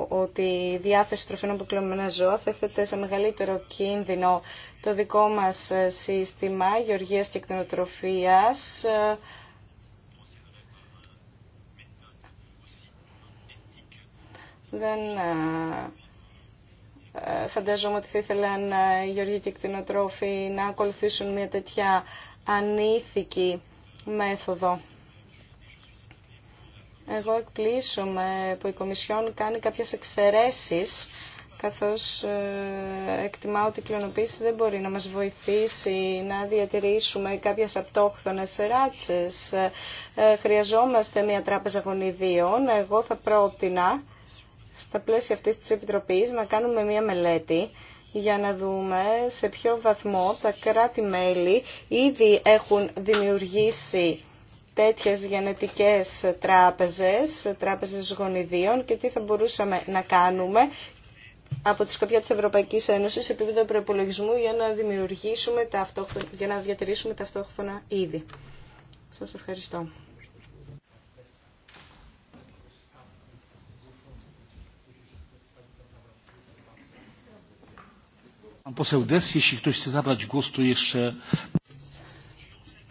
ότι η διάθεση τροφών από ζώα θέθεται σε μεγαλύτερο κίνδυνο το δικό μας σύστημα γεωργίας και εκτενοτροφίας... Δεν φαντάζομαι ότι θα ήθελαν οι γεωργοί και οι κτηνοτρόφοι να ακολουθήσουν μια τέτοια ανήθικη μέθοδο. Εγώ εκπλήσωμαι που η Κομισιόν κάνει κάποιες εξαιρέσεις καθώς εκτιμάω ότι η κλωνοποίηση δεν μπορεί να μας βοηθήσει να διατηρήσουμε κάποιες απτόχθονες ράτσες. Ε, χρειαζόμαστε μια τράπεζα γονιδίων. Εγώ θα πρότεινα στα πλαίσια αυτής της Επιτροπής να κάνουμε μία μελέτη για να δούμε σε ποιο βαθμό τα κράτη-μέλη ήδη έχουν δημιουργήσει τέτοιες γενετικές τράπεζες, τράπεζες γονιδίων και τι θα μπορούσαμε να κάνουμε από τη σκοπιά της Ευρωπαϊκής Ένωσης σε επίπεδο προπολογισμού για να δημιουργήσουμε τα για να διατηρήσουμε τα ήδη. Σας ευχαριστώ.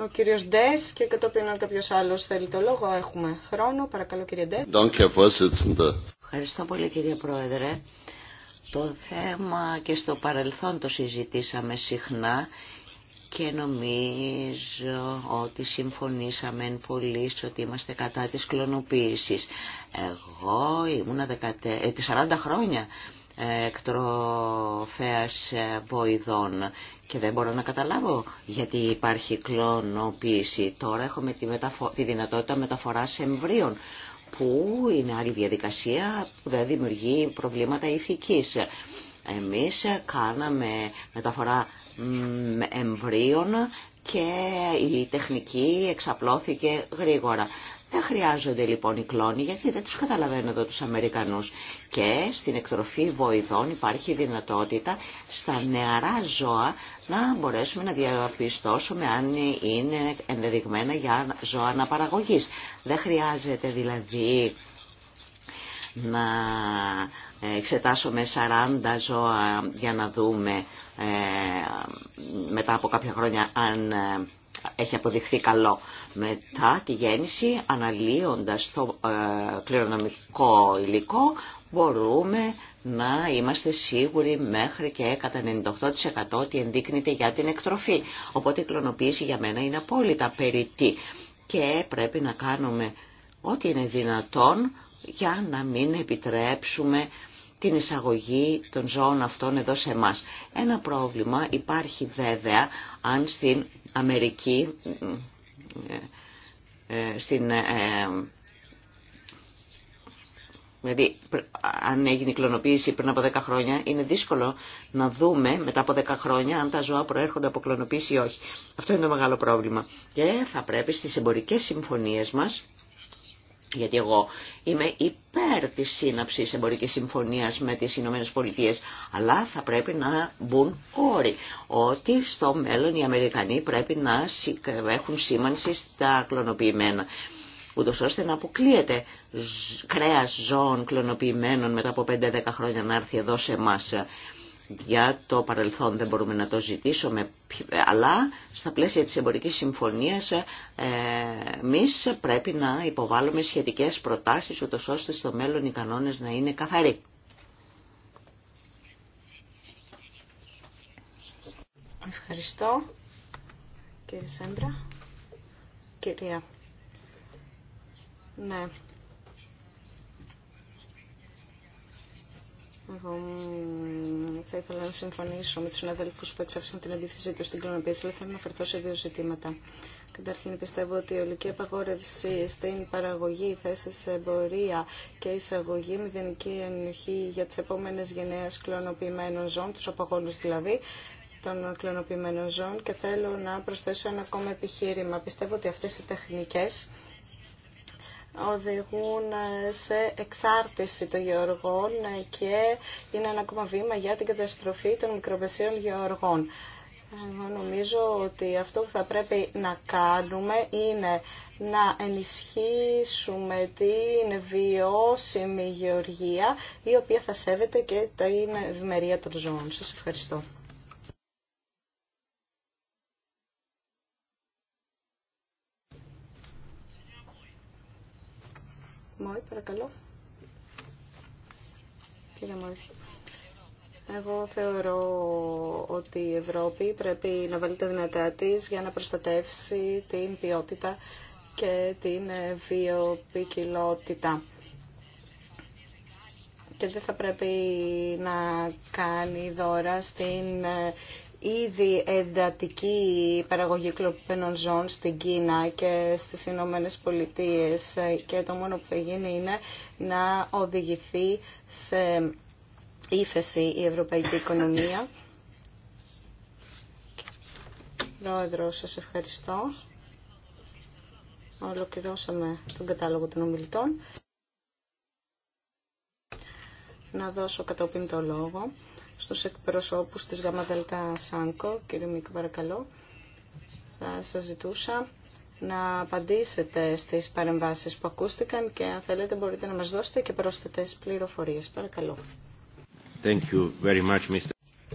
Ο κύριο Ντες και κατόπιν αν κάποιος άλλος θέλει το λόγο έχουμε χρόνο. Παρακαλώ κύριε Ντες. Ευχαριστώ πολύ κύριε Πρόεδρε. Το θέμα και στο παρελθόν το συζητήσαμε συχνά και νομίζω ότι συμφωνήσαμε πολύ στο ότι είμαστε κατά της κλωνοποίησης. Εγώ ήμουνα 40 ε, χρόνια εκτροφέας ε, βοηδών και δεν μπορώ να καταλάβω γιατί υπάρχει κλωνοποίηση. Τώρα έχουμε τη, δυνατότητα μεταφοράς εμβρίων που είναι άλλη διαδικασία που δεν δημιουργεί προβλήματα ηθικής. Εμείς κάναμε μεταφορά εμβρίων και η τεχνική εξαπλώθηκε γρήγορα. Δεν χρειάζονται λοιπόν οι κλόνοι γιατί δεν τους καταλαβαίνω εδώ τους Αμερικανούς. Και στην εκτροφή βοηδών υπάρχει δυνατότητα στα νεαρά ζώα να μπορέσουμε να διαπιστώσουμε αν είναι ενδεδειγμένα για ζώα αναπαραγωγής. Δεν χρειάζεται δηλαδή να εξετάσουμε 40 ζώα για να δούμε ε, μετά από κάποια χρόνια αν ε, έχει αποδειχθεί καλό. Μετά τη γέννηση, αναλύοντας το ε, κληρονομικό υλικό, μπορούμε να είμαστε σίγουροι μέχρι και κατά 98% ότι ενδείκνεται για την εκτροφή. Οπότε η κλωνοποίηση για μένα είναι απόλυτα περιττή και πρέπει να κάνουμε ό,τι είναι δυνατόν για να μην επιτρέψουμε την εισαγωγή των ζώων αυτών εδώ σε εμά. Ένα πρόβλημα υπάρχει βέβαια αν στην Αμερική, ε, ε, στην, ε, δηλαδή αν έγινε η κλωνοποίηση πριν από 10 χρόνια, είναι δύσκολο να δούμε μετά από 10 χρόνια αν τα ζώα προέρχονται από κλωνοποίηση ή όχι. Αυτό είναι το μεγάλο πρόβλημα. Και θα πρέπει στις εμπορικές συμφωνίες μας γιατί εγώ είμαι υπέρ της σύναψης εμπορικής συμφωνίας με τις Ηνωμένες Πολιτείες, αλλά θα πρέπει να μπουν όροι, ότι στο μέλλον οι Αμερικανοί πρέπει να έχουν σήμανση στα κλωνοποιημένα ούτω ώστε να αποκλειεται κρεας κρέα ζώων κλωνοποιημένων μετά από 5-10 χρόνια να έρθει εδώ σε εμά για το παρελθόν δεν μπορούμε να το ζητήσουμε, αλλά στα πλαίσια της εμπορικής συμφωνίας ε, εμεί πρέπει να υποβάλουμε σχετικές προτάσεις, ούτως ώστε στο μέλλον οι κανόνες να είναι καθαροί. Ευχαριστώ, κύριε Σέντρα. Κυρία. Ναι, Εγώ θα ήθελα να συμφωνήσω με του συναδέλφου που εξέφρασαν την αντίθεσή του στην κλωνοποίηση, αλλά θέλω να αφαιρθώ σε δύο ζητήματα. Καταρχήν πιστεύω ότι η ολική απαγόρευση στην παραγωγή, θέση σε εμπορία και εισαγωγή, μηδενική ενοχή για τι επόμενε γενναίε κλωνοποιημένων ζώων, του απαγόνου δηλαδή, των κλωνοποιημένων ζώων. Και θέλω να προσθέσω ένα ακόμα επιχείρημα. Πιστεύω ότι αυτέ οι τεχνικέ οδηγούν ε, σε εξάρτηση των γεωργών ε, και είναι ένα ακόμα βήμα για την καταστροφή των μικροπεσίων γεωργών. νομίζω ότι αυτό που θα πρέπει να κάνουμε είναι να ενισχύσουμε την βιώσιμη γεωργία η οποία θα σέβεται και την ευημερία των ζώων. Σας ευχαριστώ. παρακαλώ. Κύριε Εγώ θεωρώ ότι η Ευρώπη πρέπει να βάλει τα δυνατά της για να προστατεύσει την ποιότητα και την βιοπικιλότητα. Και δεν θα πρέπει να κάνει δώρα στην ήδη εντατική παραγωγή κλοπένων ζών στην Κίνα και στις Ηνωμένε Πολιτείες και το μόνο που θα γίνει είναι να οδηγηθεί σε ύφεση η ευρωπαϊκή οικονομία. Πρόεδρο, σας ευχαριστώ. Ολοκληρώσαμε τον κατάλογο των ομιλητών. Να δώσω κατόπιν το λόγο στους εκπροσώπους της ΓΑΜΑΔΕΛΤΑ ΣΑΝΚΟ. Κύριε Μίκο, παρακαλώ. Θα σας ζητούσα να απαντήσετε στις παρεμβάσεις που ακούστηκαν και αν θέλετε μπορείτε να μας δώσετε και πρόσθετες πληροφορίες. Παρακαλώ. Thank you very much, Mr.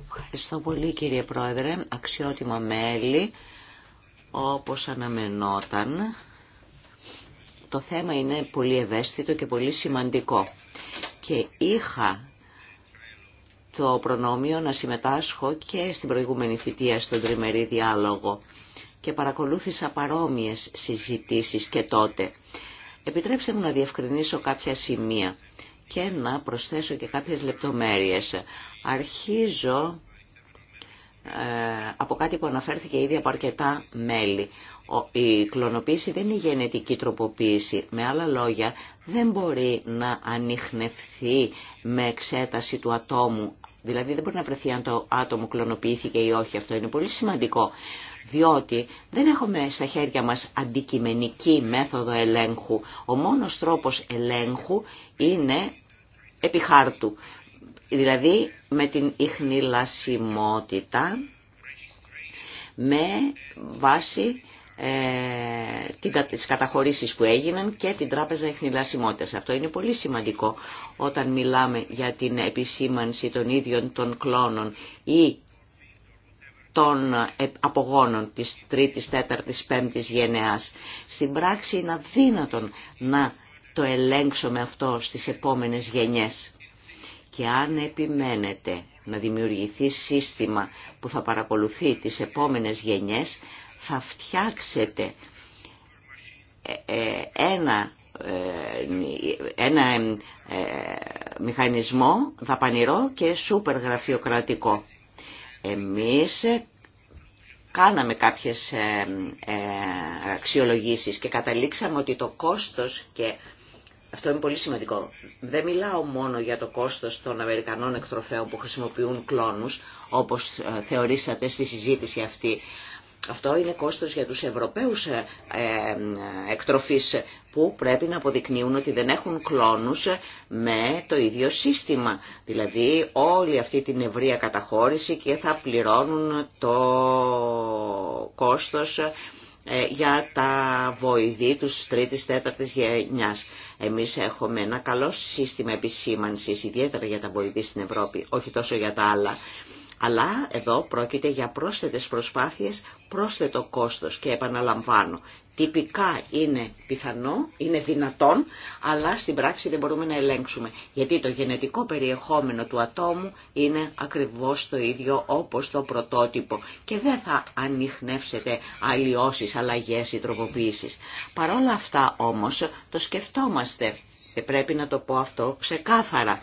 Ευχαριστώ πολύ κύριε Πρόεδρε, αξιότιμα μέλη, όπως αναμενόταν. Το θέμα είναι πολύ ευαίσθητο και πολύ σημαντικό. Και είχα το προνόμιο να συμμετάσχω και στην προηγούμενη θητεία στον τριμερή διάλογο και παρακολούθησα παρόμοιες συζητήσεις και τότε. Επιτρέψτε μου να διευκρινίσω κάποια σημεία και να προσθέσω και κάποιες λεπτομέρειες. Αρχίζω ε, από κάτι που αναφέρθηκε ήδη από αρκετά μέλη. Η κλωνοποίηση δεν είναι γενετική τροποποίηση. Με άλλα λόγια, δεν μπορεί να ανοιχνευθεί με εξέταση του ατόμου. Δηλαδή δεν μπορεί να βρεθεί αν το άτομο κλωνοποιήθηκε ή όχι. Αυτό είναι πολύ σημαντικό. Διότι δεν έχουμε στα χέρια μας αντικειμενική μέθοδο ελέγχου. Ο μόνος τρόπος ελέγχου είναι επιχάρτου δηλαδή με την ιχνηλασιμότητα με βάση ε, τις καταχωρήσεις που έγιναν και την Τράπεζα Ιχνηλασιμότητας. Αυτό είναι πολύ σημαντικό όταν μιλάμε για την επισήμανση των ίδιων των κλώνων ή των ε, απογόνων της τρίτης, τέταρτης, πέμπτης γενεάς. Στην πράξη είναι αδύνατον να το ελέγξουμε αυτό στις επόμενες γενιές. Και αν επιμένετε να δημιουργηθεί σύστημα που θα παρακολουθεί τις επόμενες γενιές, θα φτιάξετε ε, ε, ένα, ε, ένα μηχανισμό δαπανηρό και σούπερ γραφειοκρατικό. Εμείς κάναμε κάποιες αξιολογήσεις και καταλήξαμε ότι το κόστος και αυτό είναι πολύ σημαντικό. Δεν μιλάω μόνο για το κόστος των Αμερικανών εκτροφέων που χρησιμοποιούν κλόνους, όπως ε, θεωρήσατε στη συζήτηση αυτή. Αυτό είναι κόστος για τους Ευρωπαίους ε, ε, εκτροφείς που πρέπει να αποδεικνύουν ότι δεν έχουν κλόνους με το ίδιο σύστημα. Δηλαδή όλη αυτή την ευρεία καταχώρηση και θα πληρώνουν το κόστος ε, για τα βοηδή τους τρίτης τέταρτης γενιάς. Εμείς έχουμε ένα καλό σύστημα επισήμανσης, ιδιαίτερα για τα βοηδή στην Ευρώπη, όχι τόσο για τα άλλα. Αλλά εδώ πρόκειται για πρόσθετες προσπάθειες, πρόσθετο κόστος και επαναλαμβάνω. Τυπικά είναι πιθανό, είναι δυνατόν, αλλά στην πράξη δεν μπορούμε να ελέγξουμε. Γιατί το γενετικό περιεχόμενο του ατόμου είναι ακριβώς το ίδιο όπως το πρωτότυπο και δεν θα ανοιχνεύσετε αλλοιώσεις, αλλαγές ή τροποποίησεις. Παρ' όλα αυτά όμως το σκεφτόμαστε και ε, πρέπει να το πω αυτό ξεκάθαρα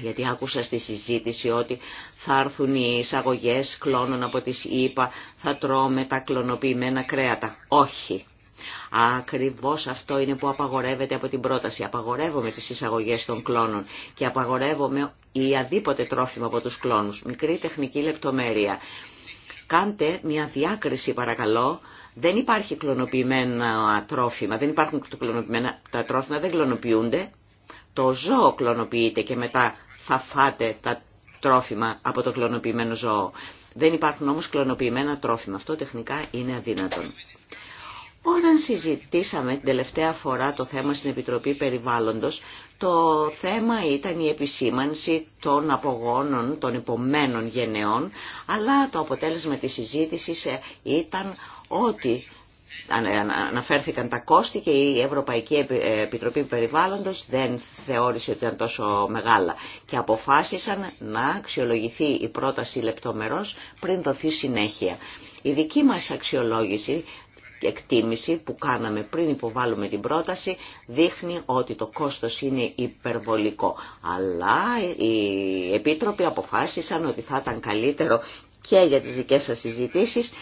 γιατί άκουσα στη συζήτηση ότι θα έρθουν οι εισαγωγέ κλώνων από τις ΙΠΑ, θα τρώμε τα κλωνοποιημένα κρέατα. Όχι. Ακριβώς αυτό είναι που απαγορεύεται από την πρόταση. Απαγορεύομαι τις εισαγωγές των κλώνων και απαγορεύομαι η αδίποτε τρόφιμα από τους κλώνους. Μικρή τεχνική λεπτομέρεια. Κάντε μια διάκριση παρακαλώ. Δεν υπάρχει κλωνοποιημένα τρόφιμα, δεν υπάρχουν κλωνοποιημένα, τα τρόφιμα δεν κλωνοποιούνται, το ζώο κλωνοποιείται και μετά θα φάτε τα τρόφιμα από το κλωνοποιημένο ζώο. Δεν υπάρχουν όμως κλωνοποιημένα τρόφιμα. Αυτό τεχνικά είναι αδύνατον. Όταν συζητήσαμε την τελευταία φορά το θέμα στην Επιτροπή Περιβάλλοντος, το θέμα ήταν η επισήμανση των απογόνων των υπομένων γενεών, αλλά το αποτέλεσμα της συζήτησης ε, ήταν ότι αναφέρθηκαν τα κόστη και η Ευρωπαϊκή ε, Επιτροπή Περιβάλλοντος δεν θεώρησε ότι ήταν τόσο μεγάλα και αποφάσισαν να αξιολογηθεί η πρόταση λεπτομερώς πριν δοθεί συνέχεια. Η δική μας αξιολόγηση και εκτίμηση που κάναμε πριν υποβάλουμε την πρόταση δείχνει ότι το κόστος είναι υπερβολικό. Αλλά οι επίτροποι αποφάσισαν ότι θα ήταν καλύτερο και για τις δικές σας συζητήσεις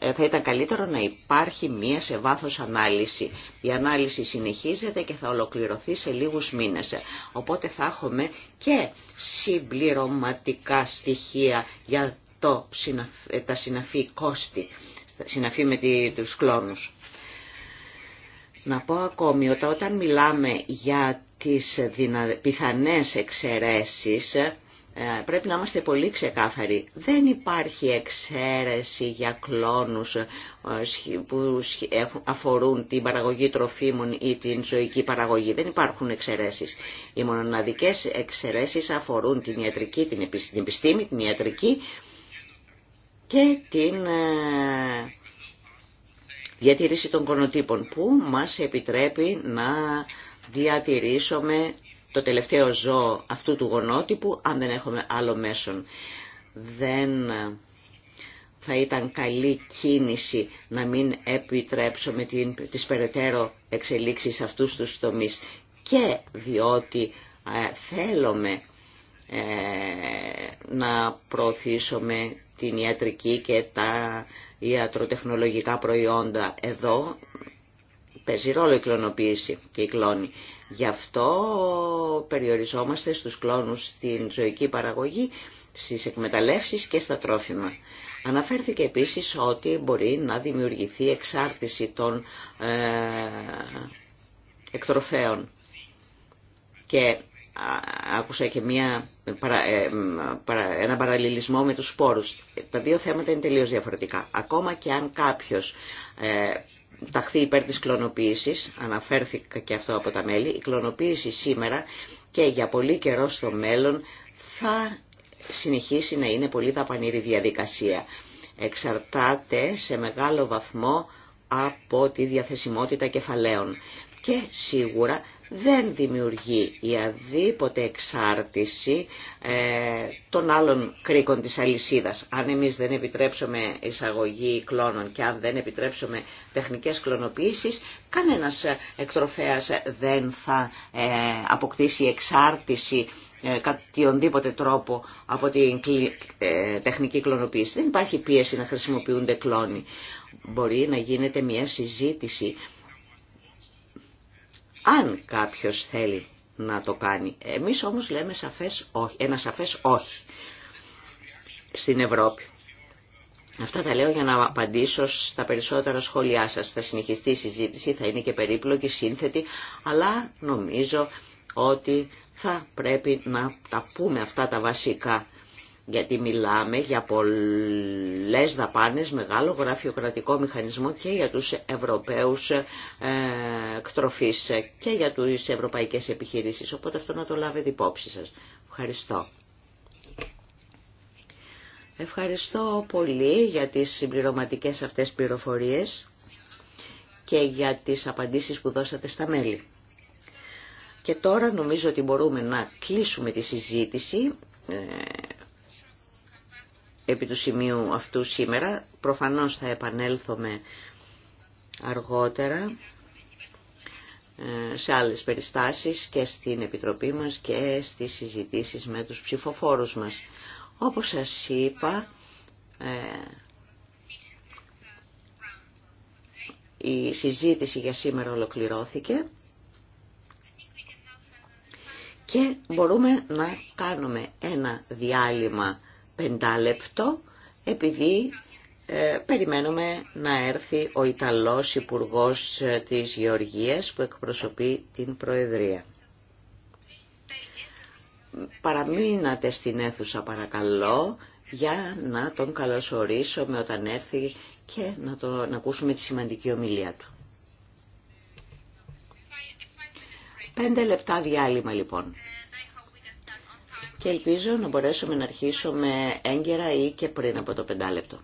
ε, θα ήταν καλύτερο να υπάρχει μία σε βάθος ανάλυση. Η ανάλυση συνεχίζεται και θα ολοκληρωθεί σε λίγους μήνες. Οπότε θα έχουμε και συμπληρωματικά στοιχεία για το, τα συναφή κόστη, συναφή με τη, τους κλόνους. Να πω ακόμη ότι όταν μιλάμε για τις δυνα... πιθανές εξαιρέσεις, ε, πρέπει να είμαστε πολύ ξεκάθαροι. Δεν υπάρχει εξαίρεση για κλόνους ε, που αφορούν την παραγωγή τροφίμων ή την ζωική παραγωγή. Δεν υπάρχουν εξαιρέσεις. Οι μοναδικές εξαιρέσεις αφορούν την ιατρική, την επιστήμη, την ιατρική και την ε, διατήρηση των κονοτύπων που μας επιτρέπει να διατηρήσουμε το τελευταίο ζώο αυτού του γονότυπου αν δεν έχουμε άλλο μέσον. Δεν ε, θα ήταν καλή κίνηση να μην επιτρέψουμε την, τις περαιτέρω εξελίξεις αυτούς τους τομείς και διότι ε, θέλουμε ε, να προωθήσουμε την ιατρική και τα ιατροτεχνολογικά προϊόντα εδώ παίζει ρόλο η κλωνοποίηση και η κλώνη Γι' αυτό περιοριζόμαστε στους κλόνους στην ζωική παραγωγή, στις εκμεταλλεύσεις και στα τρόφιμα. Αναφέρθηκε επίσης ότι μπορεί να δημιουργηθεί εξάρτηση των ε, εκτροφέων και άκουσα και μια, ε, ένα παραλληλισμό με τους σπόρους. Τα δύο θέματα είναι τελείως διαφορετικά. Ακόμα και αν κάποιος ε, ταχθεί υπέρ της κλωνοποίησης, αναφέρθηκα και αυτό από τα μέλη, η κλωνοποίηση σήμερα και για πολύ καιρό στο μέλλον θα συνεχίσει να είναι πολύ δαπανήρη διαδικασία. Εξαρτάται σε μεγάλο βαθμό από τη διαθεσιμότητα κεφαλαίων. Και σίγουρα δεν δημιουργεί η αδίποτε εξάρτηση ε, των άλλων κρίκων της αλυσίδας. Αν εμείς δεν επιτρέψουμε εισαγωγή κλώνων και αν δεν επιτρέψουμε τεχνικές κλωνοποίησεις, κανένας εκτροφέας δεν θα ε, αποκτήσει εξάρτηση ε, κατιονδήποτε τρόπο από την τεχνική κλωνοποίηση. Δεν υπάρχει πίεση να χρησιμοποιούνται κλόνοι. Μπορεί να γίνεται μια συζήτηση αν κάποιος θέλει να το κάνει. Εμείς όμως λέμε σαφές όχι, ένα σαφές όχι στην Ευρώπη. Αυτά τα λέω για να απαντήσω στα περισσότερα σχόλιά σας. Θα συνεχιστεί η συζήτηση, θα είναι και περίπλοκη, σύνθετη, αλλά νομίζω ότι θα πρέπει να τα πούμε αυτά τα βασικά γιατί μιλάμε για πολλές δαπάνες, μεγάλο γραφειοκρατικό μηχανισμό και για τους Ευρωπαίους ε, και για τις ευρωπαϊκές επιχειρήσεις. Οπότε αυτό να το λάβετε υπόψη σας. Ευχαριστώ. Ευχαριστώ πολύ για τις συμπληρωματικές αυτές πληροφορίες και για τις απαντήσεις που δώσατε στα μέλη. Και τώρα νομίζω ότι μπορούμε να κλείσουμε τη συζήτηση ε, επί του σημείου αυτού σήμερα. Προφανώς θα επανέλθουμε αργότερα ε, σε άλλες περιστάσεις και στην Επιτροπή μας και στις συζητήσεις με τους ψηφοφόρους μας. Όπως σας είπα, ε, η συζήτηση για σήμερα ολοκληρώθηκε και μπορούμε να κάνουμε ένα διάλειμμα πεντάλεπτο επειδή ε, περιμένουμε να έρθει ο Ιταλός Υπουργός ε, της Γεωργίας που εκπροσωπεί την Προεδρία. Παραμείνατε στην αίθουσα παρακαλώ για να τον με όταν έρθει και να, το, να ακούσουμε τη σημαντική ομιλία του. Πέντε λεπτά διάλειμμα λοιπόν και ελπίζω να μπορέσουμε να αρχίσουμε έγκαιρα ή και πριν από το πεντάλεπτο.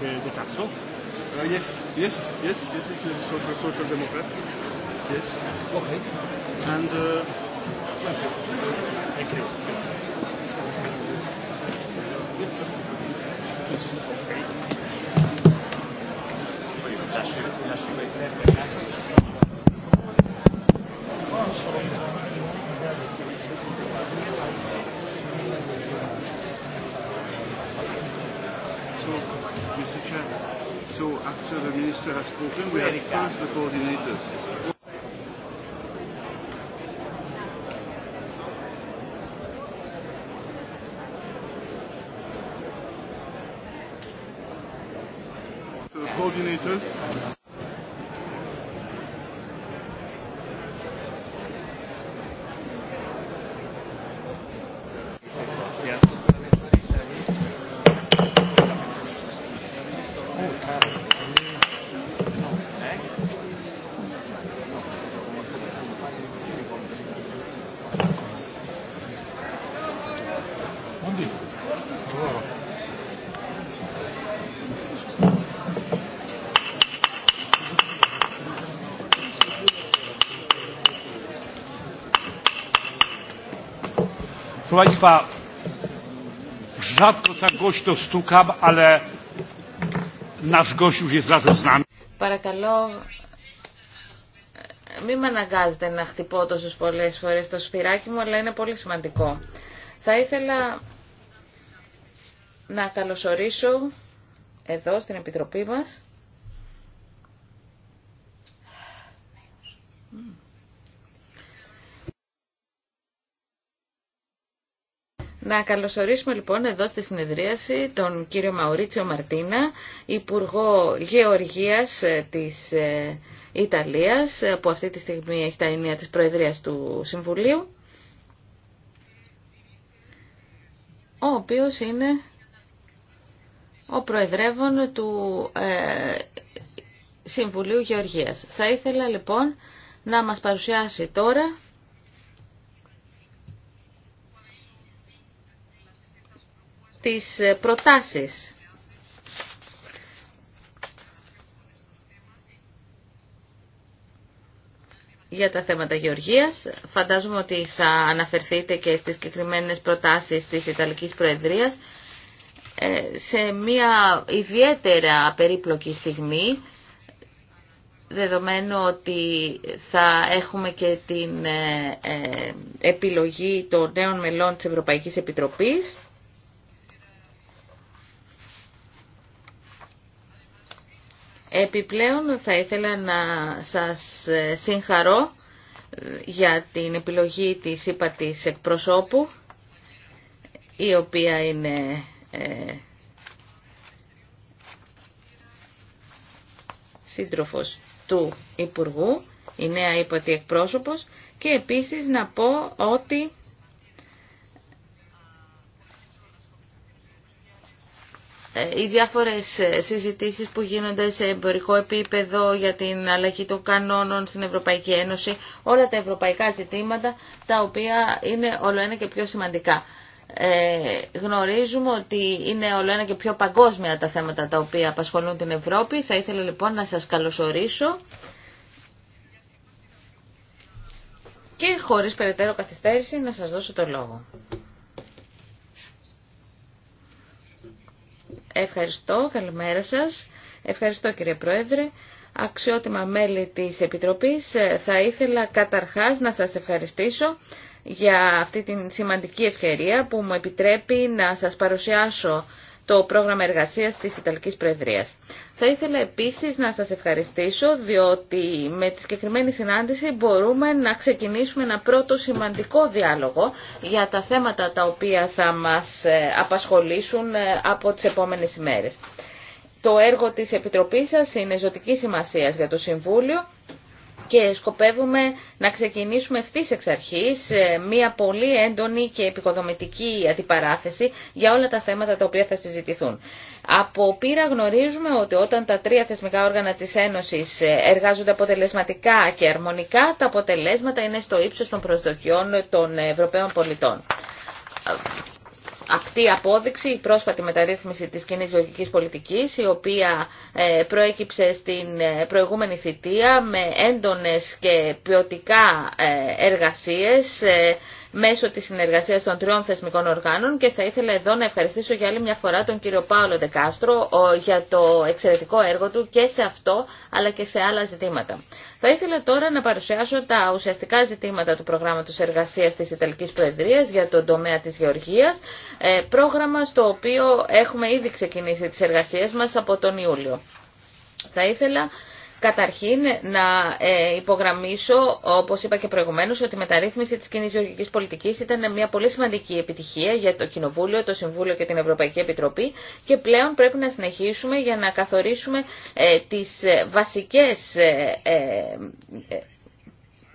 De Castro. Yes, yes, yes, yes, social social democrat. Yes. Okay. And. coordinators Παρακαλώ, μην με αναγκάζετε να χτυπώ τόσε πολλέ φορέ το σφυράκι μου, αλλά είναι πολύ σημαντικό. Θα ήθελα να καλωσορίσω εδώ στην Επιτροπή μας Να καλωσορίσουμε λοιπόν εδώ στη συνεδρίαση τον κύριο Μαουρίτσιο Μαρτίνα, Υπουργό Γεωργίας ε, της ε, Ιταλίας, ε, που αυτή τη στιγμή έχει τα ενία της Προεδρίας του Συμβουλίου, ο οποίος είναι ο Προεδρεύων του Συμβουλίου Γεωργίας. Θα ήθελα λοιπόν να μας παρουσιάσει τώρα τις ε, προτάσεις. για τα θέματα γεωργίας. Φαντάζομαι ότι θα αναφερθείτε και στις συγκεκριμένε προτάσεις της Ιταλικής Προεδρίας ε, σε μια ιδιαίτερα περίπλοκη στιγμή δεδομένου ότι θα έχουμε και την ε, επιλογή των νέων μελών της Ευρωπαϊκής Επιτροπής. Επιπλέον θα ήθελα να σας ε, συγχαρώ ε, για την επιλογή της είπα εκπροσώπου η οποία είναι ε, σύντροφος του Υπουργού, η νέα ύπατη εκπρόσωπος και επίσης να πω ότι Ε, οι διάφορες ε, συζητήσεις που γίνονται σε εμπορικό επίπεδο για την αλλαγή των κανόνων στην Ευρωπαϊκή Ένωση, όλα τα ευρωπαϊκά ζητήματα τα οποία είναι όλο ένα και πιο σημαντικά. Ε, γνωρίζουμε ότι είναι όλο ένα και πιο παγκόσμια τα θέματα τα οποία απασχολούν την Ευρώπη. Θα ήθελα λοιπόν να σας καλωσορίσω και χωρίς περαιτέρω καθυστέρηση να σας δώσω το λόγο. Ευχαριστώ, καλημέρα σας. Ευχαριστώ κύριε Πρόεδρε. Αξιότιμα μέλη της Επιτροπής, ε, θα ήθελα καταρχάς να σας ευχαριστήσω για αυτή την σημαντική ευκαιρία που μου επιτρέπει να σας παρουσιάσω το πρόγραμμα εργασίας της Ιταλικής Προεδρίας. Θα ήθελα επίσης να σας ευχαριστήσω διότι με τη συγκεκριμένη συνάντηση μπορούμε να ξεκινήσουμε ένα πρώτο σημαντικό διάλογο για τα θέματα τα οποία θα μας ε, απασχολήσουν ε, από τις επόμενες ημέρες. Το έργο της Επιτροπής σας είναι ζωτική σημασίας για το Συμβούλιο και σκοπεύουμε να ξεκινήσουμε ευθύ εξ αρχή ε, μια πολύ έντονη και επικοδομητική αντιπαράθεση για όλα τα θέματα τα οποία θα συζητηθούν. Από πείρα γνωρίζουμε ότι όταν τα τρία θεσμικά όργανα της Ένωσης ε, εργάζονται αποτελεσματικά και αρμονικά, τα αποτελέσματα είναι στο ύψος των προσδοκιών των Ευρωπαίων πολιτών. Αυτή η απόδειξη η πρόσφατη μεταρρύθμιση της κοινή γεωργικής πολιτικής η οποία ε, προέκυψε στην ε, προηγούμενη θητεία με έντονες και ποιοτικά ε, εργασίες μέσω της συνεργασίας των τριών θεσμικών οργάνων και θα ήθελα εδώ να ευχαριστήσω για άλλη μια φορά τον κύριο Πάολο Ντεκάστρο για το εξαιρετικό έργο του και σε αυτό αλλά και σε άλλα ζητήματα. Θα ήθελα τώρα να παρουσιάσω τα ουσιαστικά ζητήματα του προγράμματος εργασίας της Ιταλικής Προεδρίας για τον τομέα της γεωργίας, ε, πρόγραμμα στο οποίο έχουμε ήδη ξεκινήσει τις εργασίες μας από τον Ιούλιο. Θα ήθελα Καταρχήν, να ε, υπογραμμίσω, όπως είπα και προηγουμένως, ότι η μεταρρύθμιση της κοινή γεωργική πολιτικής ήταν μια πολύ σημαντική επιτυχία για το Κοινοβούλιο, το Συμβούλιο και την Ευρωπαϊκή Επιτροπή και πλέον πρέπει να συνεχίσουμε για να καθορίσουμε ε, τις ε, βασικές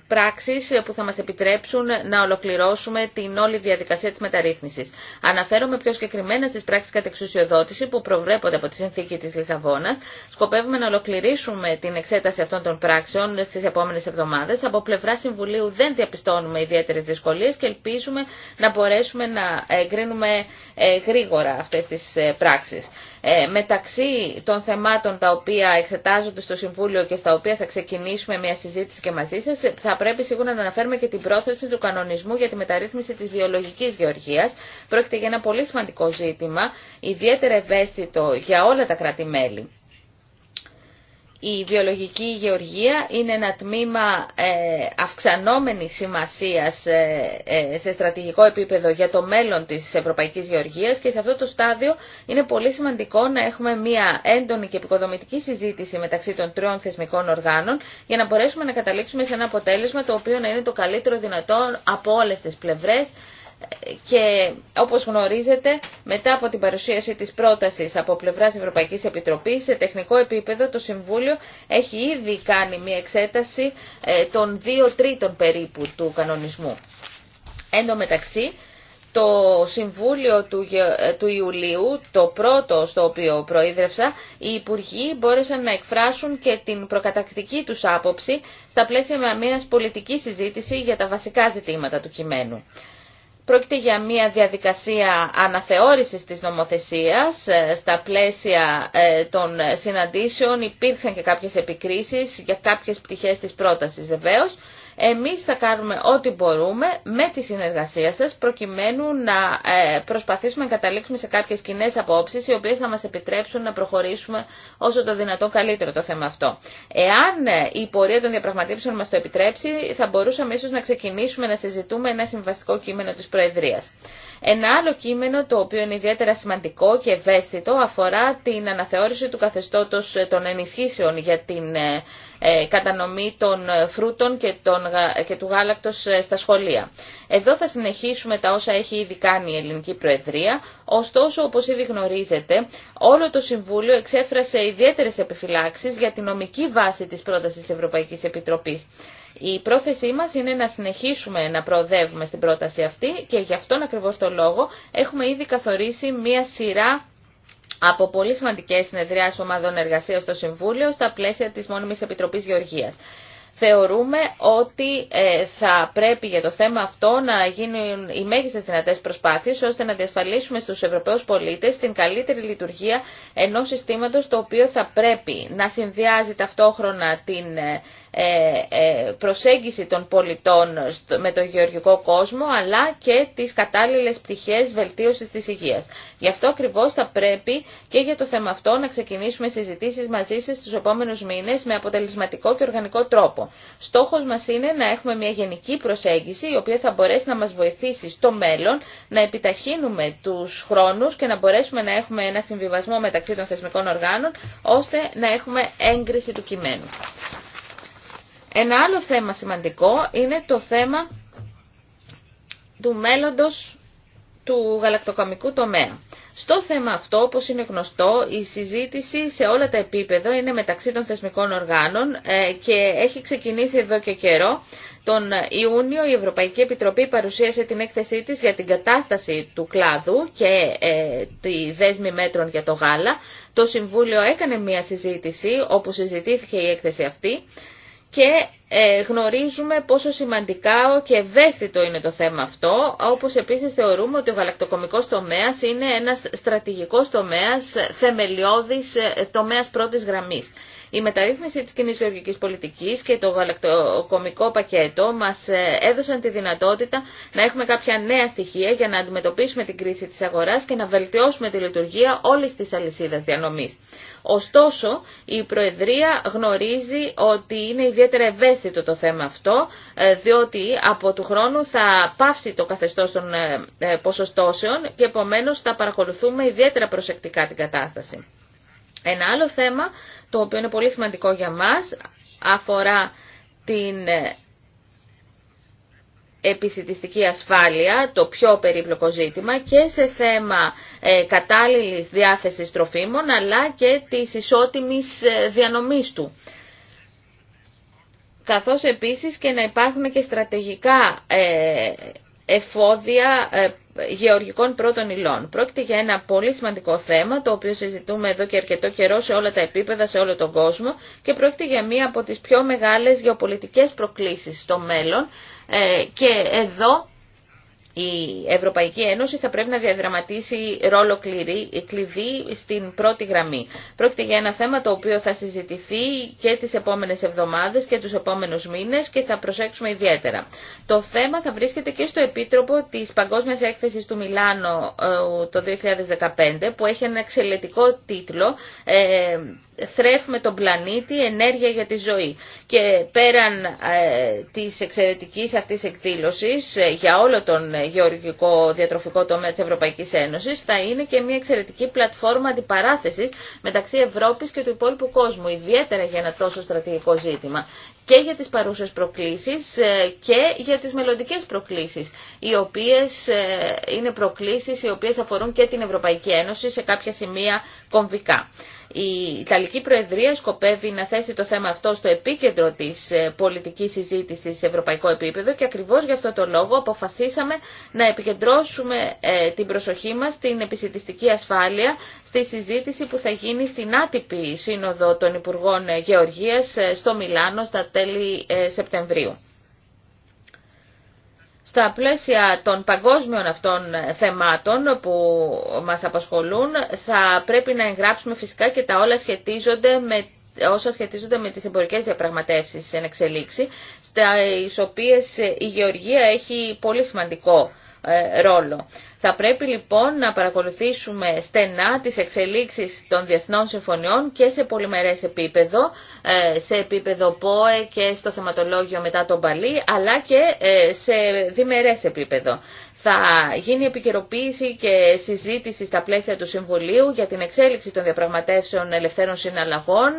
πράξεις που θα μας επιτρέψουν να ολοκληρώσουμε την όλη διαδικασία της μεταρρύθμισης. Αναφέρομαι πιο συγκεκριμένα στις πράξεις κατεξουσιοδότηση που προβλέπονται από τη συνθήκη της Λισαβόνας. Σκοπεύουμε να ολοκληρήσουμε την εξέταση αυτών των πράξεων στις επόμενες εβδομάδες. Από πλευρά Συμβουλίου δεν διαπιστώνουμε ιδιαίτερες δυσκολίες και ελπίζουμε να μπορέσουμε να εγκρίνουμε ε, γρήγορα αυτές τις ε, πράξεις. Ε, μεταξύ των θεμάτων τα οποία εξετάζονται στο Συμβούλιο και στα οποία θα ξεκινήσουμε μια συζήτηση και μαζί σας, θα πρέπει σίγουρα να αναφέρουμε και την πρόθεση του κανονισμού για τη μεταρρύθμιση της βιολογικής γεωργίας. Πρόκειται για ένα πολύ σημαντικό ζήτημα, ιδιαίτερα ευαίσθητο για όλα τα κράτη-μέλη η βιολογική γεωργία είναι ένα τμήμα ε, αυξανόμενης σημασίας ε, ε, σε στρατηγικό επίπεδο για το μέλλον της ευρωπαϊκής γεωργίας και σε αυτό το στάδιο είναι πολύ σημαντικό να έχουμε μια έντονη και επικοδομητική συζήτηση μεταξύ των τριών θεσμικών οργάνων για να μπορέσουμε να καταλήξουμε σε ένα αποτέλεσμα το οποίο να είναι το καλύτερο δυνατό από όλες τις πλευρές και όπως γνωρίζετε μετά από την παρουσίαση της πρότασης από πλευράς Ευρωπαϊκής Επιτροπής σε τεχνικό επίπεδο το Συμβούλιο έχει ήδη κάνει μια εξέταση ε, των δύο τρίτων περίπου του κανονισμού. Εν τω μεταξύ το Συμβούλιο ε, του, Ιουλίου, το πρώτο στο οποίο προείδρευσα, οι Υπουργοί μπόρεσαν να εκφράσουν και την προκατακτική τους άποψη στα πλαίσια μιας πολιτικής συζήτησης για τα βασικά ζητήματα του κειμένου. Πρόκειται για μια διαδικασία αναθεώρησης της νομοθεσίας. Ε, στα πλαίσια ε, των συναντήσεων υπήρξαν και κάποιες επικρίσεις για κάποιες πτυχές της πρότασης βεβαίως. Εμείς θα κάνουμε ό,τι μπορούμε με τη συνεργασία σας προκειμένου να ε, προσπαθήσουμε να καταλήξουμε σε κάποιες κοινέ απόψεις οι οποίες θα μας επιτρέψουν να προχωρήσουμε όσο το δυνατόν καλύτερο το θέμα αυτό. Εάν ε, η πορεία των διαπραγματεύσεων μας το επιτρέψει θα μπορούσαμε ίσως να ξεκινήσουμε να συζητούμε ένα συμβαστικό κείμενο της Προεδρίας. Ένα άλλο κείμενο το οποίο είναι ιδιαίτερα σημαντικό και ευαίσθητο αφορά την αναθεώρηση του καθεστώτος των ενισχύσεων για την ε, ε, κατανομή των ε, φρούτων και, και του γάλακτος ε, στα σχολεία. Εδώ θα συνεχίσουμε τα όσα έχει ήδη κάνει η Ελληνική Προεδρία, ωστόσο όπως ήδη γνωρίζετε όλο το Συμβούλιο εξέφρασε ιδιαίτερες επιφυλάξεις για την νομική βάση της πρότασης της Ευρωπαϊκής Επιτροπής. Η πρόθεσή μας είναι να συνεχίσουμε να προοδεύουμε στην πρόταση αυτή και γι' αυτόν ακριβώς το λόγο έχουμε ήδη καθορίσει μία σειρά από πολύ σημαντικέ συνεδριάσεις ομάδων εργασίας στο Συμβούλιο στα πλαίσια της Μόνιμης Επιτροπής Γεωργίας. Θεωρούμε ότι ε, θα πρέπει για το θέμα αυτό να γίνουν οι μέγιστε δυνατέ προσπάθειες ώστε να διασφαλίσουμε στους Ευρωπαίους πολίτες την καλύτερη λειτουργία ενός συστήματος το οποίο θα πρέπει να συνδυάζει ταυτόχρονα την ε, ε, ε, προσέγγιση των πολιτών με το γεωργικό κόσμο αλλά και τις κατάλληλες πτυχές βελτίωσης της υγείας. Γι' αυτό ακριβώς θα πρέπει και για το θέμα αυτό να ξεκινήσουμε συζητήσεις μαζί σας στους επόμενους μήνες με αποτελεσματικό και οργανικό τρόπο. Στόχος μας είναι να έχουμε μια γενική προσέγγιση η οποία θα μπορέσει να μας βοηθήσει στο μέλλον να επιταχύνουμε τους χρόνους και να μπορέσουμε να έχουμε ένα συμβιβασμό μεταξύ των θεσμικών οργάνων ώστε να έχουμε έγκριση του κειμένου. Ένα άλλο θέμα σημαντικό είναι το θέμα του μέλλοντος του γαλακτοκαμικού τομέα. Στο θέμα αυτό, όπως είναι γνωστό, η συζήτηση σε όλα τα επίπεδα είναι μεταξύ των θεσμικών οργάνων ε, και έχει ξεκινήσει εδώ και καιρό. Τον Ιούνιο η Ευρωπαϊκή Επιτροπή παρουσίασε την έκθεσή της για την κατάσταση του κλάδου και ε, τη δέσμη μέτρων για το γάλα. Το Συμβούλιο έκανε μία συζήτηση όπου συζητήθηκε η έκθεση αυτή και ε, γνωρίζουμε πόσο σημαντικά και ευαίσθητο είναι το θέμα αυτό, όπως επίσης θεωρούμε ότι ο γαλακτοκομικός τομέας είναι ένας στρατηγικός τομέας, θεμελιώδης ε, τομέας πρώτης γραμμής. Η μεταρρύθμιση της κοινή γεωργικής πολιτικής και το γαλακτοκομικό πακέτο μας ε, έδωσαν τη δυνατότητα να έχουμε κάποια νέα στοιχεία για να αντιμετωπίσουμε την κρίση της αγοράς και να βελτιώσουμε τη λειτουργία όλης της αλυσίδας διανομής. Ωστόσο, η Προεδρία γνωρίζει ότι είναι ιδιαίτερα ευαίσθητο το θέμα αυτό, ε, διότι από του χρόνου θα πάυσει το καθεστώς των ε, ποσοστώσεων και επομένως θα παρακολουθούμε ιδιαίτερα προσεκτικά την κατάσταση. Ένα άλλο θέμα το οποίο είναι πολύ σημαντικό για μας, αφορά την ε, επισητιστική ασφάλεια, το πιο περίπλοκο ζήτημα και σε θέμα ε, κατάλληλης διάθεσης τροφίμων αλλά και της ισότιμης ε, διανομής του. Καθώς επίσης και να υπάρχουν και στρατηγικά ε, εφόδια γεωργικών πρώτων υλών. Πρόκειται για ένα πολύ σημαντικό θέμα, το οποίο συζητούμε εδώ και αρκετό καιρό σε όλα τα επίπεδα, σε όλο τον κόσμο και πρόκειται για μία από τις πιο μεγάλες γεωπολιτικές προκλήσεις στο μέλλον ε, και εδώ η Ευρωπαϊκή Ένωση θα πρέπει να διαδραματίσει ρόλο κλειδί στην πρώτη γραμμή. Πρόκειται για ένα θέμα το οποίο θα συζητηθεί και τις επόμενες εβδομάδες και τους επόμενους μήνες και θα προσέξουμε ιδιαίτερα. Το θέμα θα βρίσκεται και στο επίτροπο της Παγκόσμιας Έκθεσης του Μιλάνο ε, το 2015 που έχει ένα εξαιρετικό τίτλο ε, θρέφουμε τον πλανήτη, ενέργεια για τη ζωή. Και πέραν ε, της εξαιρετικής αυτής εκδήλωσης ε, για όλο τον γεωργικό διατροφικό τομέα της Ευρωπαϊκής Ένωσης θα είναι και μια εξαιρετική πλατφόρμα αντιπαράθεσης μεταξύ Ευρώπης και του υπόλοιπου κόσμου, ιδιαίτερα για ένα τόσο στρατηγικό ζήτημα και για τις παρούσες προκλήσεις ε, και για τις μελλοντικές προκλήσεις, οι οποίες ε, είναι προκλήσεις οι οποίες αφορούν και την Ευρωπαϊκή Ένωση σε κάποια σημεία κομβικά. Η Ιταλική Προεδρία σκοπεύει να θέσει το θέμα αυτό στο επίκεντρο της ε, πολιτικής συζήτησης σε ευρωπαϊκό επίπεδο και ακριβώς γι' αυτό το λόγο αποφασίσαμε να επικεντρώσουμε ε, την προσοχή μας στην επισητιστική ασφάλεια στη συζήτηση που θα γίνει στην άτυπη σύνοδο των Υπουργών Γεωργίας ε, στο Μιλάνο στα τέλη Σεπτεμβρίου στα πλαίσια των παγκόσμιων αυτών θεμάτων που μας απασχολούν θα πρέπει να εγγράψουμε φυσικά και τα όλα σχετίζονται με όσα σχετίζονται με τις εμπορικές διαπραγματεύσεις εν εξελίξη, στις οποίες η Γεωργία έχει πολύ σημαντικό ε, ρόλο. Θα πρέπει λοιπόν να παρακολουθήσουμε στενά τις εξελίξεις των διεθνών συμφωνιών και σε πολυμερές επίπεδο, ε, σε επίπεδο ΠΟΕ και στο θεματολόγιο μετά τον Παλί, αλλά και ε, σε διμερές επίπεδο θα γίνει επικαιροποίηση και συζήτηση στα πλαίσια του Συμβουλίου για την εξέλιξη των διαπραγματεύσεων ελευθέρων συναλλαγών,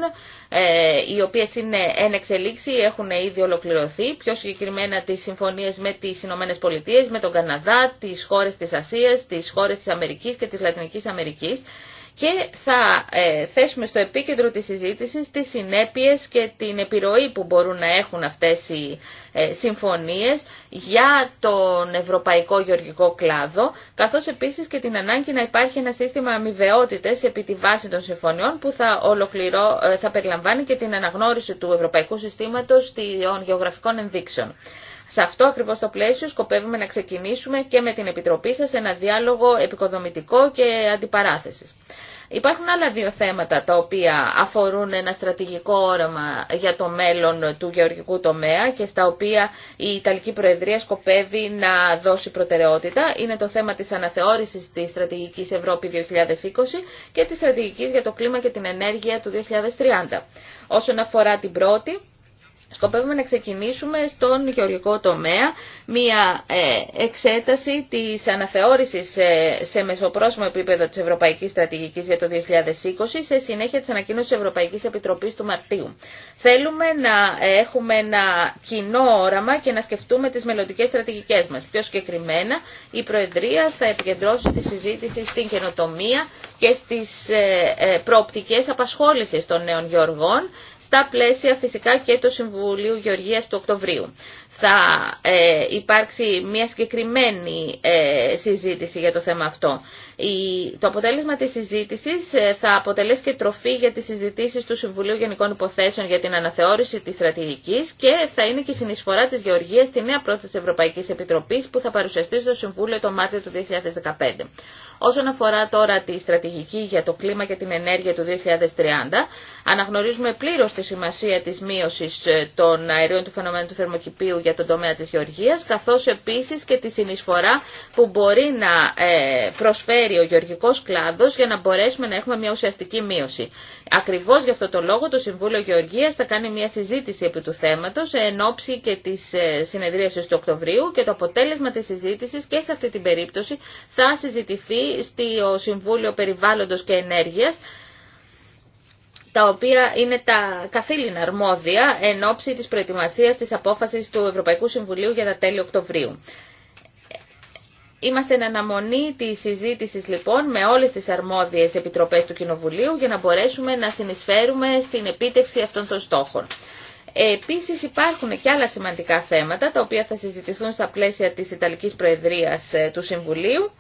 ε, οι οποίες είναι εν εξελίξη, έχουν ήδη ολοκληρωθεί, πιο συγκεκριμένα τις συμφωνίες με τις Ηνωμένε Πολιτείες, με τον Καναδά, τις χώρες της Ασίας, τις χώρες της Αμερικής και της Λατινικής Αμερικής και θα ε, θέσουμε στο επίκεντρο της συζήτησης τις συνέπειες και την επιρροή που μπορούν να έχουν αυτές οι ε, συμφωνίες για τον ευρωπαϊκό γεωργικό κλάδο, καθώς επίσης και την ανάγκη να υπάρχει ένα σύστημα αμοιβαιότητες επί τη βάση των συμφωνιών που θα, ολοκληρώ, ε, θα περιλαμβάνει και την αναγνώριση του ευρωπαϊκού συστήματος των γεωγραφικών ενδείξεων. Σε αυτό ακριβώ το πλαίσιο σκοπεύουμε να ξεκινήσουμε και με την Επιτροπή σα ένα διάλογο επικοδομητικό και αντιπαράθεση. Υπάρχουν άλλα δύο θέματα τα οποία αφορούν ένα στρατηγικό όραμα για το μέλλον του γεωργικού τομέα και στα οποία η Ιταλική Προεδρία σκοπεύει να δώσει προτεραιότητα. Είναι το θέμα της αναθεώρησης της στρατηγικής Ευρώπη 2020 και της στρατηγικής για το κλίμα και την ενέργεια του 2030. Όσον αφορά την πρώτη, Σκοπεύουμε να ξεκινήσουμε στον γεωργικό τομέα μία ε, εξέταση της αναθεώρησης ε, σε μεσοπρόσωπο επίπεδο της Ευρωπαϊκής Στρατηγικής για το 2020 σε συνέχεια της ανακοίνωσης της Ευρωπαϊκής Επιτροπής του Μαρτίου. Θέλουμε να έχουμε ένα κοινό όραμα και να σκεφτούμε τις μελλοντικέ στρατηγικές μας. Πιο συγκεκριμένα η Προεδρία θα επικεντρώσει τη συζήτηση στην καινοτομία και στις ε, προοπτικές απασχόλησης των νέων γεωργών στα πλαίσια φυσικά και του Συμβουλίου Γεωργίας του Οκτωβρίου. Θα ε, υπάρξει μια συγκεκριμένη ε, συζήτηση για το θέμα αυτό. Η, το αποτέλεσμα της συζήτησης ε, θα αποτελέσει και τροφή για τις συζητήσεις του Συμβουλίου Γενικών Υποθέσεων για την αναθεώρηση της στρατηγικής και θα είναι και η συνεισφορά της Γεωργίας στη νέα πρόταση της Ευρωπαϊκής Επιτροπής που θα παρουσιαστεί στο Συμβούλιο το Μάρτιο του 2015. Όσον αφορά τώρα τη στρατηγική για το κλίμα και την ενέργεια του 2030, Αναγνωρίζουμε πλήρω τη σημασία τη μείωση ε, των αερίων του φαινομένου του θερμοκηπίου για τον τομέα τη γεωργία, καθώ επίση και τη συνεισφορά που μπορεί να ε, προσφέρει ο γεωργικό κλάδο για να μπορέσουμε να έχουμε μια ουσιαστική μείωση. Ακριβώ γι' αυτό το λόγο το Συμβούλιο Γεωργίας θα κάνει μια συζήτηση επί του θέματο εν ώψη και της ε, συνεδρίασης του Οκτωβρίου και το αποτέλεσμα τη συζήτηση και σε αυτή την περίπτωση θα συζητηθεί στο Συμβούλιο Περιβάλλοντο και ενέργεια τα οποία είναι τα καθήλυνα αρμόδια εν ώψη της προετοιμασίας της απόφασης του Ευρωπαϊκού Συμβουλίου για τα τέλη Οκτωβρίου. Είμαστε εν αναμονή τη συζήτηση λοιπόν με όλες τις αρμόδιε επιτροπέ του Κοινοβουλίου για να μπορέσουμε να συνεισφέρουμε στην επίτευξη αυτών των στόχων. Επίσης υπάρχουν και άλλα σημαντικά θέματα τα οποία θα συζητηθούν στα πλαίσια της Ιταλική Προεδρίας ε, του Συμβουλίου.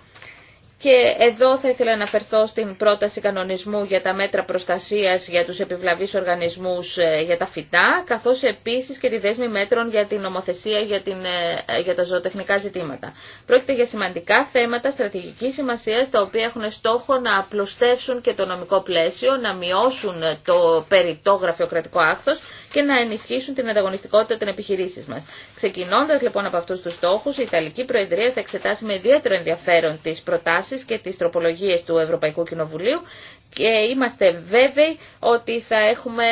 Και εδώ θα ήθελα να αναφερθώ στην πρόταση κανονισμού για τα μέτρα προστασίας για τους επιβλαβείς οργανισμούς ε, για τα φυτά, καθώς επίσης και τη δέσμη μέτρων για την νομοθεσία για, την, ε, ε, για τα ζωοτεχνικά ζητήματα. Πρόκειται για σημαντικά θέματα στρατηγικής σημασίας, τα οποία έχουν στόχο να απλωστεύσουν και το νομικό πλαίσιο, να μειώσουν το περιττό γραφειοκρατικό άκθος και να ενισχύσουν την ανταγωνιστικότητα των επιχειρήσεων μα. Ξεκινώντα λοιπόν από αυτού του στόχου, η Ιταλική Προεδρία θα εξετάσει με ιδιαίτερο ενδιαφέρον τι προτάσει και τι τροπολογίε του Ευρωπαϊκού Κοινοβουλίου και είμαστε βέβαιοι ότι θα έχουμε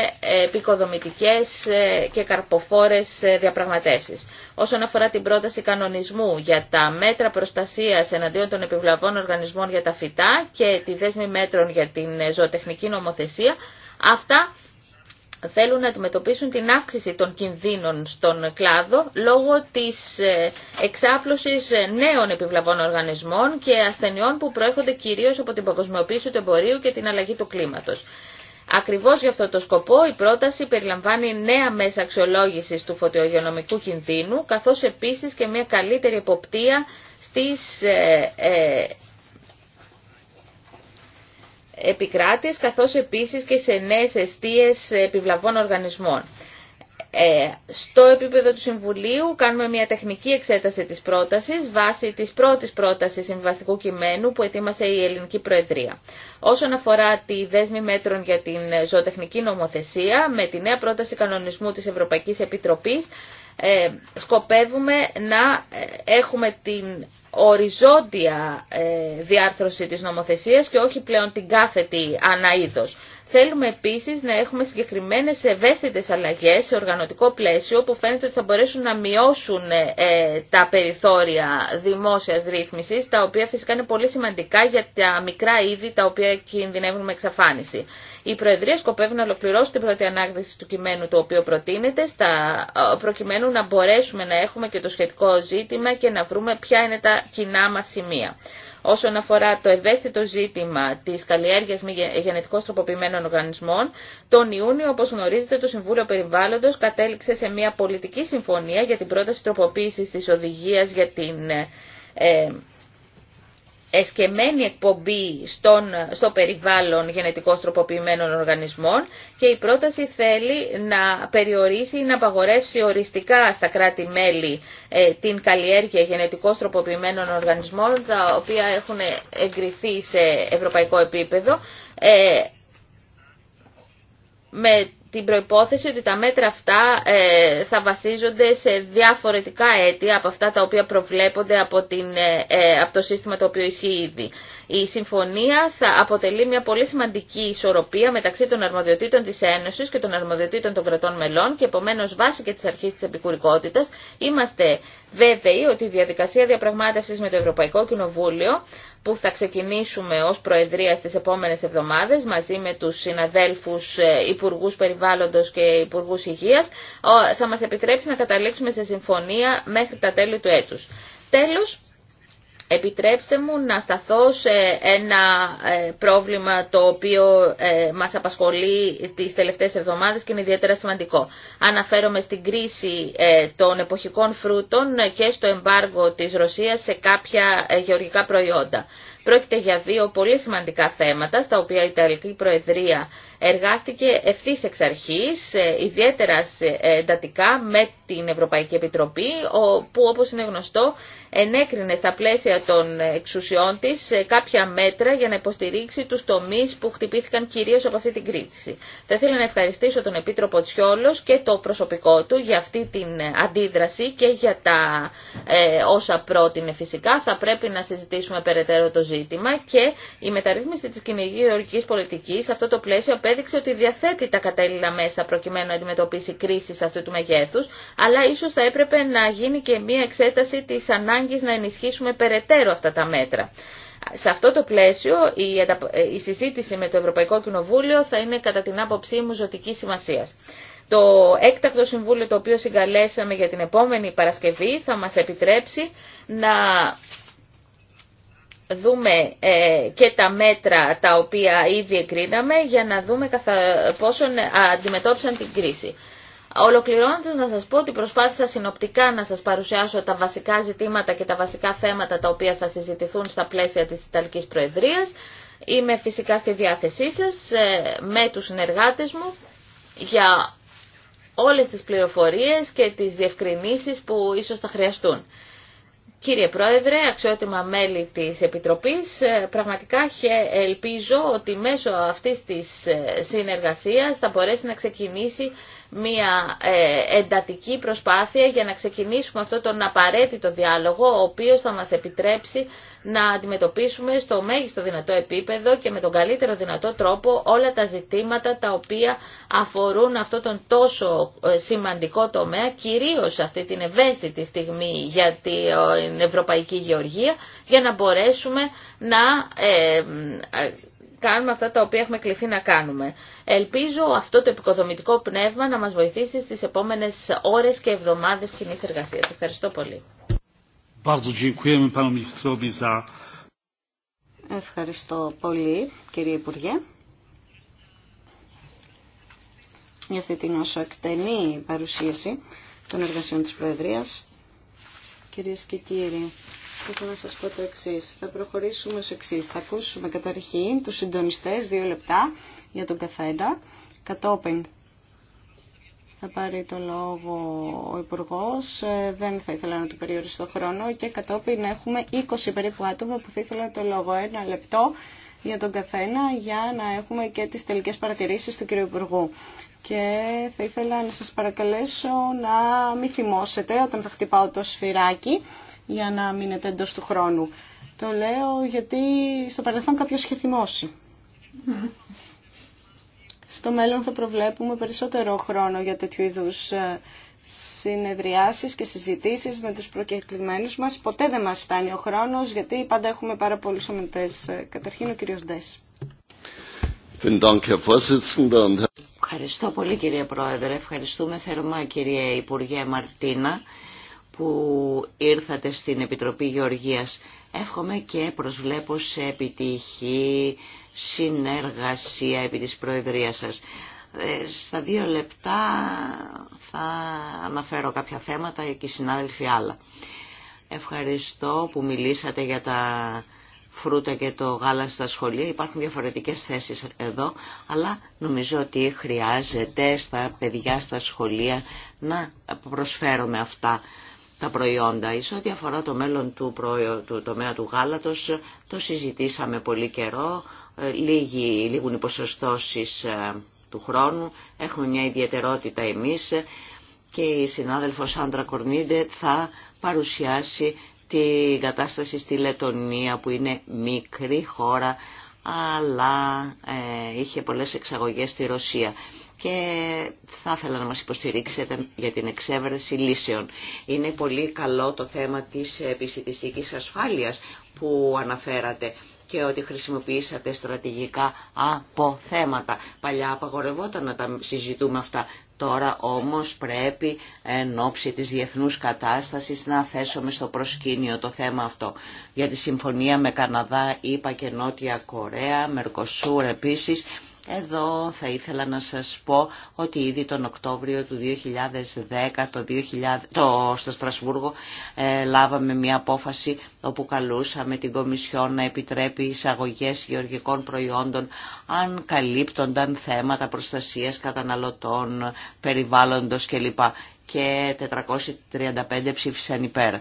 επικοδομητικές ε, και καρποφόρες ε, διαπραγματεύσεις. Όσον αφορά την πρόταση κανονισμού για τα μέτρα προστασίας εναντίον των επιβλαβών οργανισμών για τα φυτά και τη δέσμη μέτρων για την ε, ζωοτεχνική νομοθεσία, αυτά θέλουν να αντιμετωπίσουν την αύξηση των κινδύνων στον κλάδο λόγω της ε, εξάπλωσης ε, νέων επιβλαβών οργανισμών και ασθενειών που προέρχονται κυρίως από την παγκοσμιοποίηση του εμπορίου και την αλλαγή του κλίματος. Ακριβώς για αυτό το σκοπό η πρόταση περιλαμβάνει νέα μέσα αξιολόγησης του φωτιογειονομικού κινδύνου καθώς επίσης και μια καλύτερη εποπτεία στις ε, επικράτειες καθώς επίσης και σε νέες αιστείες επιβλαβών οργανισμών. Ε, στο επίπεδο του Συμβουλίου κάνουμε μια τεχνική εξέταση της πρότασης βάσει της πρώτης πρότασης συμβαστικού κειμένου που ετοίμασε η Ελληνική Προεδρία. Όσον αφορά τη δέσμη μέτρων για την ζωοτεχνική νομοθεσία, με τη νέα πρόταση κανονισμού της Ευρωπαϊκής Επιτροπής ε, σκοπεύουμε να ε, έχουμε την οριζόντια ε, διάρθρωση της νομοθεσίας και όχι πλέον την κάθετη αναείδος. Θέλουμε επίσης να έχουμε συγκεκριμένες ευαίσθητες αλλαγές σε οργανωτικό πλαίσιο που φαίνεται ότι θα μπορέσουν να μειώσουν τα περιθώρια δημόσιας ρύθμισης, τα οποία φυσικά είναι πολύ σημαντικά για τα μικρά είδη τα οποία κινδυνεύουν με εξαφάνιση. Η Προεδρία σκοπεύει να ολοκληρώσει την πρώτη ανάγνωση του κειμένου το οποίο προτείνεται, στα, ε, προκειμένου να μπορέσουμε να έχουμε και το σχετικό ζήτημα και να βρούμε ποια είναι τα κοινά μας σημεία. Όσον αφορά το ευαίσθητο ζήτημα τη καλλιέργειας μη γενετικώς τροποποιημένων οργανισμών, τον Ιούνιο, όπως γνωρίζετε, το Συμβούλιο Περιβάλλοντο κατέληξε σε μια πολιτική συμφωνία για την πρόταση τροποποίηση τη οδηγία για την ε, ε, εσκεμμένη εκπομπή στον, στο περιβάλλον γενετικώς τροποποιημένων οργανισμών και η πρόταση θέλει να περιορίσει ή να απαγορεύσει οριστικά στα κράτη-μέλη ε, την καλλιέργεια γενετικώς τροποποιημένων οργανισμών τα οποία έχουν εγκριθεί σε ευρωπαϊκό επίπεδο ε, με την προϋπόθεση ότι τα μέτρα αυτά ε, θα βασίζονται σε διαφορετικά αίτια από αυτά τα οποία προβλέπονται από, την, ε, ε, από το σύστημα το οποίο ισχύει ήδη. Η συμφωνία θα αποτελεί μια πολύ σημαντική ισορροπία μεταξύ των αρμοδιοτήτων της Ένωσης και των αρμοδιοτήτων των κρατών μελών και επομένως βάσει και της αρχής της επικουρικότητας είμαστε βέβαιοι ότι η διαδικασία διαπραγμάτευσης με το Ευρωπαϊκό Κοινοβούλιο που θα ξεκινήσουμε ως Προεδρία στις επόμενες εβδομάδες μαζί με τους συναδέλφους ε, Υπουργούς Περιβάλλοντος και Υπουργούς Υγείας θα μας επιτρέψει να καταλήξουμε σε συμφωνία μέχρι τα τέλη του έτους. Τέλος, Επιτρέψτε μου να σταθώ σε ένα ε, πρόβλημα το οποίο ε, μας απασχολεί τις τελευταίες εβδομάδες και είναι ιδιαίτερα σημαντικό. Αναφέρομαι στην κρίση ε, των εποχικών φρούτων και στο εμπάργο της Ρωσίας σε κάποια γεωργικά προϊόντα. Πρόκειται για δύο πολύ σημαντικά θέματα στα οποία η Ιταλική Προεδρία εργάστηκε ευθύ εξ αρχής, ε, ιδιαίτερα ε, εντατικά με την Ευρωπαϊκή Επιτροπή, που όπω είναι γνωστό ενέκρινε στα πλαίσια των εξουσιών τη ε, κάποια μέτρα για να υποστηρίξει του τομεί που χτυπήθηκαν κυρίω από αυτή την κρίση. Θα ήθελα να ευχαριστήσω τον Επίτροπο Τσιόλο και το προσωπικό του για αυτή την αντίδραση και για τα όσα πρότεινε φυσικά. Θα πρέπει να συζητήσουμε περαιτέρω το ζήτημα και η μεταρρύθμιση τη Κυνηγή πολιτικής σε αυτό το πλαίσιο έδειξε ότι διαθέτει τα κατάλληλα μέσα προκειμένου να αντιμετωπίσει κρίσεις αυτού του μεγέθους, αλλά ίσως θα έπρεπε να γίνει και μία εξέταση της ανάγκης να ενισχύσουμε περαιτέρω αυτά τα μέτρα. Σε αυτό το πλαίσιο η ε, συζήτηση με το Ευρωπαϊκό Κοινοβούλιο θα είναι κατά την άποψή μου ζωτική σημασία. Το έκτακτο συμβούλιο το οποίο συγκαλέσαμε για την επόμενη Παρασκευή θα μας επιτρέψει να δούμε ε, και τα μέτρα τα οποία ήδη εκρίναμε για να δούμε καθα... πόσον ε, αντιμετώπισαν την κρίση. Ολοκληρώνοντας να σας πω ότι προσπάθησα συνοπτικά να σας παρουσιάσω τα βασικά ζητήματα και τα βασικά θέματα τα οποία θα συζητηθούν στα πλαίσια της Ιταλικής Προεδρίας. Είμαι φυσικά στη διάθεσή σας ε, με τους συνεργάτες μου για όλες τις πληροφορίες και τις διευκρινήσεις που ίσως θα χρειαστούν. Κύριε Πρόεδρε, αξιότιμα μέλη της Επιτροπής, ε, πραγματικά ελπίζω ότι μέσω αυτής της ε, συνεργασίας θα μπορέσει να ξεκινήσει μια ε, εντατική προσπάθεια για να ξεκινήσουμε αυτό τον απαραίτητο διάλογο, ο οποίος θα μας επιτρέψει να αντιμετωπίσουμε στο μέγιστο δυνατό επίπεδο και με τον καλύτερο δυνατό τρόπο όλα τα ζητήματα τα οποία αφορούν αυτό τον τόσο ε, σημαντικό τομέα, κυρίως αυτή την ευαίσθητη στιγμή για την Ευρωπαϊκή Γεωργία, για να μπορέσουμε να ε, κάνουμε αυτά τα οποία έχουμε κληθεί να κάνουμε. Ελπίζω αυτό το επικοδομητικό πνεύμα να μας βοηθήσει στις επόμενες ώρες και εβδομάδες κοινή εργασίας. Ευχαριστώ πολύ. Ευχαριστώ πολύ κύριε Υπουργέ για αυτή την όσο εκτενή παρουσίαση των εργασιών της Προεδρίας. Κυρίες και κύριοι, θα να σας πω το εξή. Θα προχωρήσουμε ως εξή. Θα ακούσουμε καταρχήν τους συντονιστές, δύο λεπτά για τον καθένα. Κατόπιν θα πάρει το λόγο ο υπουργό. Ε, δεν θα ήθελα να του περιοριστώ χρόνο και κατόπιν έχουμε 20 περίπου άτομα που θα ήθελα το λόγο. Ένα λεπτό για τον καθένα για να έχουμε και τις τελικές παρατηρήσεις του κύριου Υπουργού. Και θα ήθελα να σας παρακαλέσω να μην θυμώσετε όταν θα χτυπάω το σφυράκι για να μείνετε εντό του χρόνου. Το λέω γιατί στο παρελθόν κάποιος είχε θυμώσει. Στο μέλλον θα προβλέπουμε περισσότερο χρόνο για τέτοιου είδου ε, συνεδριάσεις και συζητήσεις με τους προκεκλημένους μας. Ποτέ δεν μας φτάνει ο χρόνος γιατί πάντα έχουμε πάρα πολλούς ομιλητές. Ε, καταρχήν ο κύριος Ντές. Ευχαριστώ πολύ κύριε Πρόεδρε. Ευχαριστούμε θερμά κύριε Υπουργέ Μαρτίνα που ήρθατε στην Επιτροπή Γεωργίας. Εύχομαι και προσβλέπω σε επιτυχή συνεργασία επί της Προεδρίας σας. Ε, στα δύο λεπτά θα αναφέρω κάποια θέματα και οι συνάδελφοι άλλα. Ευχαριστώ που μιλήσατε για τα φρούτα και το γάλα στα σχολεία. Υπάρχουν διαφορετικές θέσεις εδώ, αλλά νομίζω ότι χρειάζεται στα παιδιά στα σχολεία να προσφέρουμε αυτά τα προϊόντα. ό,τι αφορά το μέλλον του, του τομέα του γάλατος, το συζητήσαμε πολύ καιρό, ε, λίγοι, λίγουν οι ποσοστώσεις ε, του χρόνου, έχουμε μια ιδιαιτερότητα εμείς και η συνάδελφος Άντρα Κορνίντε θα παρουσιάσει την κατάσταση στη Λετωνία που είναι μικρή χώρα αλλά ε, είχε πολλές εξαγωγές στη Ρωσία και θα ήθελα να μας υποστηρίξετε για την εξέβρεση λύσεων. Είναι πολύ καλό το θέμα της επισητιστικής ασφάλειας που αναφέρατε και ότι χρησιμοποιήσατε στρατηγικά από θέματα. Παλιά απαγορευόταν να τα συζητούμε αυτά. Τώρα όμως πρέπει εν ώψη της διεθνούς κατάστασης να θέσουμε στο προσκήνιο το θέμα αυτό. Για τη συμφωνία με Καναδά, είπα και Νότια Κορέα, Μερκοσούρ επίσης, εδώ θα ήθελα να σας πω ότι ήδη τον Οκτώβριο του 2010 το 2000, το, στο Στρασβούργο ε, λάβαμε μια απόφαση όπου καλούσαμε την Κομισιόν να επιτρέπει εισαγωγές γεωργικών προϊόντων αν καλύπτονταν θέματα προστασίας καταναλωτών, περιβάλλοντος κλπ. Και 435 ψήφισαν υπέρ.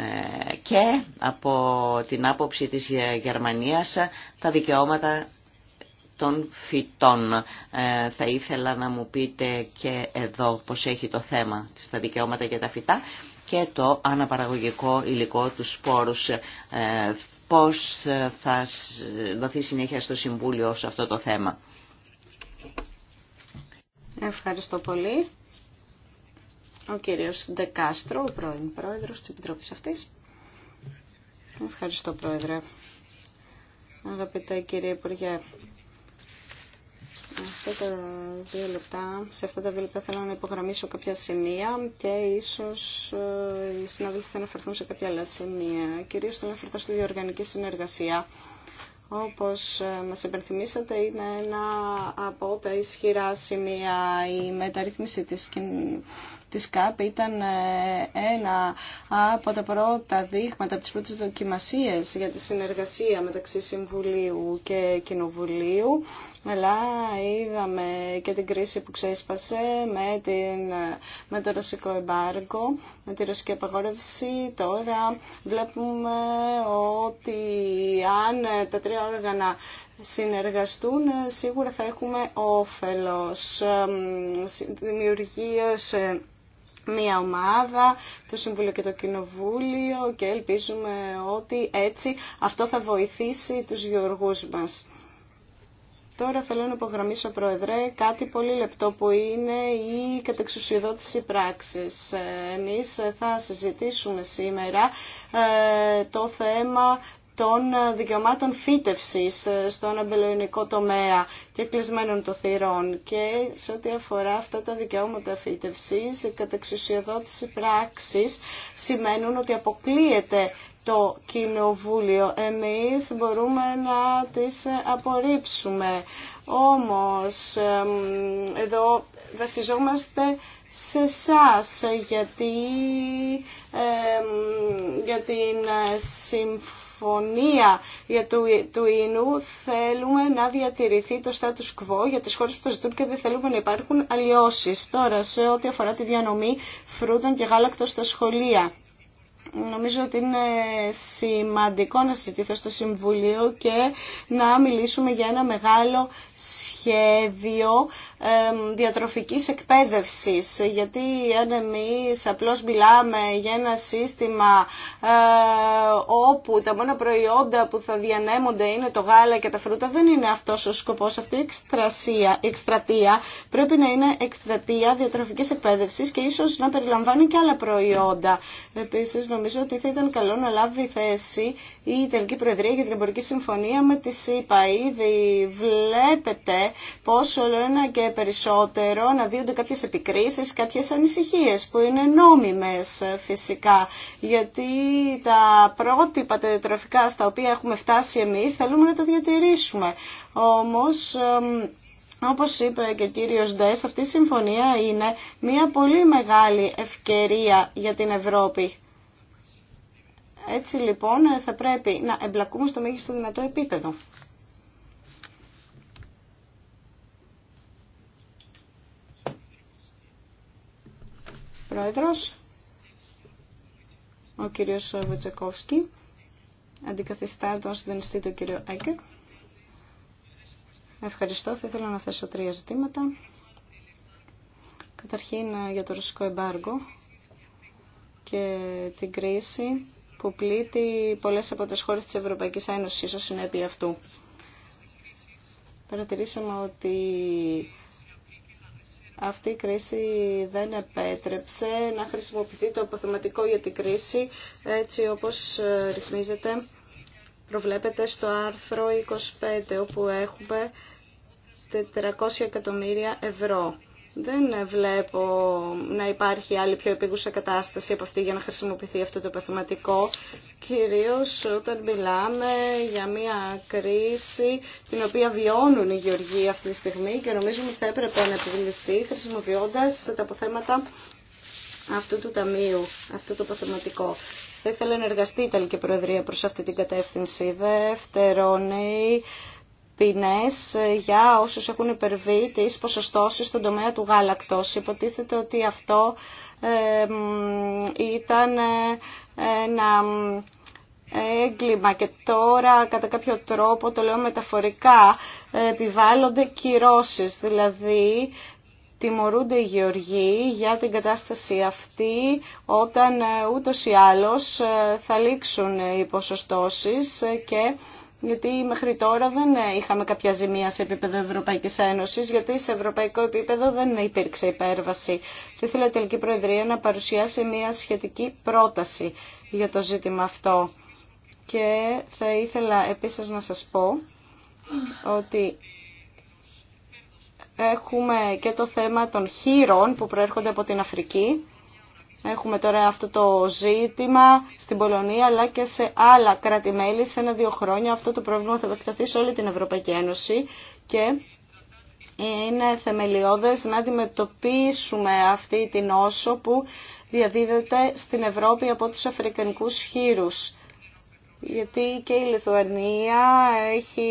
Ε, και από την άποψη της Γερμανίας τα δικαιώματα των φυτών. Ε, θα ήθελα να μου πείτε και εδώ πώς έχει το θέμα στα δικαιώματα για τα φυτά και το αναπαραγωγικό υλικό του σπόρους. Ε, πώς θα δοθεί συνέχεια στο Συμβούλιο σε αυτό το θέμα. Ευχαριστώ πολύ ο κύριος Ντεκάστρο, ο πρώην πρόεδρος της Επιτροπής αυτής. Ευχαριστώ, πρόεδρε. Αγαπητέ κύριε Υπουργέ, αυτά τα δύο λεπτά, σε αυτά τα δύο λεπτά θέλω να υπογραμμίσω κάποια σημεία και ίσως ε, οι συνάδελφοι θα αναφερθούν σε κάποια άλλα σημεία. Κυρίως θα αναφερθώ στη διοργανική συνεργασία. Όπως ε, μας υπενθυμίσατε, είναι ένα από τα ισχυρά σημεία η μεταρρύθμιση της της ΚΑΠ ήταν ε, ένα από τα πρώτα δείγματα, από πρώτης δοκιμασίας για τη συνεργασία μεταξύ Συμβουλίου και Κοινοβουλίου αλλά είδαμε και την κρίση που ξέσπασε με, την, με το ρωσικό εμπάργκο, με τη ρωσική απαγόρευση. Τώρα βλέπουμε ότι αν τα τρία όργανα συνεργαστούν σίγουρα θα έχουμε όφελος, ε, δημιουργίας ε, μία ομάδα, το Συμβούλιο και το Κοινοβούλιο και ελπίζουμε ότι έτσι αυτό θα βοηθήσει τους γεωργούς μας. Τώρα θέλω να υπογραμμίσω, Πρόεδρε, κάτι πολύ λεπτό που είναι η κατεξουσιοδότηση πράξης. Ε, εμείς θα συζητήσουμε σήμερα ε, το θέμα των ε, δικαιωμάτων φύτευσης ε, στον αμπελοϊνικό τομέα και κλεισμένων των θυρών και σε ό,τι αφορά αυτά τα δικαιώματα φύτευσης, η κατεξουσιοδότηση πράξης σημαίνουν ότι αποκλείεται το κοινοβούλιο. Εμείς μπορούμε να τις ε, απορρίψουμε. Όμως, εδώ βασιζόμαστε σε εσά γιατί για την συμφωνία συμφωνία για του, του ίνου θέλουμε να διατηρηθεί το status quo για τις χώρες που το ζητούν και δεν θέλουμε να υπάρχουν αλλοιώσεις. Τώρα σε ό,τι αφορά τη διανομή φρούτων και γάλακτος στα σχολεία. Νομίζω ότι είναι σημαντικό να συζητήσω στο Συμβουλίο και να μιλήσουμε για ένα μεγάλο σχέδιο διατροφικής εκπαίδευσης γιατί αν εμείς απλώς μιλάμε για ένα σύστημα ε, όπου τα μόνα προϊόντα που θα διανέμονται είναι το γάλα και τα φρούτα δεν είναι αυτός ο σκοπός αυτή η εκστρατεία πρέπει να είναι εκστρατεία διατροφικής εκπαίδευσης και ίσως να περιλαμβάνει και άλλα προϊόντα επίσης νομίζω ότι θα ήταν καλό να λάβει θέση η Ιταλική Προεδρία για την Εμπορική Συμφωνία με τη ΣΥΠΑ ήδη βλέπετε πόσο όλο ένα και περισσότερο να δίνονται κάποιες επικρίσεις, κάποιες ανησυχίες που είναι νόμιμες ε, φυσικά. Γιατί τα πρότυπα τετροφικά στα οποία έχουμε φτάσει εμείς θέλουμε να τα διατηρήσουμε. Όμως... Όπως είπε και ο κύριος Ντες, αυτή η συμφωνία είναι μια πολύ μεγάλη ευκαιρία για την Ευρώπη. Έτσι λοιπόν θα πρέπει να εμπλακούμε στο μέγιστο δυνατό επίπεδο. Πρόεδρος, ο κύριος Βουτσακόφσκι, αντικαθιστά τον του κύριο Έγκερ. Ευχαριστώ. Θα ήθελα να θέσω τρία ζητήματα. Καταρχήν ε, για το ρωσικό εμπάργο και την κρίση που πλήττει πολλές από τις χώρες της Ευρωπαϊκής Ένωσης ως συνέπεια αυτού. Παρατηρήσαμε ότι αυτή η κρίση δεν επέτρεψε να χρησιμοποιηθεί το αποθεματικό για την κρίση έτσι όπως ε, ρυθμίζεται προβλέπεται στο άρθρο 25 όπου έχουμε 400 εκατομμύρια ευρώ. Δεν βλέπω να υπάρχει άλλη πιο επίγουσα κατάσταση από αυτή για να χρησιμοποιηθεί αυτό το παθηματικό, κυρίως όταν μιλάμε για μια κρίση την οποία βιώνουν οι γεωργοί αυτή τη στιγμή και νομίζουμε ότι θα έπρεπε να επιβληθεί χρησιμοποιώντας τα αποθέματα αυτού του ταμείου, αυτό το παθηματικό. Θα ήθελα να εργαστεί η Ιταλική Προεδρία προς αυτή την κατεύθυνση. Δεύτερον, η ε, για όσους έχουν υπερβεί τις ποσοστώσεις στον τομέα του γάλακτος. Υποτίθεται ότι αυτό ε, ήταν ε, ένα έγκλημα και τώρα κατά κάποιο τρόπο, το λέω μεταφορικά, επιβάλλονται κυρώσεις, δηλαδή τιμωρούνται οι γεωργοί για την κατάσταση αυτή όταν ούτως ή άλλως θα λήξουν οι ποσοστώσεις και γιατί μέχρι τώρα δεν είχαμε κάποια ζημία σε επίπεδο ευρωπαϊκή Ένωση, γιατί σε ευρωπαϊκό επίπεδο δεν υπήρξε υπέρβαση. Θα ήθελα η Τελική Προεδρία να παρουσιάσει μια σχετική πρόταση για το ζήτημα αυτό. Και θα ήθελα επίσης να σας πω ότι έχουμε και το θέμα των χείρων που προέρχονται από την Αφρική Έχουμε τώρα αυτό το ζήτημα στην Πολωνία αλλά και σε άλλα κράτη-μέλη. Σε ένα-δύο χρόνια αυτό το πρόβλημα θα επεκταθεί σε όλη την Ευρωπαϊκή Ένωση και είναι θεμελιώδες να αντιμετωπίσουμε αυτή την όσο που διαδίδεται στην Ευρώπη από τους αφρικανικούς χείρους γιατί και η Λιθουανία έχει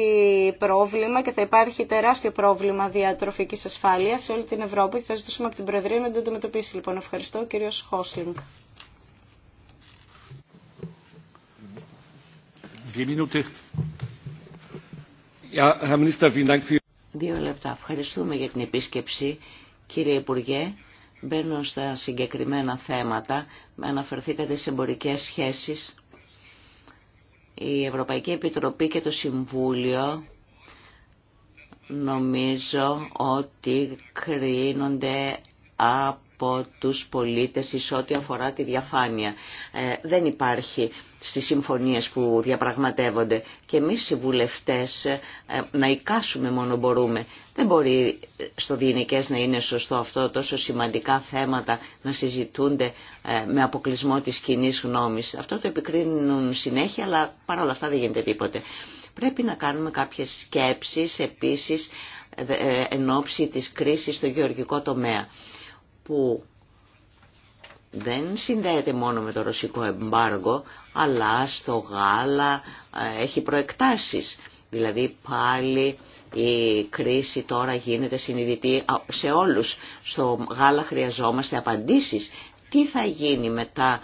πρόβλημα και θα υπάρχει τεράστιο πρόβλημα διατροφικής ασφάλειας σε όλη την Ευρώπη θα ζητήσουμε από την Προεδρία να το αντιμετωπίσει. Λοιπόν, ευχαριστώ, κύριο Χόσλινγκ. Δύο λεπτά. Ευχαριστούμε για την επίσκεψη, κύριε Υπουργέ. Μπαίνω στα συγκεκριμένα θέματα. Αναφερθήκατε σε εμπορικές σχέσεις η Ευρωπαϊκή Επιτροπή και το Συμβούλιο νομίζω ότι κρίνονται από τους πολίτες εις ό,τι αφορά τη διαφάνεια. Ε, δεν υπάρχει στις συμφωνίες που διαπραγματεύονται και εμείς οι βουλευτές ε, να εικάσουμε μόνο μπορούμε. Δεν μπορεί στο Διενικές να είναι σωστό αυτό τόσο σημαντικά θέματα να συζητούνται ε, με αποκλεισμό της κοινή γνώμης. Αυτό το επικρίνουν συνέχεια αλλά παρόλα αυτά δεν γίνεται τίποτε. Πρέπει να κάνουμε κάποιες σκέψεις επίσης ε, εν ώψη της κρίσης στο γεωργικό τομέα που δεν συνδέεται μόνο με το ρωσικό εμπάργο, αλλά στο γάλα ε, έχει προεκτάσεις. Δηλαδή πάλι η κρίση τώρα γίνεται συνειδητή σε όλους. Στο γάλα χρειαζόμαστε απαντήσεις. Τι θα γίνει μετά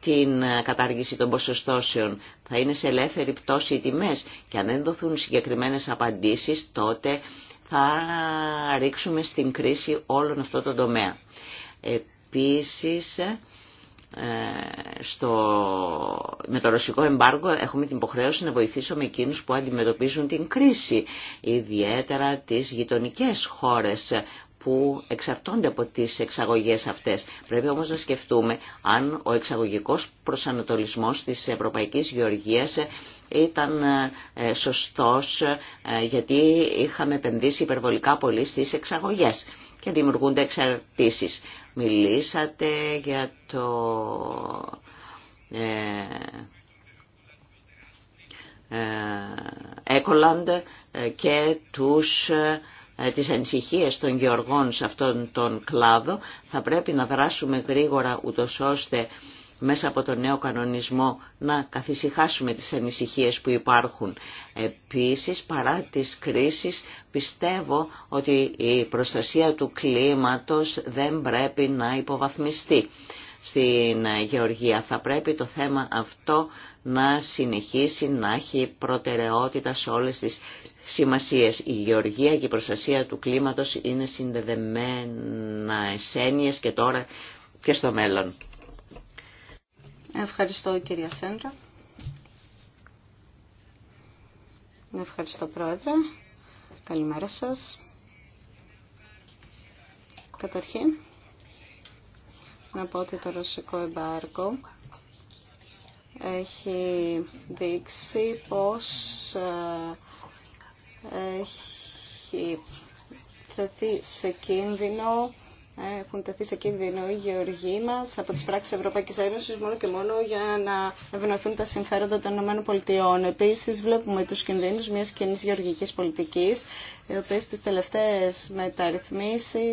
την ε, κατάργηση των ποσοστώσεων. Θα είναι σε ελεύθερη πτώση οι τιμές και αν δεν δοθούν συγκεκριμένες απαντήσεις τότε θα ρίξουμε στην κρίση όλον αυτό το τομέα. Ε, Επίσης, ε, με το ρωσικό εμπάργο έχουμε την υποχρέωση να βοηθήσουμε εκείνους που αντιμετωπίζουν την κρίση, ιδιαίτερα τις γειτονικές χώρες που εξαρτώνται από τις εξαγωγές αυτές. Πρέπει όμως να σκεφτούμε αν ο εξαγωγικός προσανατολισμός της Ευρωπαϊκής Γεωργίας ήταν ε, σωστός ε, γιατί είχαμε επενδύσει υπερβολικά πολύ στις εξαγωγές και δημιουργούνται εξαρτήσεις. Μιλήσατε για το... Ε, ε, ε και τους, ε, τις ανησυχίες των γεωργών σε αυτόν τον κλάδο. Θα πρέπει να δράσουμε γρήγορα ούτω ώστε μέσα από τον νέο κανονισμό να καθησυχάσουμε τις ανησυχίες που υπάρχουν. Επίσης, παρά τις κρίσεις, πιστεύω ότι η προστασία του κλίματος δεν πρέπει να υποβαθμιστεί. Στην Γεωργία θα πρέπει το θέμα αυτό να συνεχίσει να έχει προτεραιότητα σε όλες τις σημασίες. Η Γεωργία και η προστασία του κλίματος είναι συνδεδεμένα εσένειες και τώρα και στο μέλλον. Ευχαριστώ κυρία Σέντρα. Ευχαριστώ πρόεδρε. Καλημέρα σας. Καταρχήν, να πω ότι το ρωσικό εμπάργκο έχει δείξει πως ε, έχει θεθεί σε κίνδυνο έχουν τεθεί σε κίνδυνο οι γεωργοί μα από τι πράξει Ευρωπαϊκή Ένωση μόνο και μόνο για να ευνοηθούν τα συμφέροντα των ΗΠΑ. Επίση, βλέπουμε του κινδύνου μια κοινή γεωργική πολιτική, η οποία στι τελευταίε μεταρρυθμίσει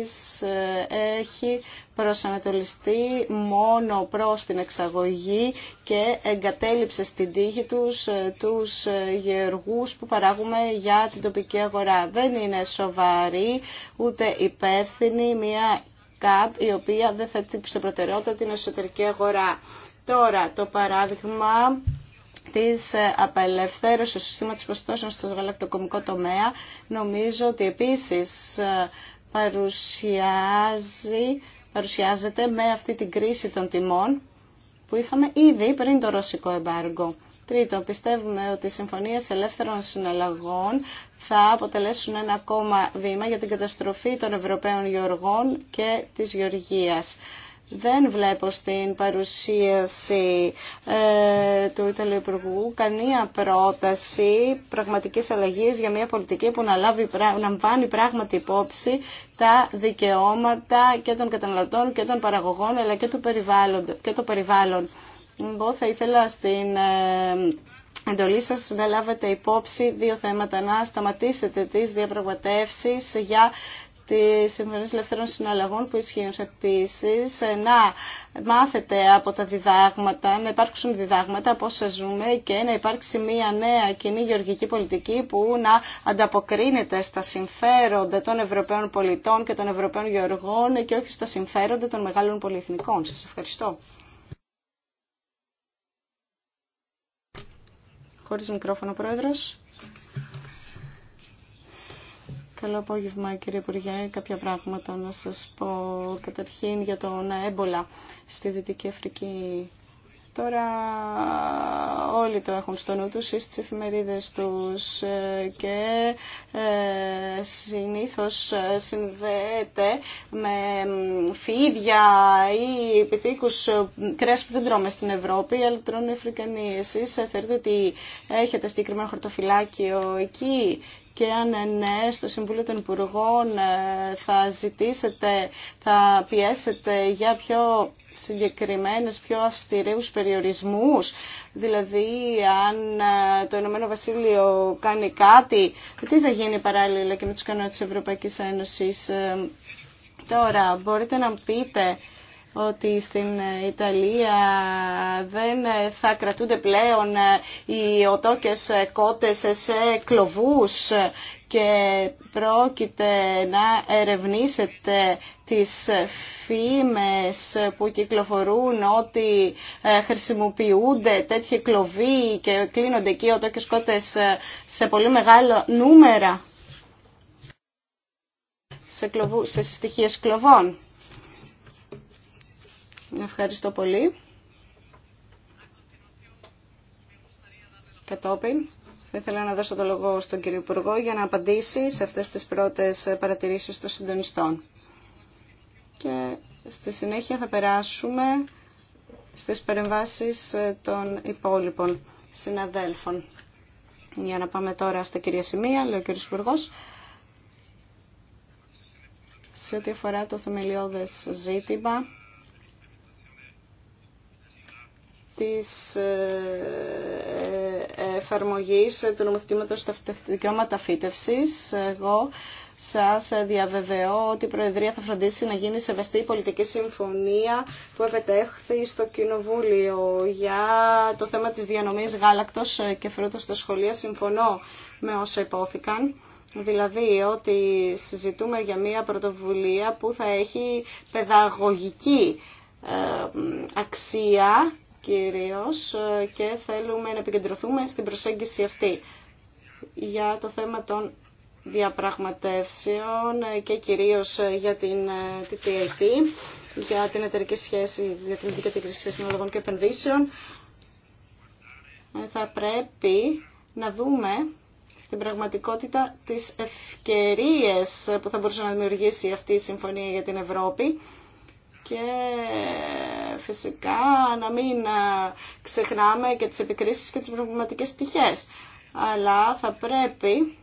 ε, έχει προσανατολιστεί μόνο προ την εξαγωγή και εγκατέλειψε στην τύχη του ε, του ε, γεωργού που παράγουμε για την τοπική αγορά. Δεν είναι σοβαρή ούτε υπεύθυνη μια ΚΑΠ η οποία δεν θα σε προτεραιότητα την εσωτερική αγορά. Τώρα το παράδειγμα της απελευθέρωσης του συστήματος προσθέσεων στο γαλακτοκομικό τομέα νομίζω ότι επίσης ε, παρουσιάζει, παρουσιάζεται με αυτή την κρίση των τιμών που είχαμε ήδη πριν το ρωσικό εμπάργκο. Τρίτο, πιστεύουμε ότι οι συμφωνίε ελεύθερων συναλλαγών θα αποτελέσουν ένα ακόμα βήμα για την καταστροφή των Ευρωπαίων Γεωργών και της Γεωργίας. Δεν βλέπω στην παρουσίαση ε, του Ιταλού Υπουργού κανία πρόταση πραγματικής αλλαγής για μια πολιτική που να, λάβει, πράγματι υπόψη τα δικαιώματα και των καταναλωτών και των παραγωγών αλλά και, του περιβάλλον, εγώ θα ήθελα στην ε, εντολή σας να λάβετε υπόψη δύο θέματα. Να σταματήσετε τις διαπραγματεύσεις για τη Συμφωνία Ελευθερών Συναλλαγών που ισχύουν επίση, ε, να μάθετε από τα διδάγματα, να υπάρξουν διδάγματα από όσα ζούμε και να υπάρξει μια νέα κοινή γεωργική πολιτική που να ανταποκρίνεται στα συμφέροντα των Ευρωπαίων πολιτών και των Ευρωπαίων γεωργών και όχι στα συμφέροντα των μεγάλων πολυεθνικών. Σας ευχαριστώ. Χωρίς μικρόφωνο, Πρόεδρος. Καλό απόγευμα, κύριε Υπουργέ. Κάποια πράγματα να σας πω. Καταρχήν για τον έμπολα στη Δυτική Αφρική Τώρα όλοι το έχουν στο νου τους ή στις εφημερίδες τους ε, και ε, συνήθως ε, συνδέεται με φίδια ή επιθήκους κρέας που δεν τρώμε στην Ευρώπη, αλλά τρώνε οι Αφρικανοί. Εσείς θέλετε ότι έχετε συγκεκριμένο χορτοφυλάκιο εκεί και αν ε, ναι, στο Συμβούλιο των Υπουργών ε, θα ζητήσετε, θα πιέσετε για πιο συγκεκριμένες, πιο αυστηρούς περιορισμούς. Δηλαδή, αν ε, το Ηνωμένο Βασίλειο κάνει κάτι, τι θα γίνει παράλληλα και με τους κανόνες της Ευρωπαϊκής Ένωσης. Τώρα, μπορείτε να πείτε ότι στην Ιταλία δεν θα κρατούνται πλέον οι οτόκες κότες σε κλοβούς και πρόκειται να ερευνήσετε τις φήμες που κυκλοφορούν ότι ε, χρησιμοποιούνται τέτοιοι κλοβοί και κλείνονται εκεί οτόκες κότες ε, σε πολύ μεγάλο νούμερα σε, στοιχείε σε κλοβών. Ευχαριστώ πολύ. Κατόπιν, θα ήθελα να δώσω το λόγο στον κύριο Υπουργό για να απαντήσει σε αυτές τις πρώτες παρατηρήσεις των συντονιστών. Και στη συνέχεια θα περάσουμε στις παρεμβάσεις των υπόλοιπων συναδέλφων. Για να πάμε τώρα στα κυρία σημεία, λέει ο κύριος Υπουργός, σε ό,τι αφορά το θεμελιώδες ζήτημα της ε, ε, εφαρμογής του νομοθετήματος δικαιώματα φύτευσης. Εγώ σας διαβεβαιώ ότι η Προεδρία θα φροντίσει να γίνει σεβαστή η πολιτική συμφωνία που επετέχθη στο Κοινοβούλιο για το θέμα της διανομής γάλακτος και φρούτων στα σχολεία. Συμφωνώ με όσα υπόθηκαν. Δηλαδή ότι συζητούμε για μια πρωτοβουλία που θα έχει παιδαγωγική ε, αξία κυρίως ε, και θέλουμε να επικεντρωθούμε στην προσέγγιση αυτή για το θέμα των διαπραγματεύσεων ε, και κυρίως ε, για την TTIP, για την εταιρική σχέση, για την δικαιωτική σχέση συναλλαγών και επενδύσεων, θα πρέπει να δούμε στην πραγματικότητα τις ευκαιρίες που θα μπορούσε να δημιουργήσει αυτή η συμφωνία για την Ευρώπη και φυσικά να μην ε, ξεχνάμε και τις επικρίσεις και τις προβληματικές πτυχές. Αλλά θα πρέπει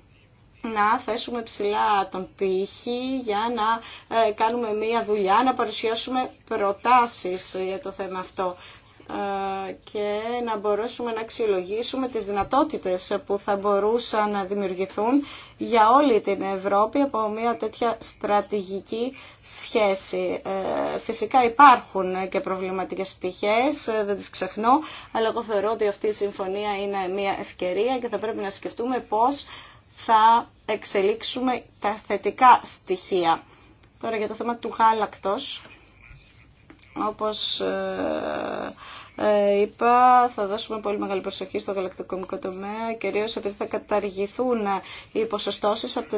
να θέσουμε ψηλά τον πύχη για να ε, κάνουμε μία δουλειά, να παρουσιάσουμε προτάσεις για το θέμα αυτό και να μπορέσουμε να αξιολογήσουμε τις δυνατότητες που θα μπορούσαν να δημιουργηθούν για όλη την Ευρώπη από μια τέτοια στρατηγική σχέση. Ε, φυσικά υπάρχουν και προβληματικές πτυχές, ε, δεν τις ξεχνώ, αλλά εγώ θεωρώ ότι αυτή η συμφωνία είναι μια ευκαιρία και θα πρέπει να σκεφτούμε πώς θα εξελίξουμε τα θετικά στοιχεία. Τώρα για το θέμα του χάλακτός. Όπως ε, ε, είπα, θα δώσουμε πολύ μεγάλη προσοχή στο γαλακτοκομικό τομέα, κυρίως επειδή θα καταργηθούν οι ποσοστώσεις από το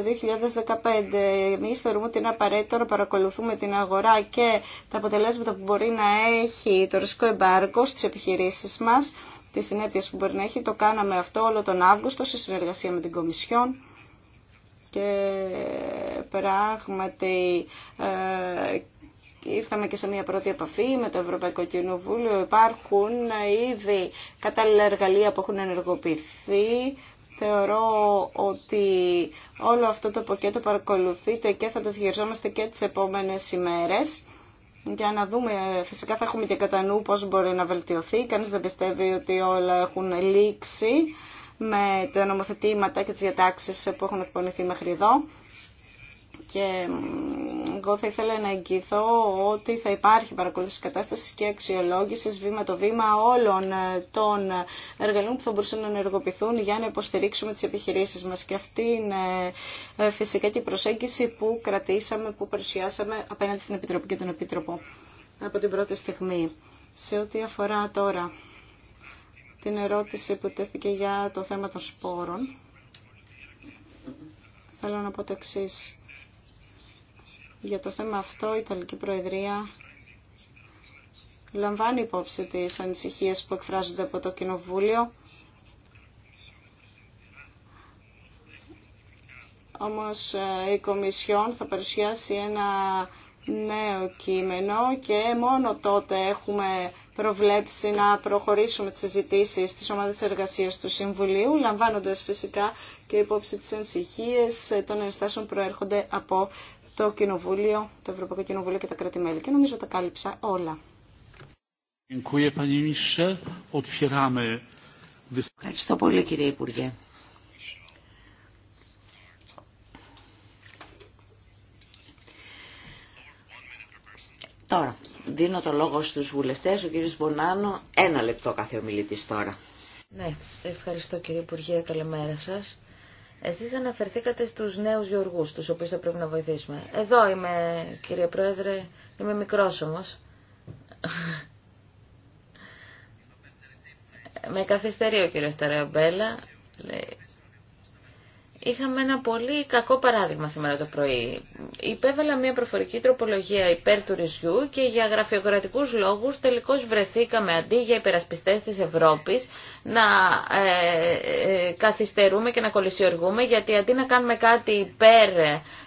2015. Εμείς θεωρούμε ότι είναι απαραίτητο να παρακολουθούμε την αγορά και τα αποτελέσματα που μπορεί να έχει το ρωσικό εμπάργκο στις επιχειρήσεις μας, τις συνέπειες που μπορεί να έχει. Το κάναμε αυτό όλο τον Αύγουστο σε συνεργασία με την Κομισιόν και πράγματι ε, ήρθαμε και σε μια πρώτη επαφή με το Ευρωπαϊκό Κοινοβούλιο. Υπάρχουν ήδη κατάλληλα εργαλεία που έχουν ενεργοποιηθεί. Θεωρώ ότι όλο αυτό το ποκέτο παρακολουθείτε και θα το διαχειριζόμαστε και τις επόμενες ημέρες. Για να δούμε, φυσικά θα έχουμε και κατά νου πώς μπορεί να βελτιωθεί. Κανείς δεν πιστεύει ότι όλα έχουν λήξει με τα νομοθετήματα και τις διατάξεις που έχουν εκπονηθεί μέχρι εδώ. Και εγώ θα ήθελα να εγγυηθώ ότι θα υπάρχει παρακολούθηση κατάσταση και αξιολόγηση βήμα το βήμα όλων ε, των εργαλείων που θα μπορούσαν να ενεργοποιηθούν για να υποστηρίξουμε τι επιχειρήσει μα. Και αυτή είναι ε, φυσικά και η προσέγγιση που κρατήσαμε, που παρουσιάσαμε απέναντι στην Επιτροπή και τον Επίτροπο από την πρώτη στιγμή. Σε ό,τι αφορά τώρα την ερώτηση που τέθηκε για το θέμα των σπόρων, θέλω να πω το εξής για το θέμα αυτό η Ιταλική Προεδρία λαμβάνει υπόψη τις ανησυχίες που εκφράζονται από το Κοινοβούλιο. Όμως ε, η Κομισιόν θα παρουσιάσει ένα νέο κείμενο και μόνο τότε έχουμε προβλέψει να προχωρήσουμε τις συζητήσεις της ομάδας εργασίας του Συμβουλίου, λαμβάνοντας φυσικά και υπόψη τις ανησυχίε των ενστάσεων προέρχονται από το Κοινοβούλιο, το Ευρωπαϊκό Κοινοβούλιο και τα κράτη-μέλη. Και νομίζω τα κάλυψα όλα. Ευχαριστώ πολύ κύριε Υπουργέ. Τώρα, δίνω το λόγο στους βουλευτές, ο κύριος Μπονάνο, ένα λεπτό κάθε ομιλητής τώρα. Ναι, ευχαριστώ κύριε Υπουργέ, καλημέρα σας. Εσείς αναφερθήκατε στους νέους γεωργούς, τους οποίους θα πρέπει να βοηθήσουμε. Εδώ είμαι, κύριε Πρόεδρε, είμαι μικρός όμως. Με καθυστερεί ο κύριος Ταραμπέλα, λέει Είχαμε ένα πολύ κακό παράδειγμα σήμερα το πρωί. Υπέβαλα μια προφορική τροπολογία υπέρ του ρυζιού και για γραφειοκρατικούς λόγους τελικώς βρεθήκαμε αντί για υπερασπιστές της Ευρώπης να ε, ε καθυστερούμε και να κολυσιοργούμε γιατί αντί να κάνουμε κάτι υπέρ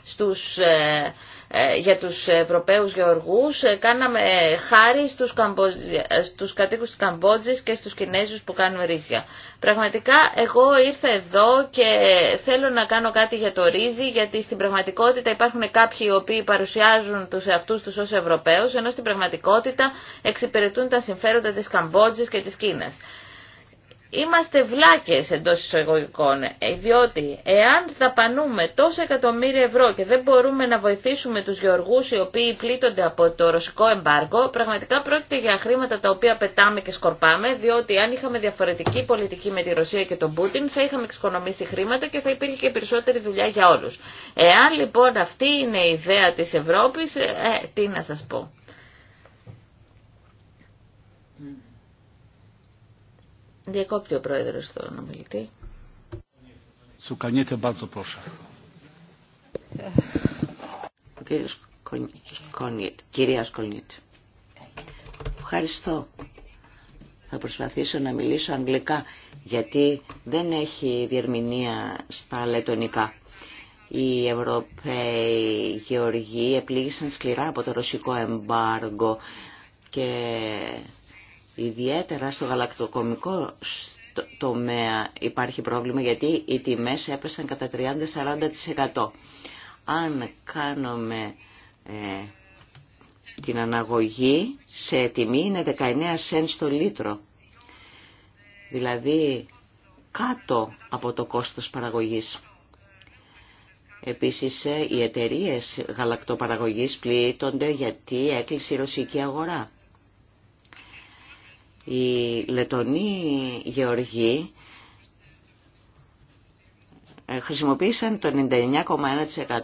στους... Ε, ε, για τους Ευρωπαίους γεωργούς. Ε, κάναμε χάρη στους, ε, στους κατοίκους της Καμπότζης και στους Κινέζους που κάνουν ρίζια. Πραγματικά εγώ ήρθα εδώ και θέλω να κάνω κάτι για το ρύζι γιατί στην πραγματικότητα υπάρχουν κάποιοι οι οποίοι παρουσιάζουν τους εαυτούς τους ως Ευρωπαίους ενώ στην πραγματικότητα εξυπηρετούν τα συμφέροντα της Καμπότζης και της Κίνας. Είμαστε βλάκες εντός εισαγωγικών, ε, διότι εάν δαπανούμε τόσα εκατομμύρια ευρώ και δεν μπορούμε να βοηθήσουμε τους γεωργούς οι οποίοι πλήττονται από το ρωσικό εμπάργο, πραγματικά πρόκειται για χρήματα τα οποία πετάμε και σκορπάμε, διότι αν είχαμε διαφορετική πολιτική με τη Ρωσία και τον Πούτιν θα είχαμε εξοικονομήσει χρήματα και θα υπήρχε και περισσότερη δουλειά για όλους. Εάν λοιπόν αυτή είναι η ιδέα της Ευρώπης, ε, ε, τι να σας πω. Διακόπτει ο πρόεδρο τον ομιλητή. Ο κύριος Κονίτ, κυρία Σκονίτ. Ευχαριστώ. Θα προσπαθήσω να μιλήσω αγγλικά, γιατί δεν έχει διερμηνία στα λετωνικά. Οι Ευρωπαίοι γεωργοί επλήγησαν σκληρά από το ρωσικό εμπάργκο και Ιδιαίτερα στο γαλακτοκομικό τομέα υπάρχει πρόβλημα γιατί οι τιμές έπεσαν κατά 30-40%. Αν κάνουμε ε, την αναγωγή σε τιμή είναι 19 cents το λίτρο. Δηλαδή κάτω από το κόστος παραγωγής. Επίσης ε, οι εταιρείες γαλακτοπαραγωγής πλήττονται γιατί έκλεισε η ρωσική αγορά. Οι Λετονοί γεωργοί ε, χρησιμοποίησαν το 99,1%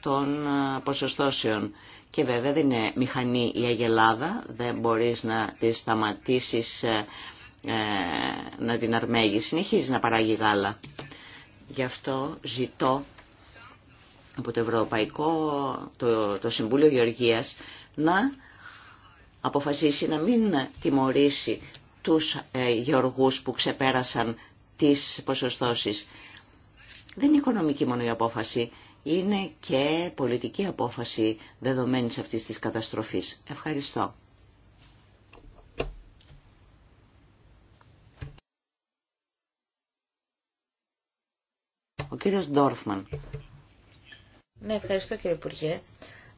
των ε, ποσοστώσεων. Και βέβαια δεν είναι μηχανή η αγελάδα, δεν μπορείς να τη σταματήσεις ε, να την αρμέγεις. Συνεχίζει να παράγει γάλα. Γι' αυτό ζητώ από το Ευρωπαϊκό το, το Συμβούλιο Γεωργίας να αποφασίσει να μην τιμωρήσει τους ε, γεωργούς που ξεπέρασαν τις ποσοστώσεις. Δεν είναι οικονομική μόνο η απόφαση, είναι και πολιτική απόφαση δεδομένης αυτής της καταστροφής. Ευχαριστώ. Ο κύριος Ντόρφμαν. Ναι, ευχαριστώ κύριε Υπουργέ.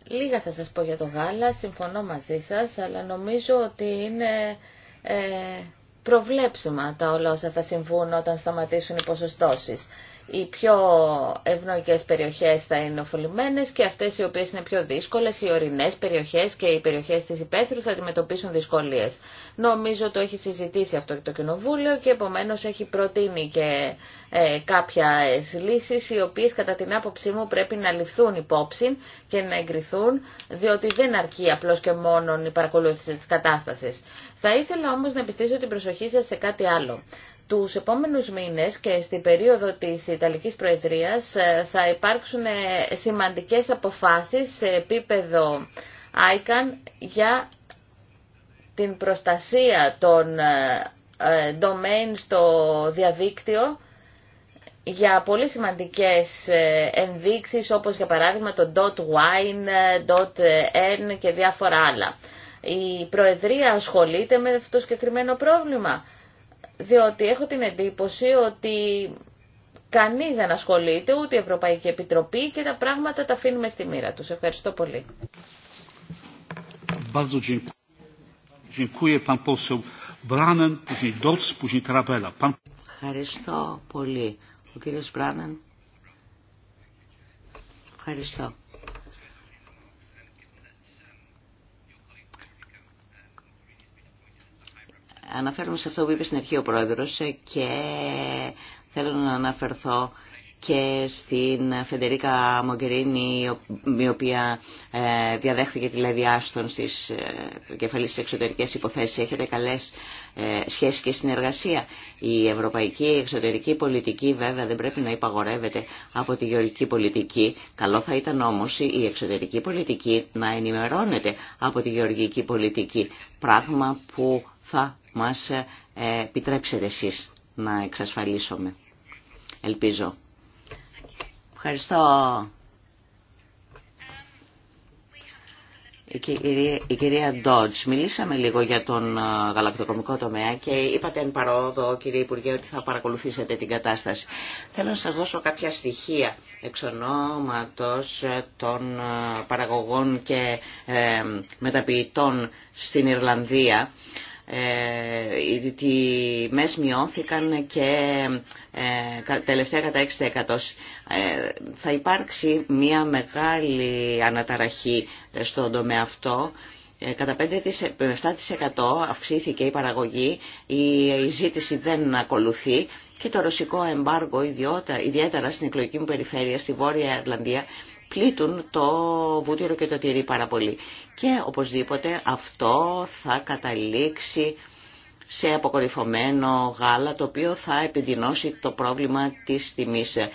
Λίγα θα σας πω για το γάλα, συμφωνώ μαζί σας, αλλά νομίζω ότι είναι ε, προβλέψιμα τα όλα όσα θα συμβούν όταν σταματήσουν οι ποσοστώσεις οι πιο ευνοϊκές περιοχές θα είναι ωφελημένες και αυτές οι οποίες είναι πιο δύσκολες, οι ορεινές περιοχές και οι περιοχές της υπαίθρου θα αντιμετωπίσουν δυσκολίες. Νομίζω το έχει συζητήσει αυτό και το Κοινοβούλιο και επομένως έχει προτείνει και ε, κάποιες λύσεις οι οποίες κατά την άποψή μου πρέπει να ληφθούν υπόψη και να εγκριθούν διότι δεν αρκεί απλώς και μόνο η παρακολούθηση της κατάστασης. Θα ήθελα όμως να πιστήσω την προσοχή σας σε κάτι άλλο. Τους επόμενους μήνες και στην περίοδο της Ιταλικής Προεδρίας ε, θα υπάρξουν ε, σημαντικές αποφάσεις σε επίπεδο ICAN για την προστασία των ε, domain στο διαδίκτυο για πολύ σημαντικές ενδείξεις όπως για παράδειγμα το .wine, .n και διάφορα άλλα. Η Προεδρία ασχολείται με αυτό το συγκεκριμένο πρόβλημα διότι έχω την εντύπωση ότι κανείς δεν ασχολείται, ούτε η Ευρωπαϊκή Επιτροπή και τα πράγματα τα αφήνουμε στη μοίρα τους. Ευχαριστώ πολύ. Ευχαριστώ πολύ. Ο κύριος Μπράνεν. Ευχαριστώ. αναφέρομαι σε αυτό που είπε στην αρχή ο Πρόεδρος και θέλω να αναφερθώ και στην Φεντερίκα Μογκερίνη η οποία ε, διαδέχθηκε τη Λέδη Άστον στις ε, κεφαλής της εξωτερικές υποθέσεις. Έχετε καλές ε, σχέσεις και συνεργασία. Η ευρωπαϊκή εξωτερική πολιτική βέβαια δεν πρέπει να υπαγορεύεται από τη γεωργική πολιτική. Καλό θα ήταν όμως η εξωτερική πολιτική να ενημερώνεται από τη γεωργική πολιτική. Πράγμα που θα μας ε, επιτρέψετε εσείς να εξασφαλίσουμε. Ελπίζω. Ευχαριστώ. Η κυρία, η Ντότζ, μιλήσαμε λίγο για τον ε, γαλακτοκομικό τομέα και είπατε εν παρόδο, κύριε Υπουργέ, ότι θα παρακολουθήσετε την κατάσταση. Θέλω να σας δώσω κάποια στοιχεία εξ ονόματος ε, των παραγωγών και μεταποιητών στην Ιρλανδία. Ε, οι τιμές μειώθηκαν και ε, τελευταία κατά 6%. Ε, θα υπάρξει μια μεγάλη αναταραχή στον τομέα αυτό. Κατά 7% αυξήθηκε η παραγωγή, η ζήτηση δεν ακολουθεί και το ρωσικό εμπάργο ιδιαίτερα στην εκλογική μου περιφέρεια, στη Βόρεια Ιρλανδία, πλήττουν το βούτυρο και το τυρί πάρα πολύ. Και οπωσδήποτε αυτό θα καταλήξει σε αποκορυφωμένο γάλα το οποίο θα επιδεινώσει το πρόβλημα της τιμής. Ε,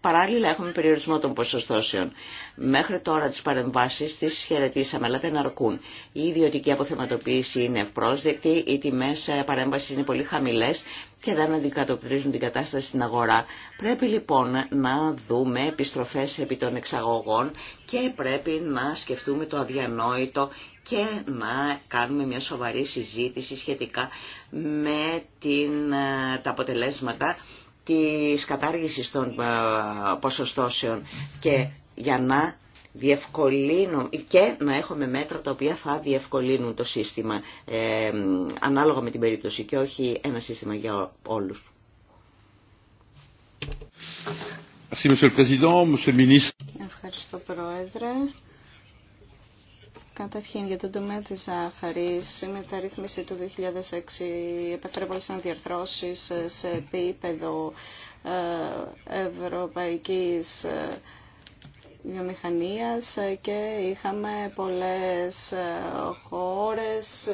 Παράλληλα έχουμε περιορισμό των ποσοστώσεων. Μέχρι τώρα τις παρεμβάσεις τις χαιρετήσαμε, αλλά δεν αρκούν. Η ιδιωτική αποθεματοποίηση είναι ευπρόσδεκτη, οι τιμές παρέμβασης είναι πολύ χαμηλές και δεν αντικατοπτρίζουν την κατάσταση στην αγορά. Πρέπει λοιπόν να δούμε επιστροφές επί των εξαγωγών και πρέπει να σκεφτούμε το αδιανόητο και να κάνουμε μια σοβαρή συζήτηση σχετικά με την, τα αποτελέσματα της κατάργησης των ε, ποσοστώσεων και για να διευκολύνουν και να έχουμε μέτρα τα οποία θα διευκολύνουν το σύστημα ε, ανάλογα με την περίπτωση και όχι ένα σύστημα για όλους. Ευχαριστώ Πρόεδρε. Καταρχήν, για τον τομέα τη ζάχαρης, η μεταρρύθμιση του 2006 επετρέπωσαν διαρθρώσει σε επίπεδο ε, ευρωπαϊκής ε, βιομηχανίας ε, και είχαμε πολλές ε, χώρες ε,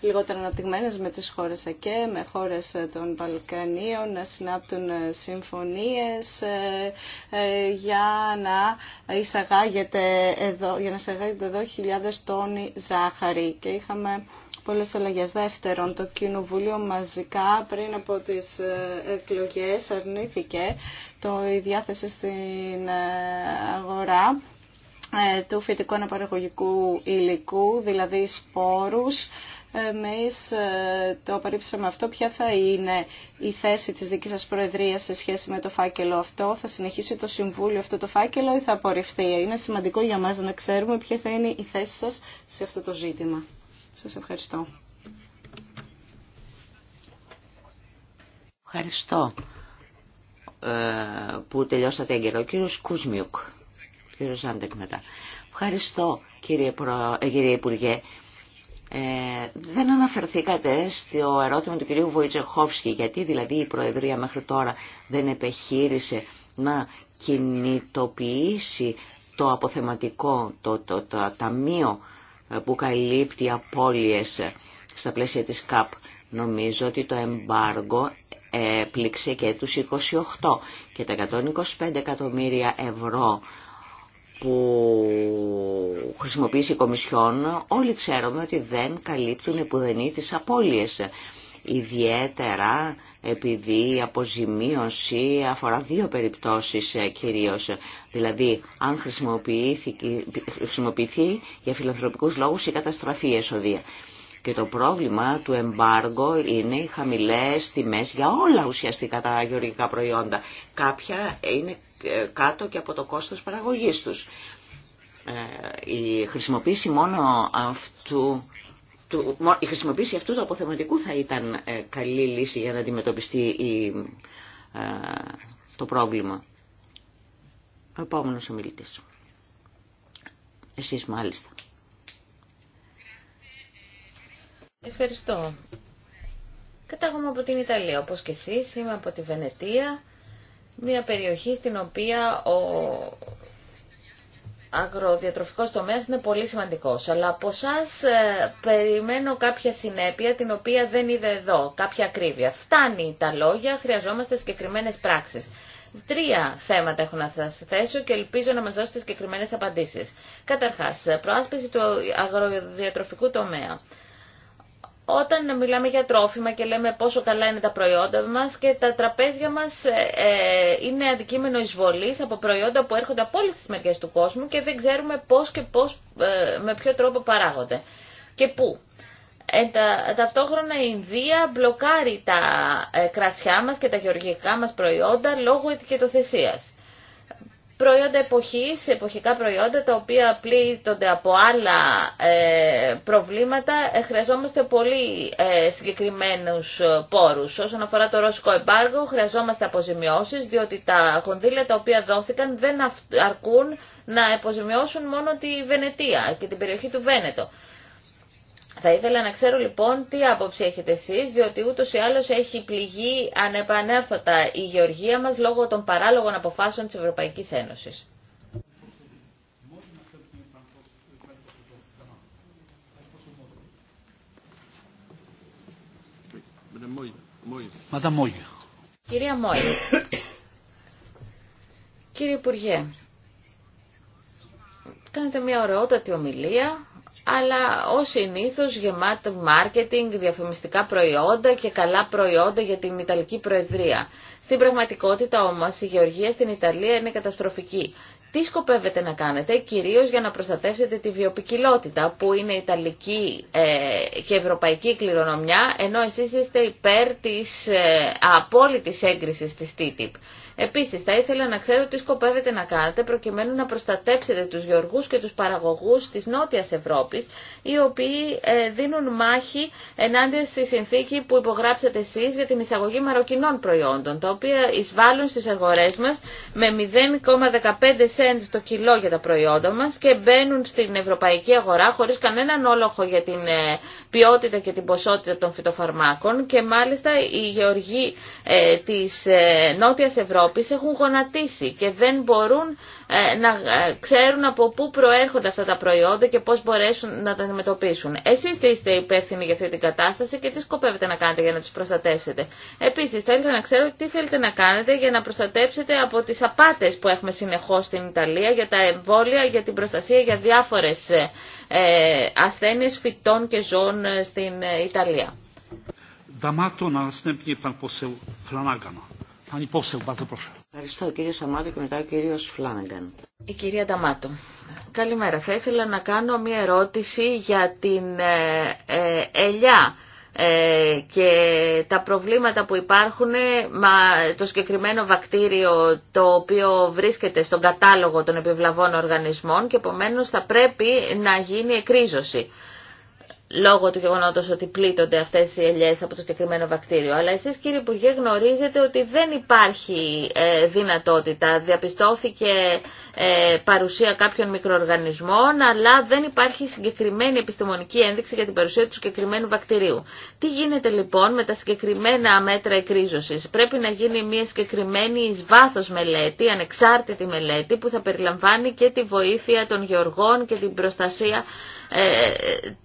λιγότερα αναπτυγμένες με τις χώρες ΑΚΕ, με χώρες των Βαλκανίων να συνάπτουν συμφωνίες για να εισαγάγεται εδώ, για να εισαγάγεται εδώ χιλιάδες τόνοι ζάχαρη και είχαμε πολλές αλλαγές. Δεύτερον, το Κοινοβούλιο μαζικά πριν από τις ε, εκλογές αρνήθηκε το, η διάθεση στην ε, αγορά ε, του φυτικού αναπαραγωγικού υλικού, δηλαδή σπόρους, εμείς το απαρίψαμε αυτό. Ποια θα είναι η θέση της δικής σας Προεδρίας σε σχέση με το φάκελο αυτό. Θα συνεχίσει το Συμβούλιο αυτό το φάκελο ή θα απορριφθεί. Είναι σημαντικό για μας να ξέρουμε ποια θα είναι η θέση σας σε αυτό το ζήτημα. Σας ευχαριστώ. Ευχαριστώ ε, που τελειώσατε έγκαιρο. Ο κύριος Κουσμιουκ, κύριος μετά. Ευχαριστώ κύριε, Προ... Ε, κύριε Υπουργέ. Ε, δεν αναφερθήκατε στο ερώτημα του κυρίου Βοητσεχόφσκι, γιατί δηλαδή η Προεδρία μέχρι τώρα δεν επεχείρησε να κινητοποιήσει το αποθεματικό, το, το, το ταμείο που καλύπτει απώλειες στα πλαίσια της ΚΑΠ. Νομίζω ότι το εμπάργο πλήξε και τους 28 και τα 125 εκατομμύρια ευρώ που χρησιμοποιήσει η Κομισιόν όλοι ξέρουμε ότι δεν καλύπτουν επουδενή τις απώλειες ιδιαίτερα επειδή η αποζημίωση αφορά δύο περιπτώσεις ε, κυρίως. Δηλαδή, αν χρησιμοποιηθεί για φιλανθρωπικούς λόγους η καταστραφή εσοδεία. Και το πρόβλημα του εμπάργου είναι οι χαμηλές τιμές για όλα ουσιαστικά τα γεωργικά προϊόντα. Κάποια είναι ε, κάτω και από το κόστος παραγωγής τους. Ε, η χρησιμοποίηση μόνο αυτού του, η χρησιμοποίηση αυτού του αποθεματικού θα ήταν ε, καλή λύση για να αντιμετωπιστεί η, ε, το πρόβλημα. Ο επόμενος ομιλητής. Εσείς μάλιστα. Ευχαριστώ. Κατάγομαι από την Ιταλία, όπως και εσείς. Είμαι από τη Βενετία, μια περιοχή στην οποία ο αγροδιατροφικός τομέας είναι πολύ σημαντικός, αλλά από εσά ε, περιμένω κάποια συνέπεια την οποία δεν είδα εδώ, κάποια ακρίβεια. Φτάνει τα λόγια, χρειαζόμαστε συγκεκριμένες πράξεις. Τρία θέματα έχω να σας θέσω και ελπίζω να μας δώσετε συγκεκριμένες απαντήσεις. Καταρχάς, προάσπιση του αγροδιατροφικού τομέα όταν μιλάμε για τρόφιμα και λέμε πόσο καλά είναι τα προϊόντα μας και τα τραπέζια μας ε, ε, είναι αντικείμενο εισβολής από προϊόντα που έρχονται από όλες τις μεριές του κόσμου και δεν ξέρουμε πώς και πώς, ε, με ποιο τρόπο παράγονται και πού. Ε, τα, ταυτόχρονα η Ινδία μπλοκάρει τα κρασιά μας και τα γεωργικά μας προϊόντα λόγω ετικετοθεσίας προϊόντα εποχής, εποχικά προϊόντα τα οποία πλήττονται από άλλα ε, προβλήματα ε, χρειαζόμαστε πολύ ε, συγκεκριμένους ε, πόρους. Όσον αφορά το ρώσικο εμπάργο χρειαζόμαστε αποζημιώσεις διότι τα κονδύλια τα οποία δόθηκαν δεν αρκούν να αποζημιώσουν μόνο τη Βενετία και την περιοχή του Βένετο. Θα ήθελα να ξέρω λοιπόν τι άποψη έχετε εσείς, διότι ούτως ή άλλως έχει πληγεί ανεπανέρθωτα η γεωργία μας λόγω των παράλογων αποφάσεων της Ευρωπαϊκής Ένωσης. Κυρία Μόη, κύριε Υπουργέ, κάνετε μια ωραιότατη ομιλία αλλά ως συνήθω γεμάτο marketing, διαφημιστικά προϊόντα και καλά προϊόντα για την Ιταλική Προεδρία. Στην πραγματικότητα όμως η γεωργία στην Ιταλία είναι καταστροφική. Τι σκοπεύετε να κάνετε, κυρίω για να προστατεύσετε τη βιοπικιλότητα που είναι Ιταλική ε, και Ευρωπαϊκή κληρονομιά, ενώ εσείς είστε υπέρ της ε, απόλυτη έγκριση της TTIP. Επίσης, θα ήθελα να ξέρω τι σκοπεύετε να κάνετε προκειμένου να προστατέψετε τους γεωργούς και τους παραγωγούς της Νότιας Ευρώπης, οι οποίοι ε, δίνουν μάχη ενάντια στη συνθήκη που υπογράψατε εσείς για την εισαγωγή μαροκινών προϊόντων, τα οποία εισβάλλουν στις αγορέ μας με 0,15 σέντ το κιλό για τα προϊόντα μας και μπαίνουν στην ευρωπαϊκή αγορά χωρίς κανέναν όλοχο για την ε, ποιότητα και την ποσότητα των φυτοφαρμάκων και μάλιστα οι γεωργοί ε, της Νότιας Ευρώπης Ευρώπης έχουν γονατίσει και δεν μπορούν ε, να ε, ξέρουν από πού προέρχονται αυτά τα προϊόντα και πώς μπορέσουν να τα αντιμετωπίσουν. Εσείς είστε υπεύθυνοι για αυτή την κατάσταση και τι σκοπεύετε να κάνετε για να τους προστατεύσετε. Επίσης, θα ήθελα να ξέρω τι θέλετε να κάνετε για να προστατεύσετε από τις απάτες που έχουμε συνεχώς στην Ιταλία για τα εμβόλια, για την προστασία για διάφορες ε, ε ασθένειες φυτών και ζώων στην Ιταλία. Ευχαριστώ κύριο Σαμάτο και μετά ο Φλάνεγκαν. Η κυρία Νταμάτο. Καλημέρα. Θα ήθελα να κάνω μια ερώτηση για την ε, ε ελιά ε, και τα προβλήματα που υπάρχουν με το συγκεκριμένο βακτήριο το οποίο βρίσκεται στον κατάλογο των επιβλαβών οργανισμών και επομένως θα πρέπει να γίνει εκρίζωση λόγω του γεγονότο ότι πλήττονται αυτέ οι ελιέ από το συγκεκριμένο βακτήριο. Αλλά εσεί κύριε Υπουργέ γνωρίζετε ότι δεν υπάρχει ε, δυνατότητα. Διαπιστώθηκε ε, παρουσία κάποιων μικροοργανισμών, αλλά δεν υπάρχει συγκεκριμένη επιστημονική ένδειξη για την παρουσία του συγκεκριμένου βακτηρίου. Τι γίνεται λοιπόν με τα συγκεκριμένα μέτρα εκρίζωση. Πρέπει να γίνει μια συγκεκριμένη ει βάθο μελέτη, ανεξάρτητη μελέτη, που θα περιλαμβάνει και τη βοήθεια των γεωργών και την προστασία ε,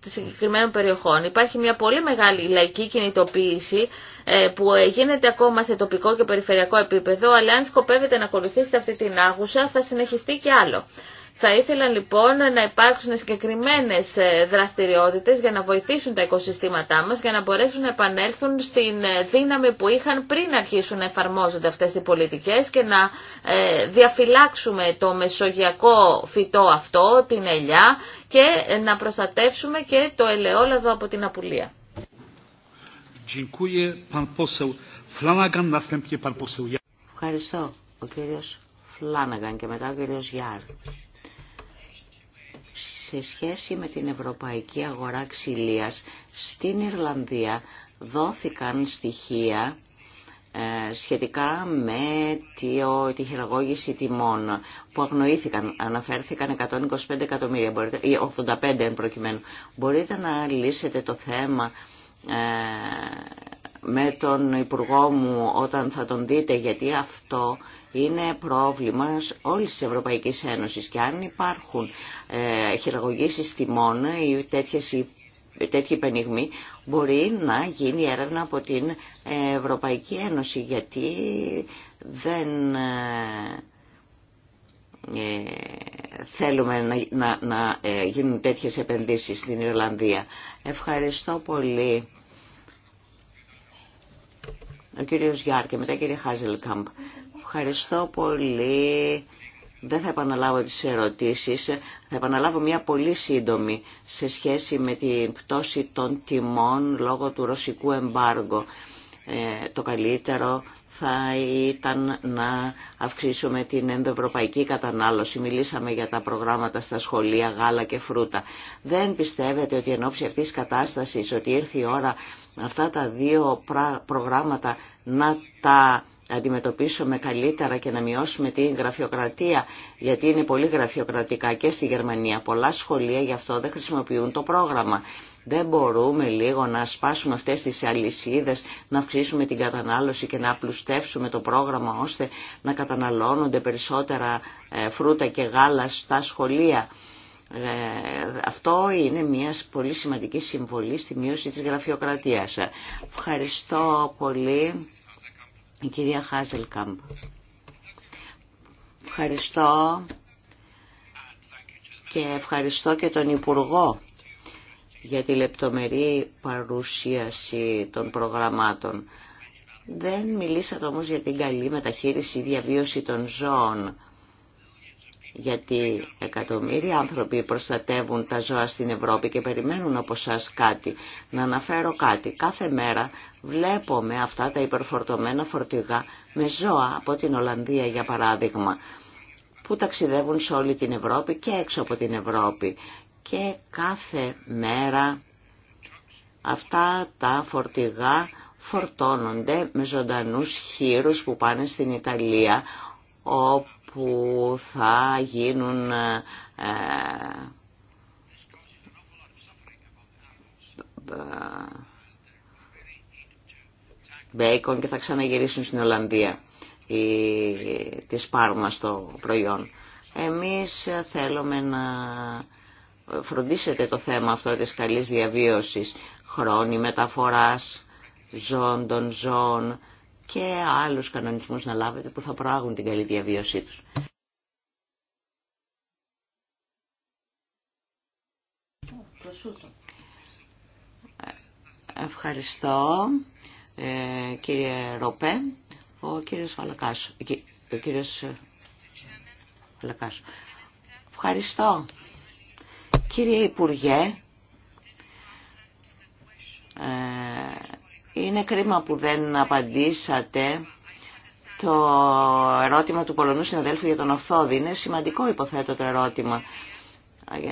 συγκεκριμένων περιοχών. Υπάρχει μια πολύ μεγάλη λαϊκή κινητοποίηση ε, που γίνεται ακόμα σε τοπικό και περιφερειακό επίπεδο, αλλά αν σκοπεύετε να ακολουθήσετε αυτή την άγουσα θα συνεχιστεί και άλλο. Θα ήθελα λοιπόν να υπάρξουν συγκεκριμένες ε, δραστηριότητες για να βοηθήσουν τα οικοσυστήματά μας, για να μπορέσουν να επανέλθουν στην ε, δύναμη που είχαν πριν αρχίσουν να εφαρμόζονται αυτές οι πολιτικές και να ε, διαφυλάξουμε το μεσογειακό φυτό αυτό, την ελιά, και να προστατεύσουμε και το ελαιόλαδο από την απουλία. Ευχαριστώ. Ο κύριος και μετά ο κύριος Γιάρ σε σχέση με την ευρωπαϊκή αγορά ξυλίας στην Ιρλανδία δόθηκαν στοιχεία ε, σχετικά με τη χειραγώγηση τιμών που αγνοήθηκαν, αναφέρθηκαν 125 εκατομμύρια ή 85 εν προκειμένου. Μπορείτε να λύσετε το θέμα ε, με τον Υπουργό μου όταν θα τον δείτε γιατί αυτό είναι πρόβλημα όλης της Ευρωπαϊκής Ένωσης και αν υπάρχουν ε, χειραγωγήσεις τιμών ή τέτοιες τέτοιοι πενιγμοί μπορεί να γίνει έρευνα από την Ευρωπαϊκή Ένωση γιατί δεν ε, ε, θέλουμε να, να, να ε, γίνουν τέτοιες επενδύσεις στην Ιρλανδία. Ευχαριστώ πολύ. Ο κύριος Γιάρ και μετά κύριε Χάζελκαμπ. Ευχαριστώ πολύ. Δεν θα επαναλάβω τις ερωτήσεις, θα επαναλάβω μια πολύ σύντομη σε σχέση με την πτώση των τιμών λόγω του ρωσικού εμπάργου. Ε, το καλύτερο θα ήταν να αυξήσουμε την ενδοευρωπαϊκή κατανάλωση. Μιλήσαμε για τα προγράμματα στα σχολεία, γάλα και φρούτα. Δεν πιστεύετε ότι εν ώψη αυτής της κατάστασης ότι ήρθε η ώρα αυτά τα δύο προγράμματα να τα αντιμετωπίσουμε καλύτερα και να μειώσουμε την γραφειοκρατία, γιατί είναι πολύ γραφειοκρατικά και στη Γερμανία. Πολλά σχολεία γι' αυτό δεν χρησιμοποιούν το πρόγραμμα. Δεν μπορούμε λίγο να σπάσουμε αυτές τις αλυσίδες, να αυξήσουμε την κατανάλωση και να απλουστεύσουμε το πρόγραμμα ώστε να καταναλώνονται περισσότερα ε, φρούτα και γάλα στα σχολεία. Ε, αυτό είναι μια πολύ σημαντική συμβολή στη μείωση της γραφειοκρατίας. Ευχαριστώ πολύ η κυρία Χάζελκαμπ. Ευχαριστώ και ευχαριστώ και τον Υπουργό για τη λεπτομερή παρουσίαση των προγραμμάτων. Δεν μιλήσατε όμως για την καλή μεταχείριση διαβίωση των ζώων, γιατί εκατομμύρια άνθρωποι προστατεύουν τα ζώα στην Ευρώπη και περιμένουν από εσά κάτι. Να αναφέρω κάτι. Κάθε μέρα βλέπουμε αυτά τα υπερφορτωμένα φορτηγά με ζώα από την Ολλανδία για παράδειγμα που ταξιδεύουν σε όλη την Ευρώπη και έξω από την Ευρώπη και κάθε μέρα αυτά τα φορτηγά φορτώνονται με ζωντανούς χείρους που πάνε στην Ιταλία όπου θα γίνουν ε, μπέικον ε, και θα ξαναγυρίσουν στην Ολλανδία η, της Πάρμα στο προϊόν. Εμείς θέλουμε να φροντίσετε το θέμα αυτό της καλής διαβίωσης, χρόνη μεταφοράς, ζών των ζώων και άλλους κανονισμούς να λάβετε που θα προάγουν την καλή διαβίωσή τους. Ευχαριστώ ε, κύριε Ροπέ. Ο κύριος Ο κύριος Ευχαριστώ. Κύριε Υπουργέ, ε, είναι κρίμα που δεν απαντήσατε το ερώτημα του Πολωνού συναδέλφου για τον Οθόδη. Είναι σημαντικό υποθέτω το ερώτημα. Ε,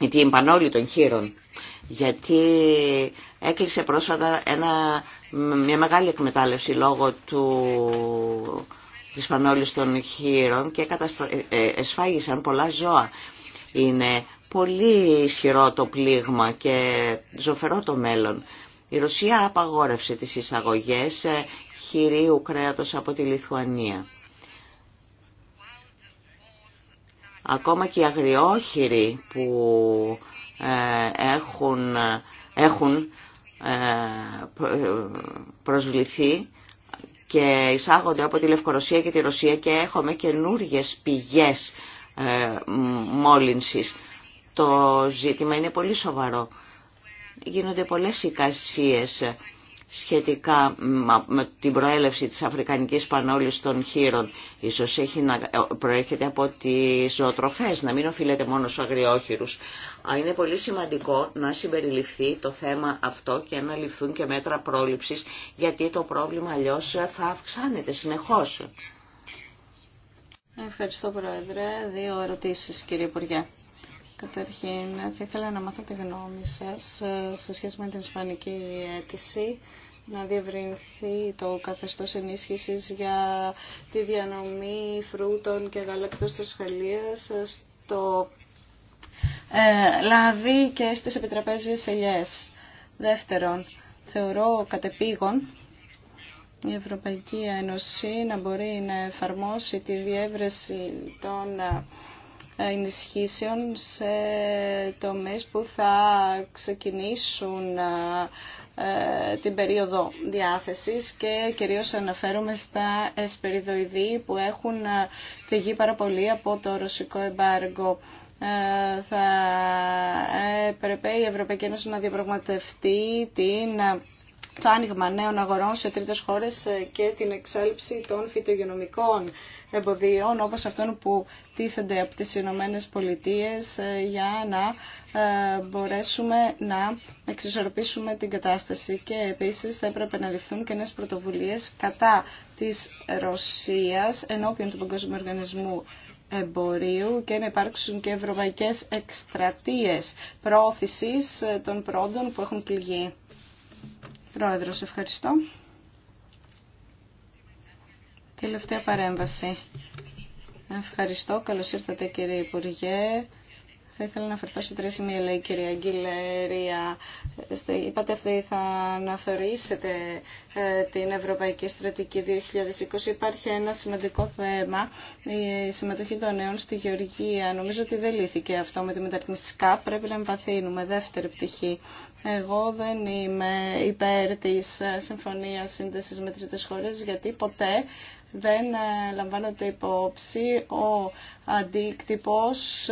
ε, την πανόλη των χείρων. Γιατί έκλεισε πρόσφατα ένα, μια μεγάλη εκμετάλλευση λόγω του, της πανόλης των χείρων και εσφάγησαν πολλά ζώα. Είναι πολύ ισχυρό το πλήγμα και ζωφερό το μέλλον. Η Ρωσία απαγόρευσε τις εισαγωγές ε, χειρίου κρέατος από τη Λιθουανία. Ακόμα και οι αγριόχειροι που ε, έχουν, έχουν ε, προσβληθεί και εισάγονται από τη Λευκορωσία και τη Ρωσία και έχουμε καινούριε πηγές ε, μόλυνσης. Το ζήτημα είναι πολύ σοβαρό. Γίνονται πολλές εικασίες σχετικά με την προέλευση της αφρικανικής πανόλης των χείρων. Ίσως έχει να ε, προέρχεται από τις ζωοτροφές, να μην οφείλεται μόνο στους αγριόχειρους. Είναι πολύ σημαντικό να συμπεριληφθεί το θέμα αυτό και να ληφθούν και μέτρα πρόληψης, γιατί το πρόβλημα αλλιώς θα αυξάνεται συνεχώς. Ευχαριστώ, Πρόεδρε. Δύο ερωτήσεις, κύριε Υπουργέ. Καταρχήν, θα ήθελα να μάθω τη γνώμη σας ε, σε σχέση με την Ισπανική αίτηση να διευρυνθεί το καθεστώς ενίσχυσης για τη διανομή φρούτων και γαλακτός της ασφαλεία στο ε, λάδι και στις επιτραπέζιες ελιές. Δεύτερον, θεωρώ κατεπήγον η Ευρωπαϊκή Ένωση να μπορεί να εφαρμόσει τη διεύρεση των ε, ενισχύσεων σε τομείς που θα ξεκινήσουν ε, την περίοδο διάθεσης και κυρίως αναφέρομαι στα εσπεριδοειδή που έχουν φυγεί ε, πάρα πολύ από το ρωσικό εμπάργκο θα έπρεπε η Ευρωπαϊκή Ένωση να διαπραγματευτεί την το άνοιγμα νέων αγορών σε τρίτες χώρες ε, και την εξέλιψη των φυτογενομικών εμποδίων όπως αυτών που τίθενται από τις Ηνωμένε Πολιτείε ε, για να ε, μπορέσουμε να εξισορροπήσουμε την κατάσταση και επίσης θα έπρεπε να ληφθούν και νέες πρωτοβουλίες κατά της Ρωσίας ενώπιον του Παγκόσμιου Οργανισμού εμπορίου και να υπάρξουν και ευρωπαϊκές εκστρατείες προώθησης των πρόοδων που έχουν πληγεί. Πρόεδρος, ευχαριστώ. Τελευταία παρέμβαση. Ευχαριστώ. Καλώς ήρθατε κύριε Υπουργέ. Θα ήθελα να αφαιρθώ σε τρία σημεία, λέει η κυρία Γκυλερία. Είπατε αυτή θα αναθεωρήσετε ε, την Ευρωπαϊκή Στρατική 2020. Υπάρχει ένα σημαντικό θέμα, η συμμετοχή των νέων στη Γεωργία. Νομίζω ότι δεν λύθηκε αυτό με τη μεταρρυθμιστικά. ΚΑΠ. Πρέπει να εμβαθύνουμε. Δεύτερη πτυχή. Εγώ δεν είμαι υπέρ της ε, συμφωνίας σύνδεσης με τρίτες χώρες, γιατί ποτέ δεν ε, λαμβάνονται υπόψη ο αντίκτυπος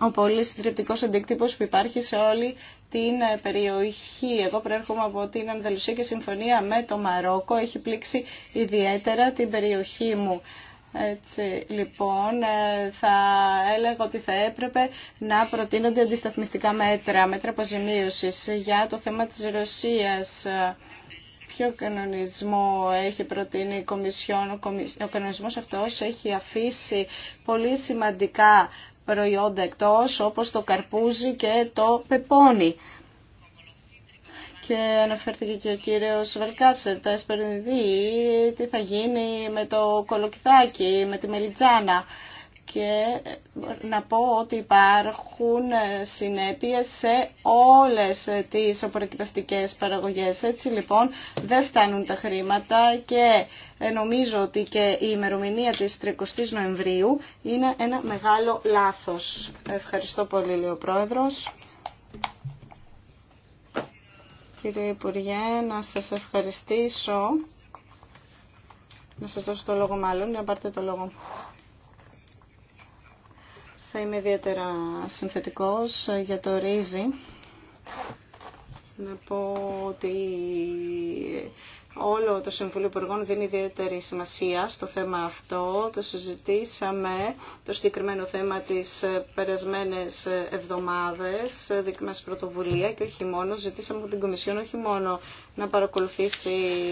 ο πολύ συντριπτικός αντίκτυπος που υπάρχει σε όλη την ε, περιοχή. Εγώ προέρχομαι από την Ανδελουσία και συμφωνία με το Μαρόκο έχει πλήξει ιδιαίτερα την περιοχή μου. λοιπόν, ε, θα έλεγα ότι θα έπρεπε να προτείνονται αντισταθμιστικά μέτρα, μέτρα αποζημίωσης για το θέμα της Ρωσίας. Ε, ποιο κανονισμό έχει προτείνει η Κομισιόν. Ο κανονισμός αυτός έχει αφήσει πολύ σημαντικά προϊόντα εκτός όπως το καρπούζι και το πεπόνι. Και αναφέρθηκε και ο κύριος Βελκάσερ, τα εσπερινδύει, τι θα γίνει με το κολοκυθάκι, με τη μελιτζάνα και να πω ότι υπάρχουν συνέπειες σε όλες τις οπορεκυπευτικές παραγωγές. Έτσι λοιπόν δεν φτάνουν τα χρήματα και ε, νομίζω ότι και η ημερομηνία της 30ης Νοεμβρίου είναι ένα μεγάλο λάθος. Ευχαριστώ πολύ λέει ο Πρόεδρος. Κύριε Υπουργέ, να σας ευχαριστήσω. Να σας δώσω το λόγο μάλλον, να πάρτε το λόγο. Θα είμαι ιδιαίτερα συνθετικός ε, για το ρύζι. Να πω ότι όλο το Συμβούλιο Υπουργών δίνει ιδιαίτερη σημασία στο θέμα αυτό. Το συζητήσαμε το συγκεκριμένο θέμα τις ε, περασμένες ε, εβδομάδες, δική μας πρωτοβουλία και όχι μόνο. Ζητήσαμε από την Κομισιόν όχι μόνο να παρακολουθήσει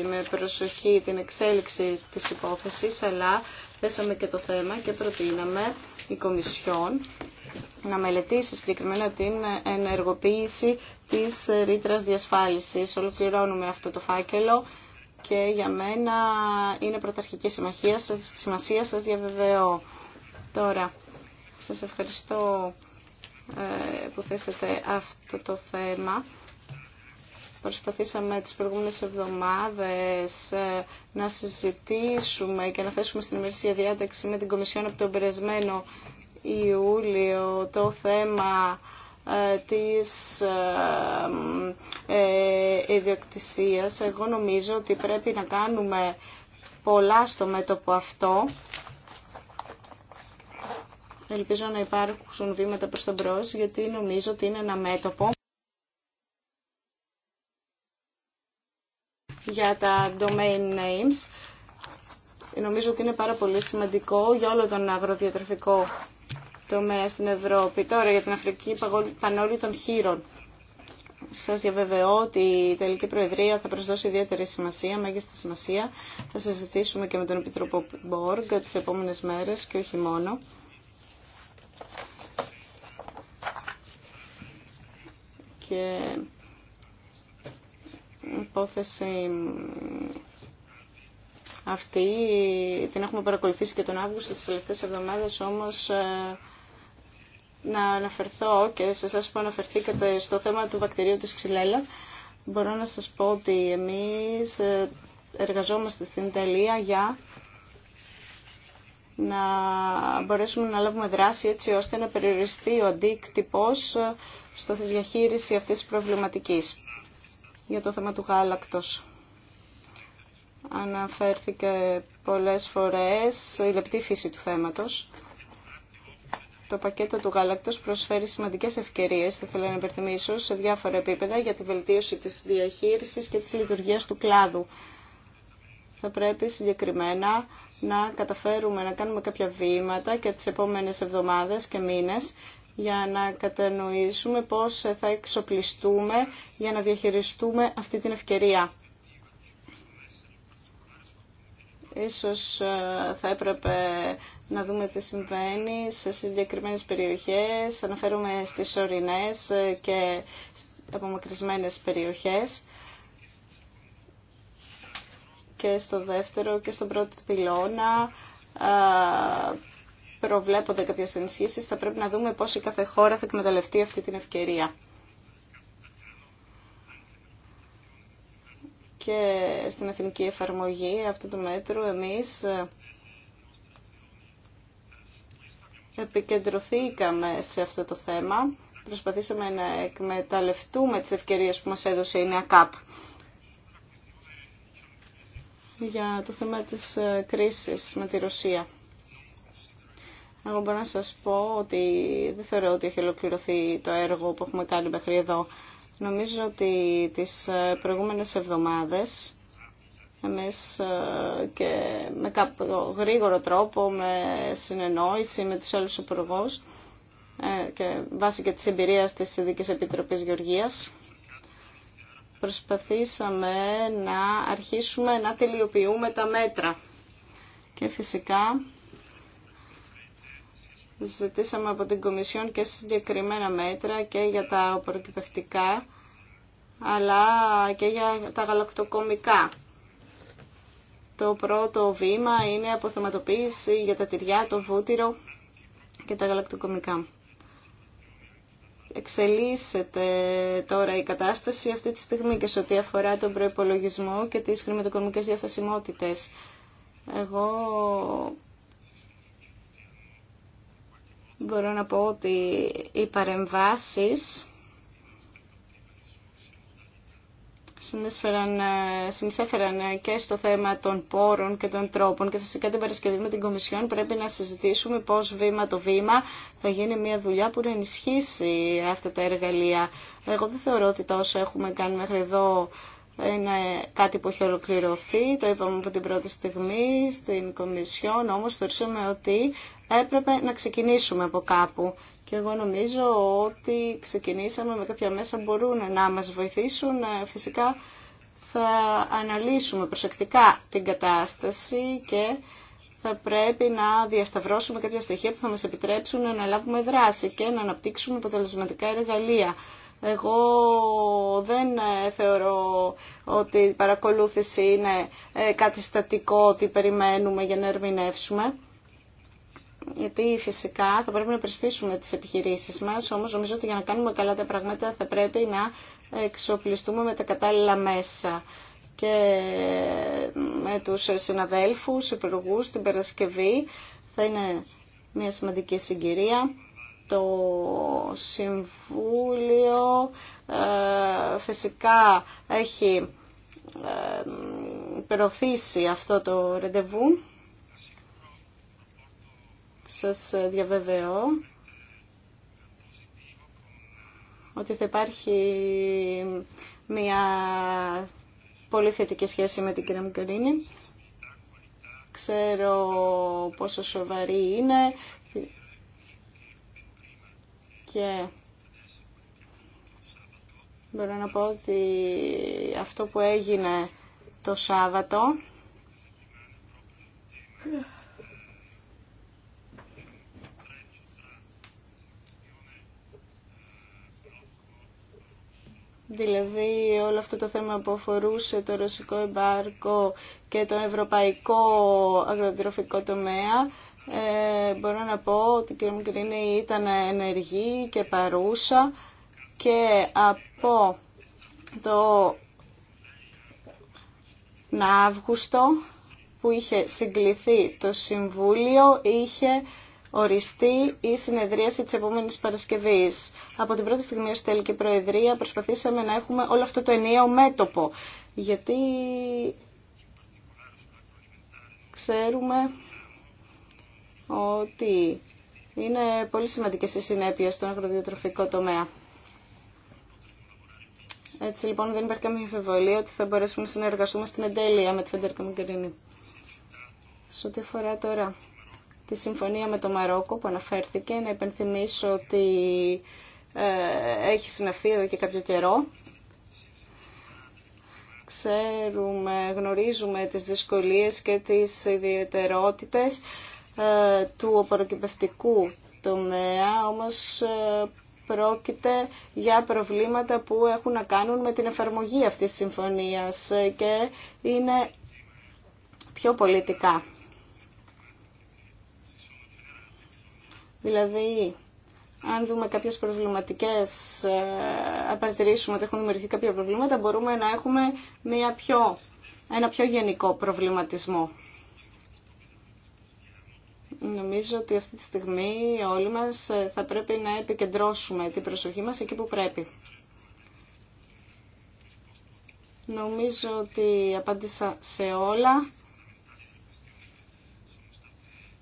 με προσοχή την εξέλιξη της υπόθεσης, αλλά θέσαμε και το θέμα και προτείναμε η Κομισιόν να μελετήσει συγκεκριμένα την ενεργοποίηση της ρήτρα διασφάλισης. Ολοκληρώνουμε αυτό το φάκελο και για μένα είναι πρωταρχική σημασία σας, σημασία σας διαβεβαιώ. Τώρα, σας ευχαριστώ ε, που θέσατε αυτό το θέμα. Προσπαθήσαμε τις προηγούμενες εβδομάδες ε, να συζητήσουμε και να θέσουμε στην ημερησία διάταξη με την Κομισιόν από τον περασμένο Ιούλιο το θέμα ε, της ε, ιδιοκτησίας. Εγώ νομίζω ότι πρέπει να κάνουμε πολλά στο μέτωπο αυτό. Ελπίζω να υπάρχουν βήματα προς τον μπρος, γιατί νομίζω ότι είναι ένα μέτωπο για τα domain names. Νομίζω ότι είναι πάρα πολύ σημαντικό για όλο τον αγροδιατροφικό τομέα στην Ευρώπη. Τώρα για την Αφρική Πανόλη των Χείρων. Σας διαβεβαιώ ότι η Τελική Προεδρία θα προσδώσει ιδιαίτερη σημασία, μέγιστη σημασία. Θα συζητήσουμε και με τον Επιτροπό Μπόργκ τις επόμενες μέρες και όχι μόνο. Και υπόθεση αυτή την έχουμε παρακολουθήσει και τον Αύγουστο στις τελευταίες εβδομάδες όμως ε, να αναφερθώ και σε εσά που αναφερθήκατε στο θέμα του βακτηρίου της ξυλέλα μπορώ να σας πω ότι εμείς ε, εργαζόμαστε στην Ιταλία για να μπορέσουμε να λάβουμε δράση έτσι ώστε να περιοριστεί ο αντίκτυπος ε, στο διαχείριση αυτής της προβληματικής για το θέμα του γάλακτος. Αναφέρθηκε πολλές φορές η λεπτή φύση του θέματος. Το πακέτο του γάλακτος προσφέρει σημαντικές ευκαιρίες, θα ήθελα να υπενθυμίσω, σε διάφορα επίπεδα για τη βελτίωση της διαχείρισης και της λειτουργίας του κλάδου. Θα πρέπει συγκεκριμένα να καταφέρουμε να κάνουμε κάποια βήματα και τις επόμενες εβδομάδες και μήνες για να κατανοήσουμε πώς θα εξοπλιστούμε για να διαχειριστούμε αυτή την ευκαιρία. Ίσως ε, θα έπρεπε να δούμε τι συμβαίνει σε συγκεκριμένες περιοχές, αναφέρομαι στις ορεινές ε, και απομακρυσμένες περιοχές και στο δεύτερο και στον πρώτο πυλώνα ε, προβλέπονται κάποιε ενισχύσει, θα πρέπει να δούμε πώ η κάθε χώρα θα εκμεταλλευτεί αυτή την ευκαιρία. Και στην εθνική εφαρμογή αυτού του μέτρου εμείς ε, επικεντρωθήκαμε σε αυτό το θέμα. Προσπαθήσαμε να εκμεταλλευτούμε τις ευκαιρίες που μας έδωσε η Νέα ΚΑΠ για το θέμα της ε, κρίσης με τη Ρωσία. Εγώ μπορώ να σας πω ότι δεν θεωρώ ότι έχει ολοκληρωθεί το έργο που έχουμε κάνει μέχρι εδώ. Νομίζω ότι τις ε, προηγούμενες εβδομάδες εμείς ε, και με κάποιο γρήγορο τρόπο, με συνεννόηση με τους άλλους υπουργούς ε, και βάσει και της εμπειρίας της Ειδικής Επιτροπής Γεωργίας, προσπαθήσαμε να αρχίσουμε να τελειοποιούμε τα μέτρα. Και φυσικά Ζητήσαμε από την Κομισιόν και συγκεκριμένα μέτρα και για τα προκυπευτικά αλλά και για τα γαλακτοκομικά. Το πρώτο βήμα είναι αποθεματοποίηση για τα τυριά, το βούτυρο και τα γαλακτοκομικά. Εξελίσσεται τώρα η κατάσταση αυτή τη στιγμή και σε ό,τι αφορά τον προϋπολογισμό και τις χρηματοοικονομικές διαθεσιμότητες. Εγώ μπορώ να πω ότι οι παρεμβάσεις Συνέφεραν ε, συνεισέφεραν ε, και στο θέμα των πόρων και των τρόπων και φυσικά την Παρασκευή με την Κομισιόν πρέπει να συζητήσουμε πώς βήμα το βήμα θα γίνει μια δουλειά που να ενισχύσει αυτά τα εργαλεία. Εγώ δεν θεωρώ ότι τόσο έχουμε κάνει μέχρι εδώ είναι κάτι που έχει ολοκληρωθεί, το είπαμε από την πρώτη στιγμή στην Κομισιόν, όμως θεωρήσαμε ότι έπρεπε να ξεκινήσουμε από κάπου. Και εγώ νομίζω ότι ξεκινήσαμε με κάποια μέσα που μπορούν να μας βοηθήσουν. Φυσικά θα αναλύσουμε προσεκτικά την κατάσταση και θα πρέπει να διασταυρώσουμε κάποια στοιχεία που θα μας επιτρέψουν να αναλάβουμε δράση και να αναπτύξουμε αποτελεσματικά εργαλεία εγώ δεν ε, θεωρώ ότι η παρακολούθηση είναι ε, κάτι στατικό ότι περιμένουμε για να ερμηνεύσουμε. Γιατί φυσικά θα πρέπει να προσφύσουμε τις επιχειρήσεις μας, όμως νομίζω ότι για να κάνουμε καλά τα πράγματα θα πρέπει να εξοπλιστούμε με τα κατάλληλα μέσα και ε, με τους συναδέλφους, υπουργού, την Περασκευή Θα είναι μια σημαντική συγκυρία το Συμβούλιο ε, φυσικά έχει ε, προωθήσει αυτό το ρεντεβού. Σας διαβεβαιώ ότι θα υπάρχει μια πολύ θετική σχέση με την κυρία Μικαρίνη. Ξέρω πόσο σοβαρή είναι και μπορώ να πω ότι αυτό που έγινε το Σάββατο δηλαδή όλο αυτό το θέμα που αφορούσε το ρωσικό εμπάρκο και το ευρωπαϊκό αγροτροφικό τομέα ε, μπορώ να πω ότι η κυρία Μικρίνη ήταν ενεργή και παρούσα και από το να Αύγουστο που είχε συγκληθεί το Συμβούλιο είχε οριστεί η συνεδρίαση της επόμενης Παρασκευής. Από την πρώτη στιγμή ως τελική προεδρία προσπαθήσαμε να έχουμε όλο αυτό το ενιαίο μέτωπο, γιατί ξέρουμε ότι είναι πολύ σημαντικές οι συνέπειες στον αγροδιατροφικό τομέα. Έτσι λοιπόν δεν υπάρχει καμία αμφιβολία ότι θα μπορέσουμε να συνεργαστούμε στην εντέλεια με τη Φέντερ Καμικερίνη. Σε ό,τι αφορά τώρα τη συμφωνία με το Μαρόκο που αναφέρθηκε, να υπενθυμίσω ότι ε, έχει συναυθεί εδώ και κάποιο καιρό. Ξέρουμε, γνωρίζουμε τις δυσκολίες και τις ιδιαιτερότητες ε, του οποροκυπευτικού τομέα, όμως ε, πρόκειται για προβλήματα που έχουν να κάνουν με την εφαρμογή αυτής της συμφωνίας ε, και είναι πιο πολιτικά. Δηλαδή, αν δούμε κάποιες προβληματικές, αν παρατηρήσουμε ότι έχουν δημιουργηθεί κάποια προβλήματα, μπορούμε να έχουμε μια πιο, ένα πιο γενικό προβληματισμό. Νομίζω ότι αυτή τη στιγμή όλοι μας ε, θα πρέπει να επικεντρώσουμε την προσοχή μας εκεί που πρέπει. Νομίζω ότι απάντησα σε όλα.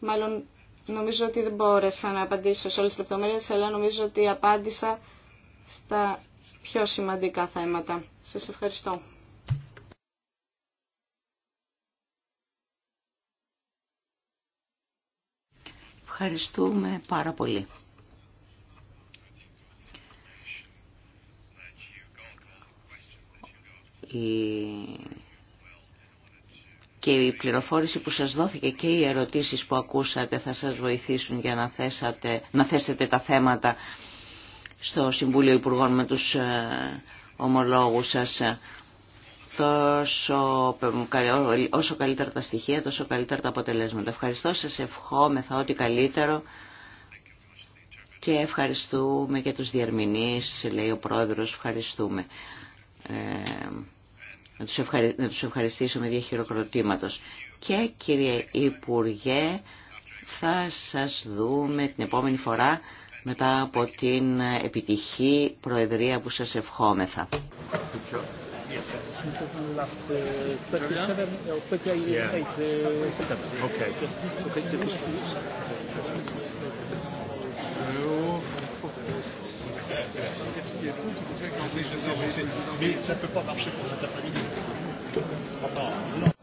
Μάλλον νομίζω ότι δεν μπόρεσα να απαντήσω σε όλες τις λεπτομέρειες, αλλά νομίζω ότι απάντησα στα πιο σημαντικά θέματα. Σας ευχαριστώ. Ευχαριστούμε πάρα πολύ. και η πληροφόρηση που σας δόθηκε και οι ερωτήσεις που ακούσατε θα σας βοηθήσουν για να, να θέσετε τα θέματα στο Συμβούλιο Υπουργών με τους ε, ομολόγους σας όσο καλύτερα τα στοιχεία, τόσο καλύτερα τα αποτελέσματα. Ευχαριστώ, σας ευχόμεθα ό,τι καλύτερο και ευχαριστούμε και τους διερμηνείς, λέει ο πρόεδρος, ευχαριστούμε. Ε, να, τους ευχαριστήσουμε δύο χειροκροτήματος. Και κύριε Υπουργέ, θα σας δούμε την επόμενη φορά μετά από την επιτυχή προεδρία που σας ευχόμεθα. Yes. ça peut pas marcher pour